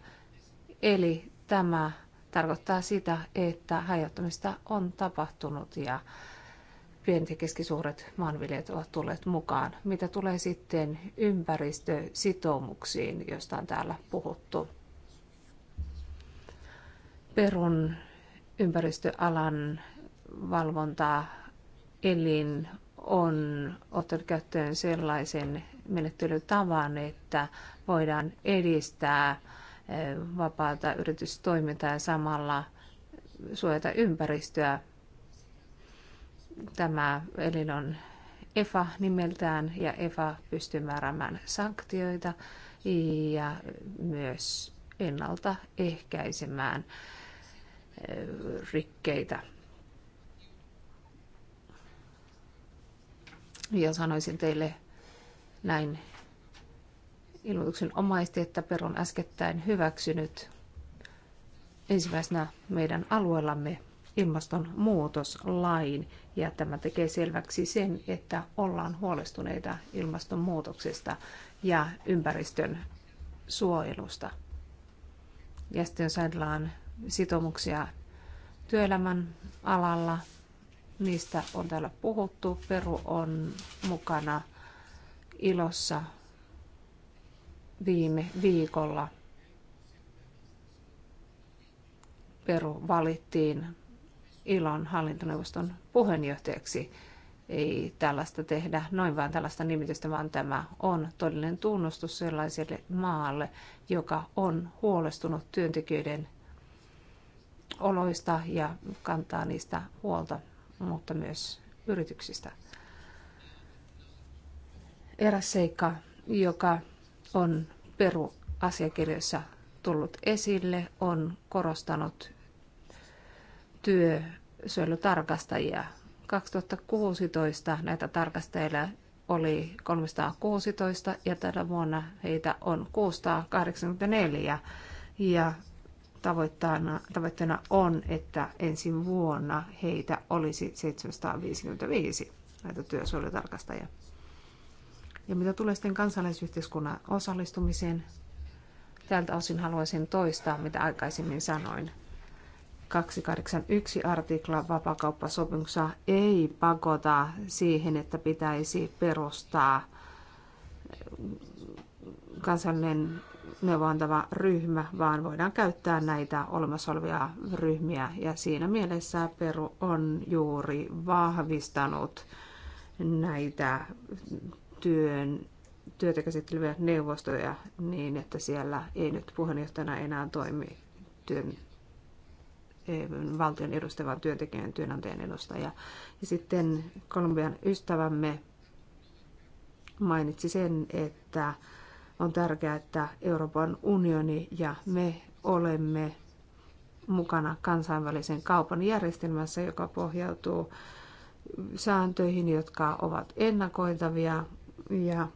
Speaker 3: Eli tämä tarkoittaa sitä, että hajottamista on tapahtunut ja pienet ja keskisuuret maanviljelijät ovat tulleet mukaan. Mitä tulee sitten ympäristösitoumuksiin, joista on täällä puhuttu? Perun ympäristöalan valvontaelin on ottanut käyttöön sellaisen menettelytavan, että voidaan edistää eh, vapaata yritystoimintaa ja samalla suojata ympäristöä Tämä elin on EFA nimeltään ja EFA pystyy määräämään sanktioita ja myös ennaltaehkäisemään eh, rikkeitä. Ja sanoisin teille näin ilmoituksen omaisesti, että Peron äskettäin hyväksynyt ensimmäisenä meidän alueellamme ilmastonmuutoslain. Ja tämä tekee selväksi sen, että ollaan huolestuneita ilmastonmuutoksesta ja ympäristön suojelusta. Ja sitten jos ajatellaan sitoumuksia työelämän alalla, niistä on täällä puhuttu. Peru on mukana ilossa viime viikolla. Peru valittiin ilon hallintoneuvoston puheenjohtajaksi. Ei tällaista tehdä noin vaan tällaista nimitystä, vaan tämä on todellinen tunnustus sellaiselle maalle, joka on huolestunut työntekijöiden oloista ja kantaa niistä huolta, mutta myös yrityksistä. Eräs seikka, joka on peruasiakirjoissa tullut esille, on korostanut työsuojelutarkastajia. 2016 näitä tarkastajia oli 316 ja tällä vuonna heitä on 684. Ja tavoitteena, tavoitteena on, että ensi vuonna heitä olisi 755 näitä työsuojelutarkastajia. Ja mitä tulee sitten kansalaisyhteiskunnan osallistumiseen, tältä osin haluaisin toistaa, mitä aikaisemmin sanoin. 281 artikla vapakauppasopimuksessa ei pakota siihen, että pitäisi perustaa kansallinen neuvontava ryhmä, vaan voidaan käyttää näitä olemassa olevia ryhmiä. Ja siinä mielessä Peru on juuri vahvistanut näitä työn, työtä käsitteleviä neuvostoja niin, että siellä ei nyt puheenjohtajana enää toimi työn valtion edustavan työntekijän työnantajan edustaja. Ja sitten Kolumbian ystävämme mainitsi sen, että on tärkeää, että Euroopan unioni ja me olemme mukana kansainvälisen kaupan järjestelmässä, joka pohjautuu sääntöihin, jotka ovat ennakoitavia ja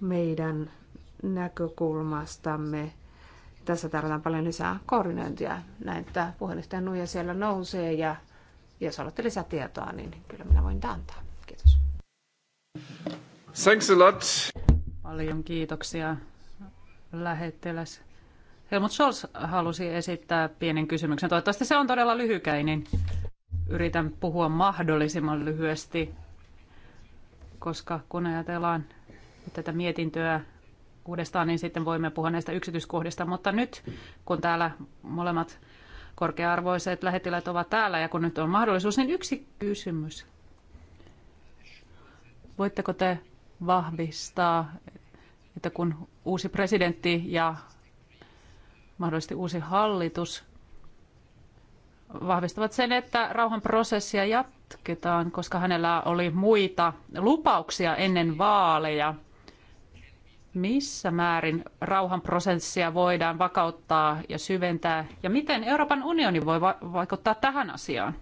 Speaker 3: meidän näkökulmastamme tässä tarvitaan paljon lisää koordinointia. Näin, että puhelistajan Nuija siellä nousee ja jos haluatte tietoa, niin kyllä minä voin antaa. Kiitos.
Speaker 1: Thanks a lot. Paljon kiitoksia lähettiläs. Helmut Scholz halusi esittää pienen kysymyksen. Toivottavasti se on todella lyhykäinen. Yritän puhua mahdollisimman lyhyesti, koska kun ajatellaan tätä mietintöä uudestaan, niin sitten voimme puhua näistä yksityiskohdista. Mutta nyt, kun täällä molemmat korkea-arvoiset lähettilät ovat täällä ja kun nyt on mahdollisuus, niin yksi kysymys. Voitteko te vahvistaa, että kun uusi presidentti ja mahdollisesti uusi hallitus vahvistavat sen, että rauhanprosessia jatketaan, koska hänellä oli muita lupauksia ennen vaaleja – missä määrin rauhanprosessia voidaan vakauttaa ja syventää, ja miten Euroopan unioni voi va- vaikuttaa tähän asiaan?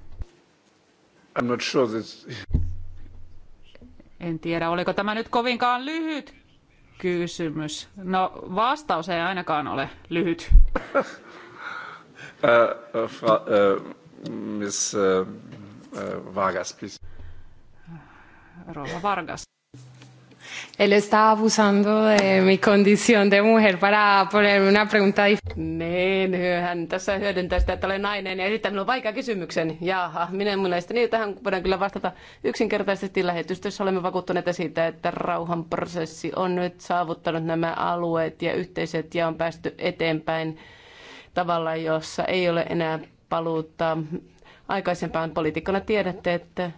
Speaker 5: I'm not sure this...
Speaker 1: En tiedä, oliko tämä nyt kovinkaan lyhyt kysymys. No, vastaus ei ainakaan ole lyhyt. uh,
Speaker 5: fra, uh, miss, uh,
Speaker 1: uh, Vargas, please. Rova Vargas.
Speaker 2: Él estaba abusando de mi condición de mujer para ponerme una pregunta difícil. Niin, hän tässä hyödyntää sitä, että olen nainen ja esittää minulle vaikea kysymyksen. Jaha, minä niin, tähän voidaan kyllä vastata yksinkertaisesti lähetystössä. Olemme vakuuttuneita siitä, että rauhanprosessi on nyt saavuttanut nämä alueet ja yhteiset ja on päästy eteenpäin tavalla, jossa ei ole enää paluutta aikaisempaan politiikkana. Tiedätte, että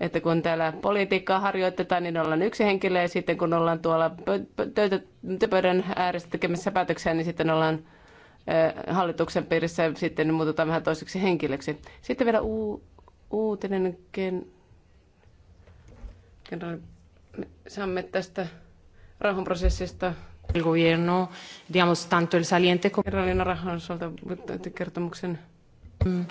Speaker 2: että kun täällä politiikkaa harjoitetaan, niin ollaan yksi henkilö ja sitten kun ollaan tuolla pöydän ääressä tekemässä päätöksiä, niin sitten ollaan hallituksen piirissä ja sitten muutetaan vähän toiseksi henkilöksi. Sitten vielä u- uutinen, ken... kenraali, saamme tästä rauhanprosessista il governo, diamo tanto il saliente... Kerrallinen kertomuksen. Mm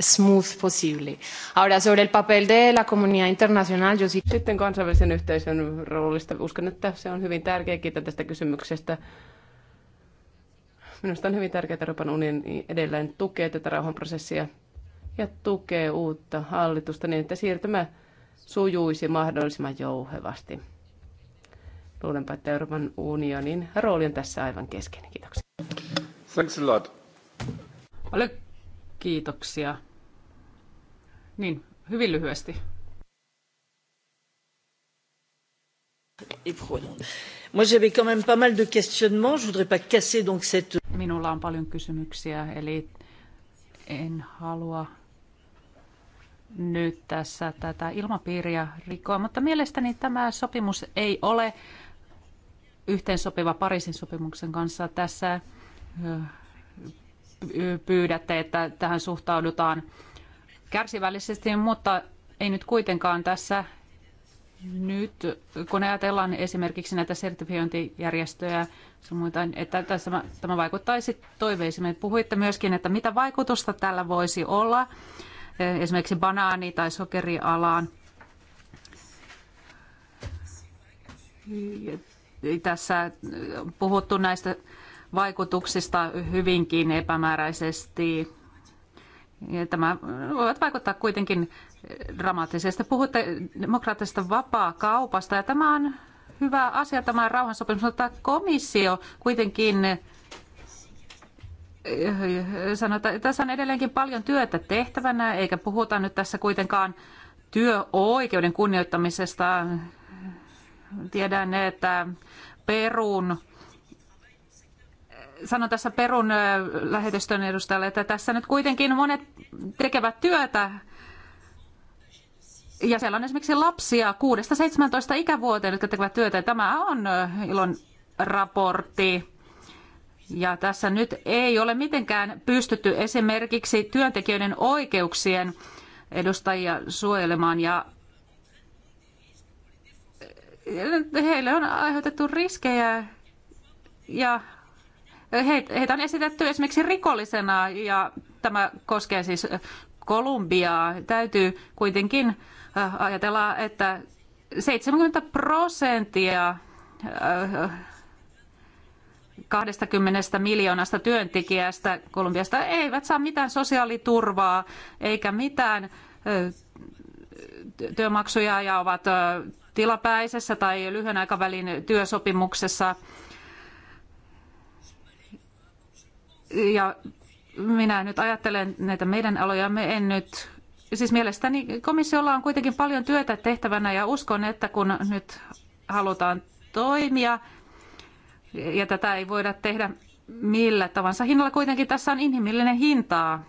Speaker 2: smooth posible. Ahora, sobre el papel de la comunidad internacional, yo sí... Sitten kansainvälisen yhteisön roolista. Uskon, että se on hyvin tärkeä. Kiitän tästä kysymyksestä. Minusta on hyvin tärkeää, että Euroopan unioni edelleen tukee tätä rauhanprosessia ja tukee uutta hallitusta niin, että siirtymä sujuisi mahdollisimman jouhevasti. Luulenpa, että Euroopan unionin rooli on tässä aivan keskeinen. Kiitoksia. Thanks a lot. Paljon Kiitoksia.
Speaker 1: Niin, hyvin lyhyesti. Minulla on paljon kysymyksiä, eli en halua nyt tässä tätä ilmapiiriä rikkoa, mutta mielestäni tämä sopimus ei ole yhteensopiva Pariisin sopimuksen kanssa. Tässä pyydätte, että tähän suhtaudutaan kärsivällisesti, mutta ei nyt kuitenkaan tässä nyt, kun ajatellaan esimerkiksi näitä sertifiointijärjestöjä että tässä tämä vaikuttaisi toiveisiin. Puhuitte myöskin, että mitä vaikutusta tällä voisi olla eh, esimerkiksi banaani- tai sokerialaan. Tässä on puhuttu näistä vaikutuksista hyvinkin epämääräisesti. Ja tämä voivat vaikuttaa kuitenkin dramaattisesti. Puhutte demokraattisesta vapaa kaupasta ja tämä on hyvä asia tämä rauhansopimus, mutta komissio kuitenkin eh, sanoo, että tässä on edelleenkin paljon työtä tehtävänä, eikä puhuta nyt tässä kuitenkaan työoikeuden kunnioittamisesta. Tiedän, että Perun sanon tässä Perun lähetystön edustajalle, että tässä nyt kuitenkin monet tekevät työtä ja siellä on esimerkiksi lapsia 6-17 ikävuoteen, jotka tekevät työtä. Tämä on ilon raportti. Ja tässä nyt ei ole mitenkään pystytty esimerkiksi työntekijöiden oikeuksien edustajia suojelemaan ja heille on aiheutettu riskejä ja heitä on esitetty esimerkiksi rikollisena ja tämä koskee siis Kolumbiaa. Täytyy kuitenkin äh, ajatella, että 70 prosenttia 20 äh, miljoonasta työntekijästä Kolumbiasta eivät saa mitään sosiaaliturvaa eikä mitään äh, työmaksuja ja ovat tilapäisessä tai lyhyen aikavälin työsopimuksessa – Ja minä nyt ajattelen näitä meidän alojamme, en nyt siis mielestäni komissiolla on kuitenkin paljon työtä tehtävänä ja uskon, että kun nyt halutaan toimia ja tätä ei voida tehdä millä tavansa hinnalla, kuitenkin tässä on inhimillinen hintaa.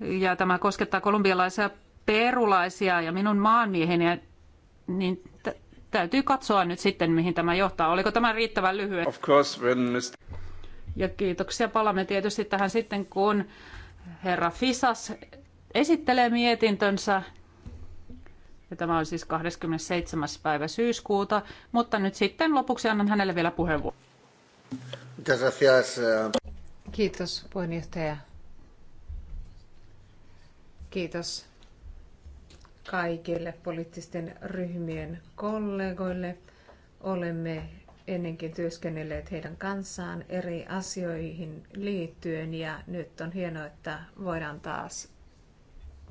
Speaker 1: Ja tämä koskettaa kolumbialaisia perulaisia ja minun maanmieheni, niin täytyy katsoa nyt sitten, mihin tämä johtaa. Oliko tämä riittävän lyhyen? Of
Speaker 5: course, when Mr.
Speaker 1: Ja kiitoksia. Palaamme tietysti tähän sitten, kun herra Fisas esittelee mietintönsä. Ja tämä on siis 27. päivä syyskuuta, mutta nyt sitten lopuksi annan hänelle vielä puheenvuoron.
Speaker 5: Eh.
Speaker 1: Kiitos puheenjohtaja.
Speaker 3: Kiitos kaikille poliittisten ryhmien kollegoille. Olemme ennenkin työskennelleet heidän kanssaan eri asioihin liittyen ja nyt on hienoa, että voidaan taas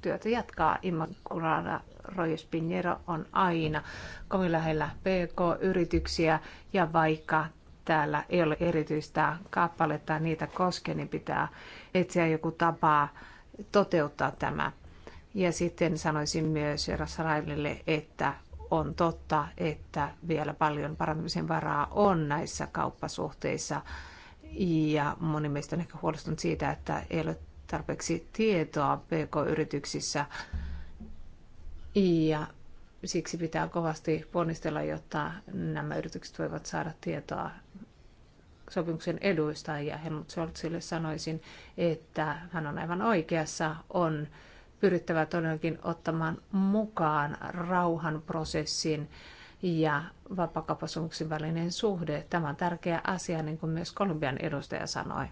Speaker 3: työtä jatkaa. Immaculada Royes Pinheiro on aina kovin lähellä PK-yrityksiä ja vaikka täällä ei ole erityistä kappaletta niitä koske, niin pitää etsiä joku tapa toteuttaa tämä ja sitten sanoisin myös Rassalaille, että on totta, että vielä paljon parantamisen varaa on näissä kauppasuhteissa. Ja moni meistä on ehkä huolestunut siitä, että ei ole tarpeeksi tietoa pk-yrityksissä. Ja siksi pitää kovasti ponnistella, jotta nämä yritykset voivat saada tietoa sopimuksen eduista. Ja Helmut Scholzille sanoisin, että hän on aivan oikeassa. On pyrittävä todellakin ottamaan mukaan prosessin ja vapakapasumuksen välinen suhde. Tämä on tärkeä asia, niin kuin myös Kolumbian edustaja sanoi.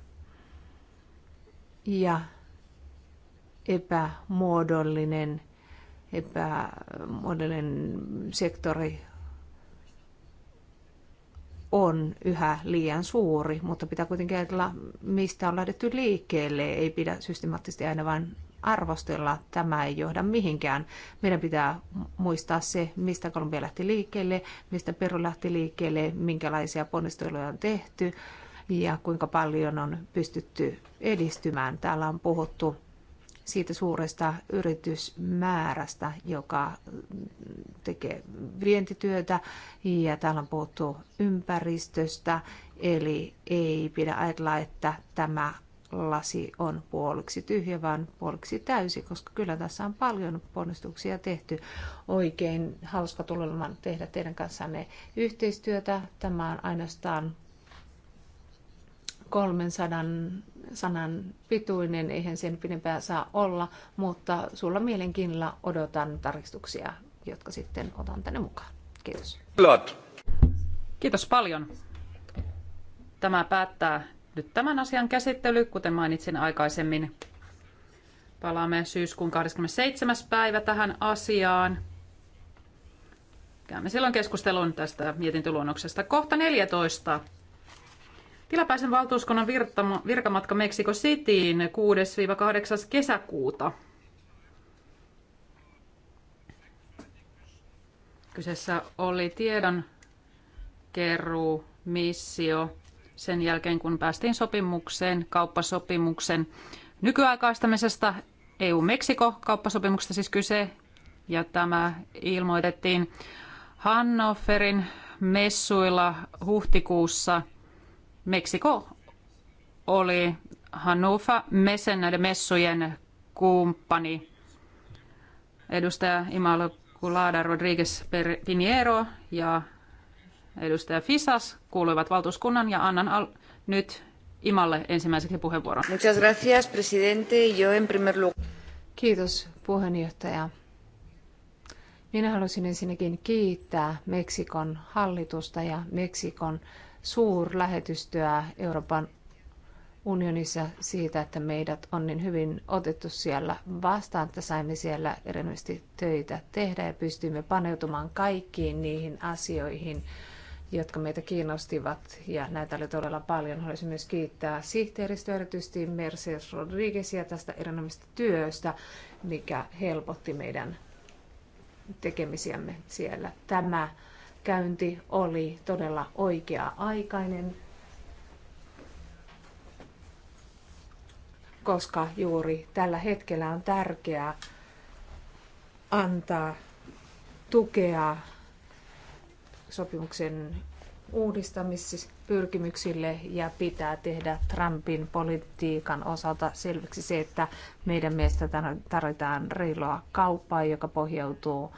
Speaker 3: Ja epämuodollinen, epämuodollinen sektori on yhä liian suuri, mutta pitää kuitenkin ajatella, mistä on lähdetty liikkeelle. Ei pidä systemaattisesti aina vain arvostella. Tämä ei johda mihinkään. Meidän pitää muistaa se, mistä Kolumbia lähti liikkeelle, mistä Peru lähti liikkeelle, minkälaisia ponnisteluja on tehty ja kuinka paljon on pystytty edistymään. Täällä on puhuttu siitä suuresta yritysmäärästä, joka tekee vientityötä. Ja täällä on puhuttu ympäristöstä, eli ei pidä ajatella, että tämä lasi on puoliksi tyhjä, vaan puoliksi täysi, koska kyllä tässä on paljon ponnistuksia tehty. Oikein hauska tulemaan tehdä teidän kanssanne yhteistyötä. Tämä on ainoastaan 300 sanan pituinen, eihän sen pidempään saa olla, mutta sulla mielenkiinnolla odotan tarkistuksia, jotka sitten
Speaker 1: otan tänne mukaan. Kiitos. Kiitos paljon. Tämä päättää nyt tämän asian käsittely, kuten mainitsin aikaisemmin. Palaamme syyskuun 27. päivä tähän asiaan. Käymme silloin keskustelun tästä mietintöluonnoksesta. Kohta 14. Tilapäisen valtuuskunnan virkamatka Meksiko Cityin 6-8. kesäkuuta. Kyseessä oli tiedon keruu missio sen jälkeen, kun päästiin sopimukseen, kauppasopimuksen nykyaikaistamisesta, EU-Meksiko-kauppasopimuksesta siis kyse, ja tämä ilmoitettiin Hannoverin messuilla huhtikuussa. Meksiko oli Hannover Messen näiden messujen kumppani. Edustaja Imalo Kulada Rodriguez Piniero ja edustaja Fisas kuuluivat valtuuskunnan ja annan al- nyt Imalle ensimmäiseksi puheenvuoron. Muchas gracias,
Speaker 3: presidente. Yo en primer lugar... Kiitos puheenjohtaja. Minä haluaisin ensinnäkin kiittää Meksikon hallitusta ja Meksikon suurlähetystöä Euroopan unionissa siitä, että meidät on niin hyvin otettu siellä vastaan, että saimme siellä erityisesti töitä tehdä ja pystyimme paneutumaan kaikkiin niihin asioihin, jotka meitä kiinnostivat, ja näitä oli todella paljon. Haluaisin myös kiittää sihteeristöä, erityisesti Mercedes Rodriguezia tästä erinomaisesta työstä, mikä helpotti meidän tekemisiämme siellä. Tämä käynti oli todella oikea-aikainen, koska juuri tällä hetkellä on tärkeää antaa tukea sopimuksen uudistamispyrkimyksille ja pitää tehdä Trumpin politiikan osalta selväksi se, että meidän mielestä tarvitaan reilua kauppaa, joka pohjautuu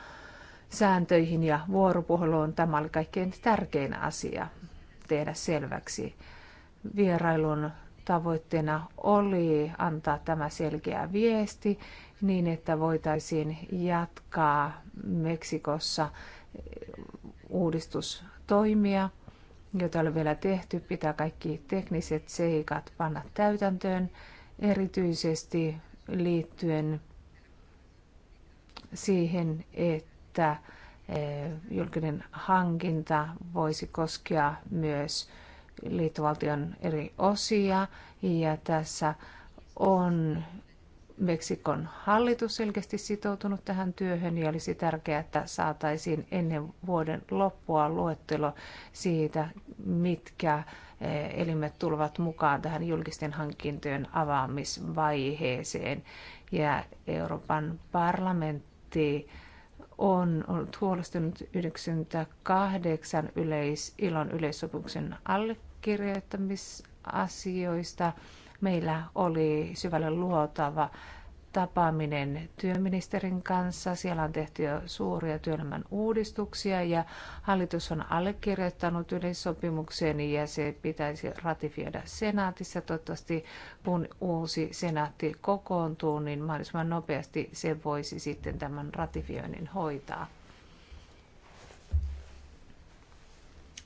Speaker 3: sääntöihin ja vuoropuheluun. Tämä oli kaikkein tärkein asia tehdä selväksi. Vierailun tavoitteena oli antaa tämä selkeä viesti niin, että voitaisiin jatkaa Meksikossa uudistustoimia, joita oli vielä tehty. Pitää kaikki tekniset seikat panna täytäntöön, erityisesti liittyen siihen, että eh, julkinen hankinta voisi koskea myös liittovaltion eri osia ja tässä on Meksikon hallitus selkeästi sitoutunut tähän työhön ja olisi tärkeää, että saataisiin ennen vuoden loppua luettelo siitä, mitkä eh, elimet tulevat mukaan tähän julkisten hankintojen avaamisvaiheeseen. Ja Euroopan parlamentti on ollut huolestunut 98 yleis, ilon yleissopimuksen allekirjoittamisasioista – Meillä oli syvälle luotava tapaaminen työministerin kanssa. Siellä on tehty jo suuria työelämän uudistuksia ja hallitus on allekirjoittanut yleissopimuksen ja se pitäisi ratifioida senaatissa. Toivottavasti kun uusi senaatti kokoontuu, niin mahdollisimman nopeasti se voisi sitten tämän ratifioinnin hoitaa.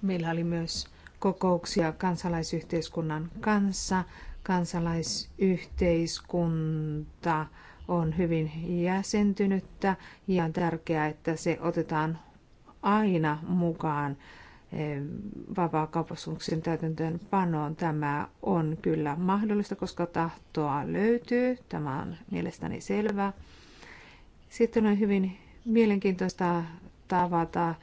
Speaker 3: Meillä oli myös kokouksia kansalaisyhteiskunnan kanssa kansalaisyhteiskunta on hyvin jäsentynyttä ja on tärkeää, että se otetaan aina mukaan eh, vapaakauppasopimuksen täytäntöönpanoon. Tämä on kyllä mahdollista, koska tahtoa löytyy. Tämä on mielestäni selvää. Sitten on hyvin mielenkiintoista tavata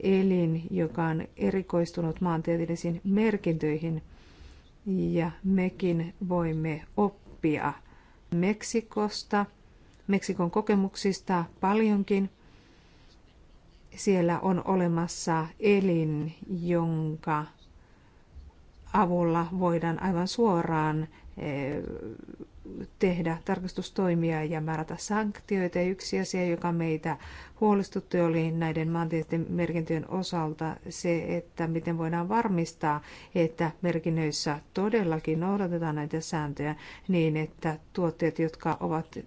Speaker 3: elin, joka on erikoistunut maantieteellisiin merkintöihin – ja mekin voimme oppia Meksikosta, Meksikon kokemuksista paljonkin. Siellä on olemassa elin, jonka avulla voidaan aivan suoraan eh, tehdä tarkastustoimia ja määrätä sanktioita. Ja yksi asia, joka meitä huolestutti, oli näiden maantieteen merkintöjen osalta se, että miten voidaan varmistaa, että merkinnöissä todellakin noudatetaan näitä sääntöjä niin, että tuotteet, jotka ovat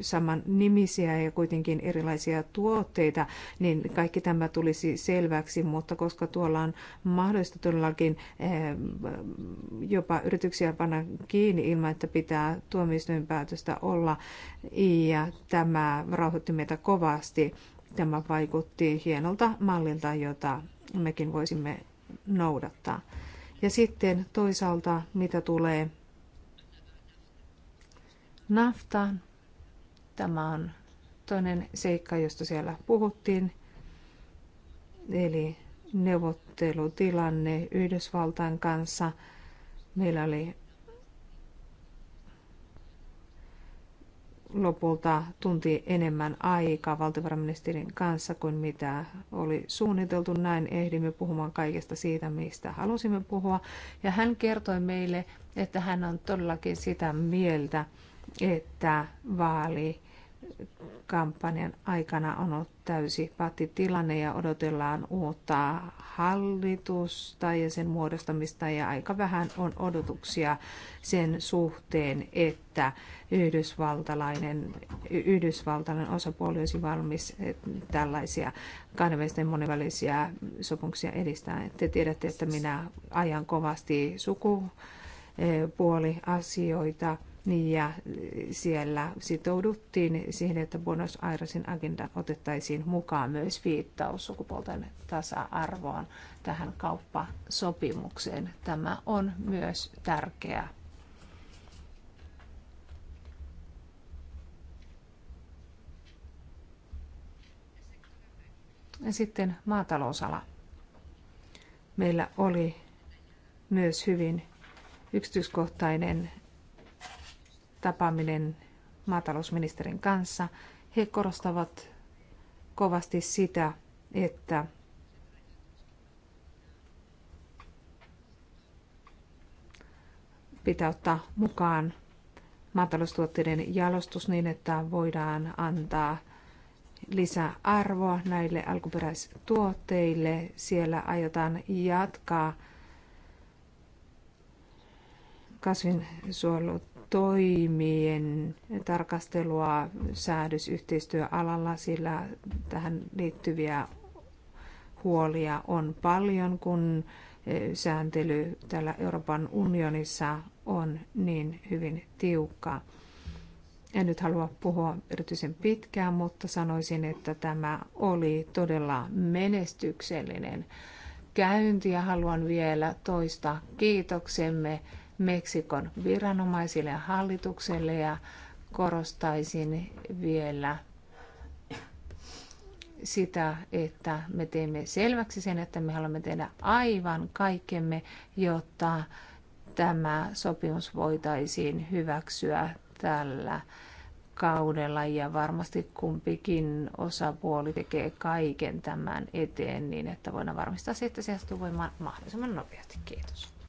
Speaker 3: saman nimisiä ja kuitenkin erilaisia tuotteita, niin kaikki tämä tulisi selväksi, mutta koska tuolla on mahdollista todellakin eh, jopa yrityksiä panna kiinni ilman, että pitää tuomioistuin päätöstä olla, ja tämä rauhoitti meitä kovasti. Tämä vaikutti hienolta mallilta, jota mekin voisimme noudattaa. Ja sitten toisaalta, mitä tulee naftaan, Tämä on toinen seikka, josta siellä puhuttiin, eli neuvottelutilanne Yhdysvaltain kanssa. Meillä oli lopulta tunti enemmän aikaa valtiovarainministerin kanssa kuin mitä oli suunniteltu. Näin ehdimme puhumaan kaikesta siitä, mistä halusimme puhua. Ja hän kertoi meille, että hän on todellakin sitä mieltä, että vaali kampanjan aikana on ollut täysi pattitilanne ja odotellaan uutta hallitusta ja sen muodostamista ja aika vähän on odotuksia sen suhteen, että yhdysvaltalainen, yhdysvaltalainen osapuoli olisi valmis tällaisia kahdenvälisten monivälisiä sopimuksia edistää. Te tiedätte, että minä ajan kovasti sukupuoliasioita asioita niin, ja siellä sitouduttiin siihen, että Buenos Airesin agenda otettaisiin mukaan myös viittaus sukupuolten tasa-arvoon tähän kauppasopimukseen. Tämä on myös tärkeä Ja sitten maatalousala. Meillä oli myös hyvin yksityiskohtainen tapaaminen maatalousministerin kanssa. He korostavat kovasti sitä, että pitää ottaa mukaan maataloustuotteiden jalostus niin, että voidaan antaa lisäarvoa näille alkuperäistuotteille. Siellä aiotaan jatkaa kasvinsuojelut toimien tarkastelua säädösyhteistyöalalla, sillä tähän liittyviä huolia on paljon, kun e, sääntely täällä Euroopan unionissa on niin hyvin tiukka. En nyt halua puhua erityisen pitkään, mutta sanoisin, että tämä oli todella menestyksellinen käynti ja haluan vielä toistaa. kiitoksemme Meksikon viranomaisille ja hallitukselle ja korostaisin vielä sitä, että me teemme selväksi sen, että me haluamme tehdä aivan kaikkemme, jotta tämä sopimus voitaisiin hyväksyä tällä kaudella ja varmasti kumpikin osapuoli tekee kaiken tämän eteen niin, että voidaan varmistaa se, että se astuu voimaan mahdollisimman nopeasti. Kiitos.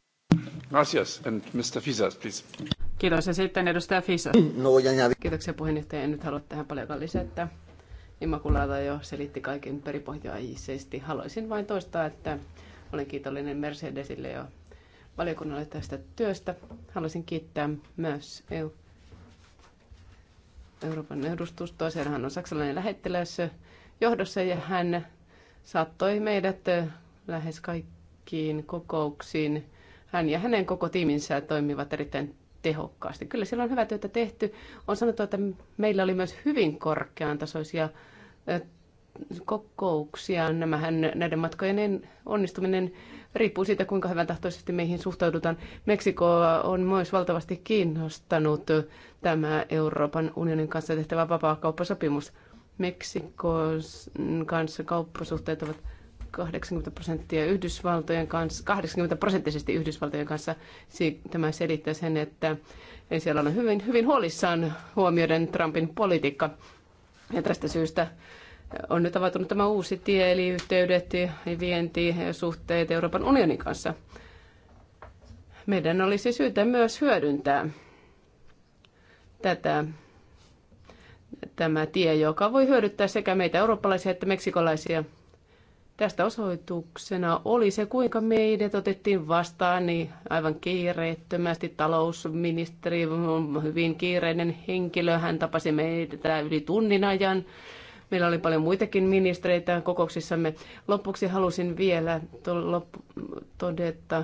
Speaker 1: Gracias. And Mr. Fisas, please.
Speaker 2: Kiitos. Ja sitten edustaja Fisas. Mm, no, ja, ja. Kiitoksia puheenjohtaja. En nyt halua tähän paljon lisätä. Imakulaata jo selitti kaiken peripohjaisesti. Haluaisin vain toistaa, että olen kiitollinen Mercedesille ja valiokunnalle tästä työstä. Haluaisin kiittää myös EU. Euroopan edustustoa. Siellähän on saksalainen lähettiläs johdossa ja hän saattoi meidät lähes kaikkiin kokouksiin hän ja hänen koko tiiminsä toimivat erittäin tehokkaasti. Kyllä siellä on hyvää työtä tehty. On sanottu, että meillä oli myös hyvin korkeantasoisia tasoisia kokouksia. Nämähän, näiden matkojen onnistuminen riippuu siitä, kuinka hyvän tahtoisesti meihin suhtaudutaan. Meksiko on myös valtavasti kiinnostanut tämä Euroopan unionin kanssa tehtävä vapaa-kauppasopimus. Meksikon kanssa kauppasuhteet ovat 80 prosenttia Yhdysvaltojen kanssa, 80 prosenttisesti Yhdysvaltojen kanssa. Tämä selittää sen, että siellä on hyvin, hyvin huolissaan huomioiden Trumpin politiikka. Ja tästä syystä on nyt avautunut tämä uusi tie, eli yhteydet ja vienti ja suhteet Euroopan unionin kanssa. Meidän olisi syytä myös hyödyntää tätä tämä tie, joka voi hyödyttää sekä meitä eurooppalaisia että meksikolaisia – Tästä osoituksena oli se, kuinka meidät otettiin vastaan niin aivan kiireettömästi. Talousministeri on hyvin kiireinen henkilö. Hän tapasi meitä yli tunnin ajan. Meillä oli paljon muitakin ministereitä kokouksissamme. Lopuksi halusin vielä todeta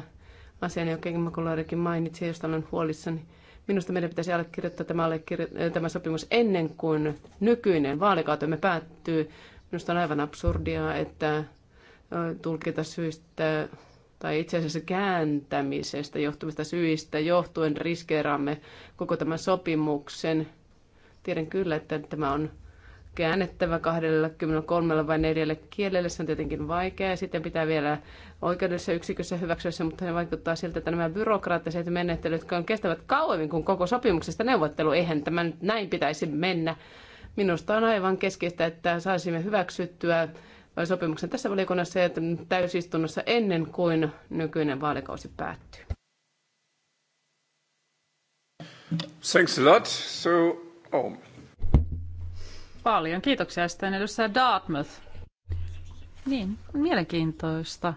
Speaker 2: asian, jonka Makularikin mainitsi, josta olen huolissani. Minusta meidän pitäisi allekirjoittaa tämä, allekirjo- tämä sopimus ennen kuin nykyinen vaalikautemme päättyy. Minusta on aivan absurdia, että tulkita syistä tai itse asiassa kääntämisestä johtuvista syistä johtuen riskeeraamme koko tämän sopimuksen. Tiedän kyllä, että tämä on käännettävä 23 vai 4 kielelle. Se on tietenkin vaikeaa. Sitten pitää vielä oikeudessa yksikössä hyväksyä se, mutta ne vaikuttaa siltä, että nämä byrokraattiset menettelyt jotka on kestävät kauemmin kuin koko sopimuksesta neuvottelu. Eihän tämä nyt näin pitäisi mennä. Minusta on aivan keskeistä, että saisimme hyväksyttyä sopimuksen tässä valiokunnassa ja täysistunnossa ennen kuin nykyinen vaalikausi päättyy.
Speaker 5: Thanks a lot. So, oh.
Speaker 1: Paljon kiitoksia sitten edustaja Dartmouth. Niin, mielenkiintoista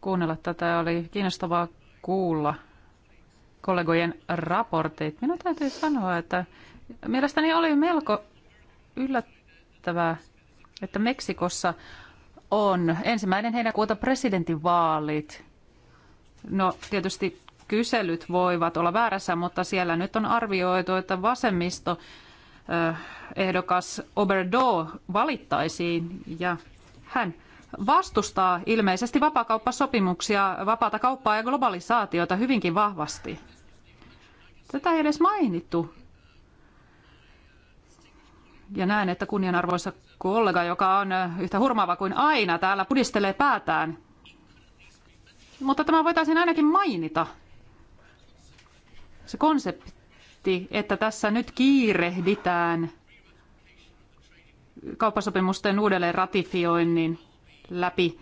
Speaker 1: kuunnella tätä. Oli kiinnostavaa kuulla kollegojen raportit. Minun täytyy sanoa, että mielestäni oli melko yllättävää että Meksikossa on ensimmäinen heinäkuuta presidentinvaalit. No tietysti kyselyt voivat olla väärässä, mutta siellä nyt on arvioitu, että vasemmisto ehdokas Oberdo valittaisiin ja hän vastustaa ilmeisesti vapakauppasopimuksia, vapaata kauppaa ja globalisaatiota hyvinkin vahvasti. Tätä ei edes mainittu. Ja näen, että kunnianarvoisa kollega, joka on yhtä hurmaava kuin aina, täällä pudistelee päätään. Mutta tämä voitaisiin ainakin mainita. Se konsepti, että tässä nyt kiirehditään kauppasopimusten uudelleen ratifioinnin läpi,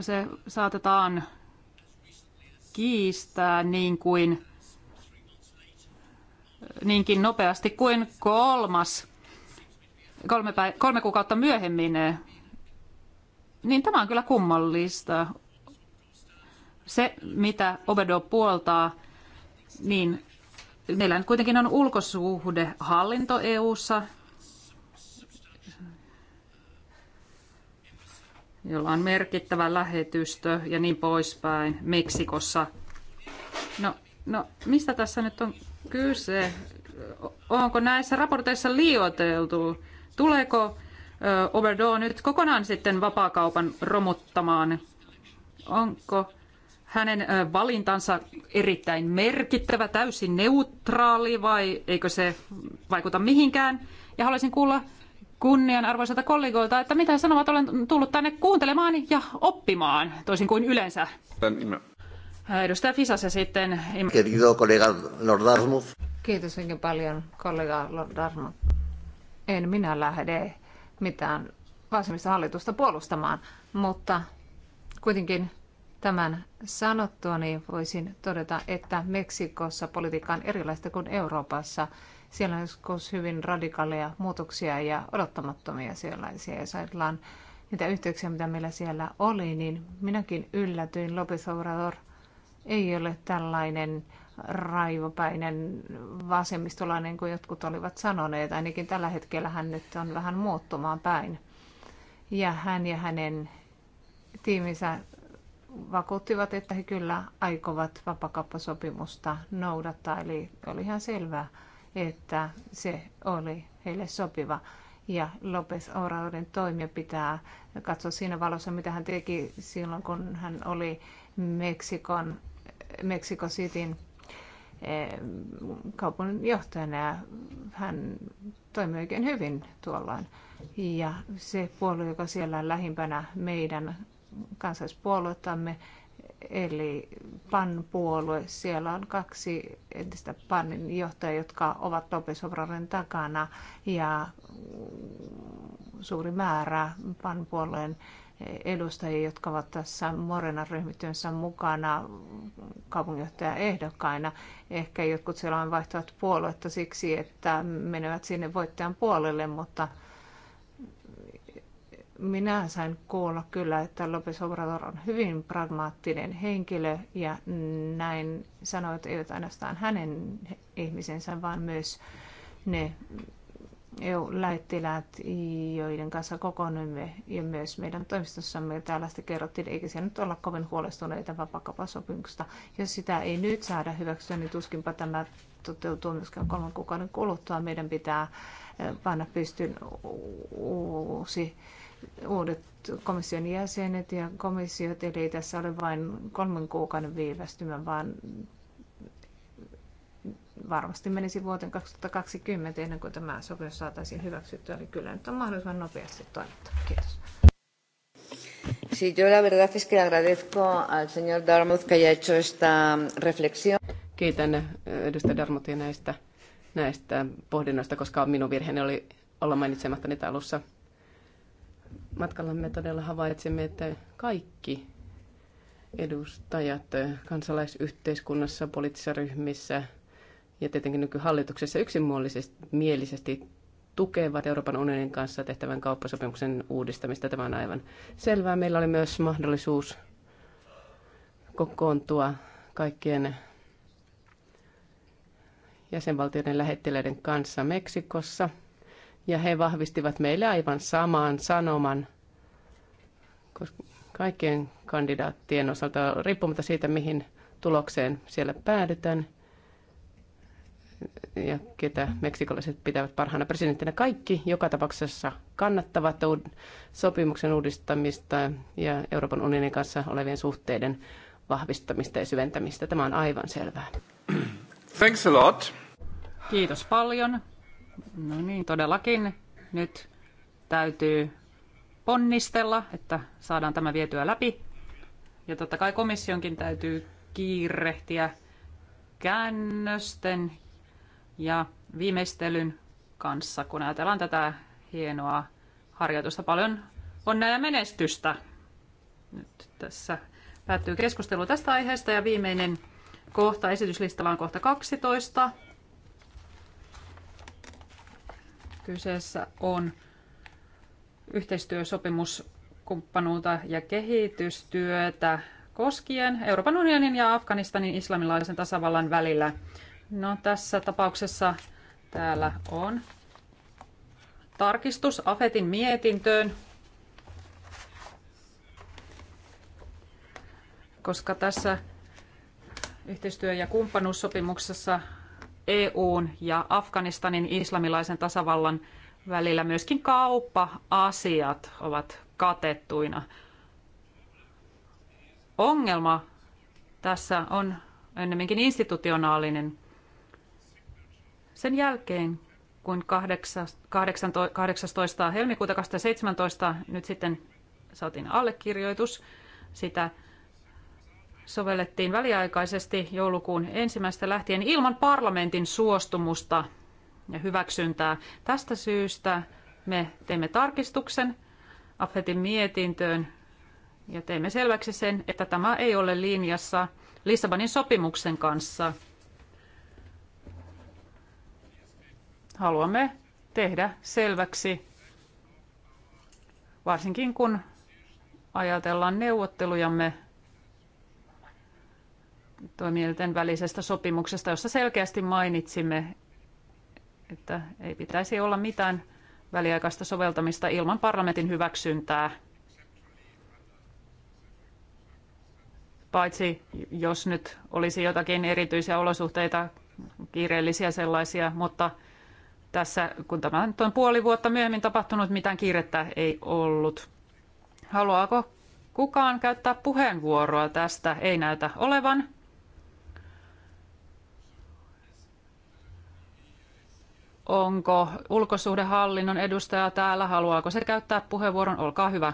Speaker 1: se saatetaan kiistää niin kuin niinkin nopeasti kuin kolmas, kolme, päiv- kolme kuukautta myöhemmin. Niin tämä on kyllä kummallista. Se, mitä Obedo puoltaa, niin meillä nyt kuitenkin on ulkosuhdehallinto EU-ssa, jolla on merkittävä lähetystö ja niin poispäin Meksikossa. No, no mistä tässä nyt on kyse? Onko näissä raporteissa liioiteltu? Tuleeko Oberdo nyt kokonaan sitten vapaakaupan romuttamaan? Onko hänen valintansa erittäin merkittävä, täysin neutraali vai eikö se vaikuta mihinkään? Ja haluaisin kuulla kunnianarvoisilta kollegoilta, että mitä sanovat olen tullut tänne kuuntelemaan ja oppimaan, toisin kuin yleensä. Edustaja Fisas ja sitten...
Speaker 5: Querido kollega
Speaker 3: Kiitos oikein paljon, kollega Dartmouth. En minä lähde mitään vasemmista hallitusta puolustamaan, mutta kuitenkin tämän sanottua, niin voisin todeta, että Meksikossa politiikka on erilaista kuin Euroopassa. Siellä on joskus hyvin radikaaleja muutoksia ja odottamattomia sellaisia. Jos ajatellaan niitä yhteyksiä, mitä meillä siellä oli, niin minäkin yllätyin Lopez Obrador – ei ole tällainen raivopäinen vasemmistolainen kuin jotkut olivat sanoneet. Ainakin tällä hetkellä hän nyt on vähän muuttumaan päin. Ja hän ja hänen tiiminsä vakuuttivat, että he kyllä aikovat vapakauppasopimusta noudattaa. Eli oli ihan selvää, että se oli heille sopiva. Ja Lopes Oraudin toimia pitää katsoa siinä valossa, mitä hän teki silloin, kun hän oli Meksikon Mexico Cityn eh, kaupunginjohtajana. Hän toimi oikein hyvin tuollaan. Ja se puolue, joka siellä on lähimpänä meidän kansallispuoluettamme, eli PAN-puolue. Siellä on kaksi entistä PANin johtajaa, jotka ovat Lopes Obradorin takana ja suuri määrä PAN-puolueen edustajia, jotka ovat tässä Morenan ryhmityönsä mukana kaupunginjohtajan ehdokkaina. Ehkä jotkut siellä vaihtavat puoluetta siksi, että menevät sinne voittajan puolelle, mutta minä sain kuulla kyllä, että Lopes Obrador on hyvin pragmaattinen henkilö ja näin sanoit ei ainoastaan hänen ihmisensä, vaan myös ne EU-lähettiläät, joiden kanssa kokoonnuimme ja myös meidän toimistossamme tällaista kerrottiin, eikä se nyt olla kovin huolestuneita vapakapasopimuksesta. Jos sitä ei nyt saada hyväksyä, niin tuskinpa tämä toteutuu myöskään kolmen kuukauden kuluttua. Meidän pitää eh, panna pystyyn uusi uudet komission jäsenet ja komissiot, eli tässä oli vain kolmen kuukauden viivästymä, vaan varmasti menisi vuoteen 2020 ennen kuin tämä sopimus saataisiin hyväksyttyä, eli kyllä nyt on mahdollisimman nopeasti toimittava. Kiitos.
Speaker 2: Sí, yo la verdad es que agradezco al señor Darmuth que haya hecho esta reflexión. Kiitän eh, edustaja Darmuthia näistä, näistä pohdinnoista, koska minun virheeni oli olla mainitsematta niitä alussa. Matkallamme todella havaitsimme, että kaikki edustajat eh, kansalaisyhteiskunnassa, poliittisissa ryhmissä, ja tietenkin nykyhallituksessa yksimielisesti tukevat Euroopan unionin kanssa tehtävän kauppasopimuksen uudistamista. Tämä on aivan selvää. Meillä oli myös mahdollisuus kokoontua kaikkien jäsenvaltioiden lähettiläiden kanssa Meksikossa. Ja he vahvistivat meille aivan samaan sanoman koska kaikkien kandidaattien osalta, riippumatta siitä, mihin tulokseen siellä päädytään – ja ketä meksikolaiset pitävät parhaana presidenttinä. Kaikki joka tapauksessa kannattavat sopimuksen uudistamista ja Euroopan unionin kanssa olevien suhteiden vahvistamista ja syventämistä. Tämä on aivan selvää.
Speaker 5: Thanks a lot.
Speaker 2: Kiitos paljon. No niin, todellakin. Nyt
Speaker 1: täytyy ponnistella, että saadaan tämä vietyä läpi. Ja totta kai komissionkin täytyy kiirehtiä käännösten ja viimeistelyn kanssa, kun ajatellaan tätä hienoa harjoitusta. Paljon onnea ja menestystä. Nyt tässä päättyy keskustelu tästä aiheesta ja viimeinen kohta esityslistalla on kohta 12. Kyseessä on yhteistyösopimus kumppanuuta ja kehitystyötä koskien Euroopan unionin ja Afganistanin islamilaisen tasavallan välillä. No tässä tapauksessa täällä on tarkistus AFETin mietintöön, koska tässä yhteistyö- ja kumppanuussopimuksessa EUn ja Afganistanin islamilaisen tasavallan välillä myöskin kauppa-asiat ovat katettuina. Ongelma tässä on ennemminkin institutionaalinen sen jälkeen, kun 18. helmikuuta 2017 nyt sitten saatiin allekirjoitus, sitä sovellettiin väliaikaisesti joulukuun ensimmäistä lähtien ilman parlamentin suostumusta ja hyväksyntää. Tästä syystä me teimme tarkistuksen AFETin mietintöön ja teimme selväksi sen, että tämä ei ole linjassa Lissabonin sopimuksen kanssa – haluamme tehdä selväksi, varsinkin kun ajatellaan neuvottelujamme toimielinten välisestä sopimuksesta, jossa selkeästi mainitsimme, että ei pitäisi olla mitään väliaikaista soveltamista ilman parlamentin hyväksyntää, paitsi jos nyt olisi jotakin erityisiä olosuhteita, kiireellisiä sellaisia, mutta tässä, kun tämä nyt on puoli vuotta myöhemmin tapahtunut, mitään kiirettä ei ollut. Haluaako kukaan käyttää puheenvuoroa tästä? Ei näytä olevan. Onko ulkosuhdehallinnon edustaja täällä? Haluaako se käyttää puheenvuoron? Olkaa hyvä.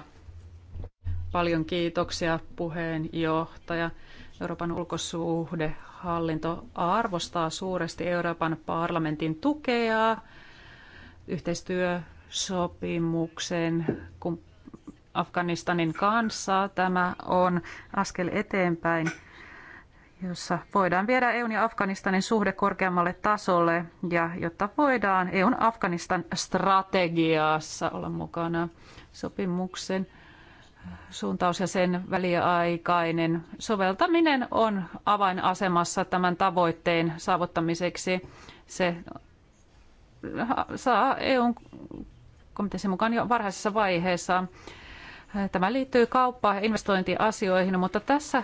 Speaker 1: Paljon kiitoksia puheenjohtaja. Euroopan ulkosuhdehallinto arvostaa suuresti Euroopan parlamentin tukea yhteistyösopimuksen Afganistanin kanssa. Tämä on askel eteenpäin, jossa voidaan viedä EUn ja Afganistanin suhde korkeammalle tasolle ja jotta voidaan EUn Afganistan strategiassa olla mukana sopimuksen – suuntaus ja sen väliaikainen soveltaminen on avainasemassa tämän tavoitteen saavuttamiseksi. Se saa EUn komitean mukaan jo varhaisessa vaiheessa. Tämä liittyy kauppa- ja investointiasioihin, mutta tässä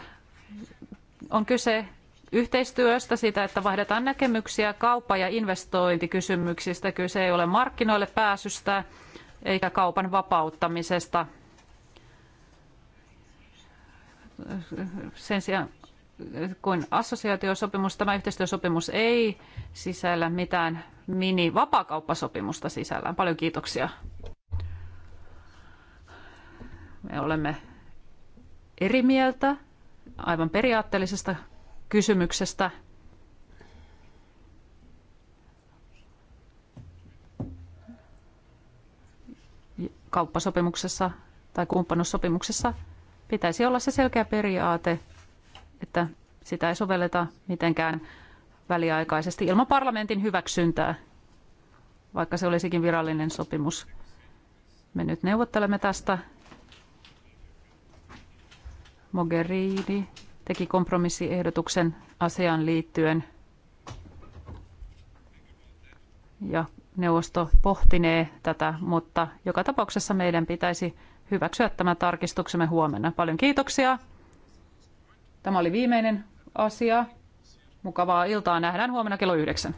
Speaker 1: on kyse yhteistyöstä, siitä, että vaihdetaan näkemyksiä kauppa- ja investointikysymyksistä. Kyse ei ole markkinoille pääsystä eikä kaupan vapauttamisesta sen sijaan kuin assosiaatiosopimus, tämä yhteistyösopimus ei sisällä mitään mini-vapakauppasopimusta sisällään. Paljon kiitoksia. Me olemme eri mieltä aivan periaatteellisesta kysymyksestä. Kauppasopimuksessa tai kumppanussopimuksessa. Pitäisi olla se selkeä periaate, että sitä ei sovelleta mitenkään väliaikaisesti ilman parlamentin hyväksyntää, vaikka se olisikin virallinen sopimus. Me nyt neuvottelemme tästä. Mogherini teki kompromissiehdotuksen asiaan liittyen ja neuvosto pohtinee tätä, mutta joka tapauksessa meidän pitäisi hyväksyä tämä tarkistuksemme huomenna. Paljon kiitoksia. Tämä oli viimeinen asia. Mukavaa iltaa. Nähdään huomenna kello yhdeksän.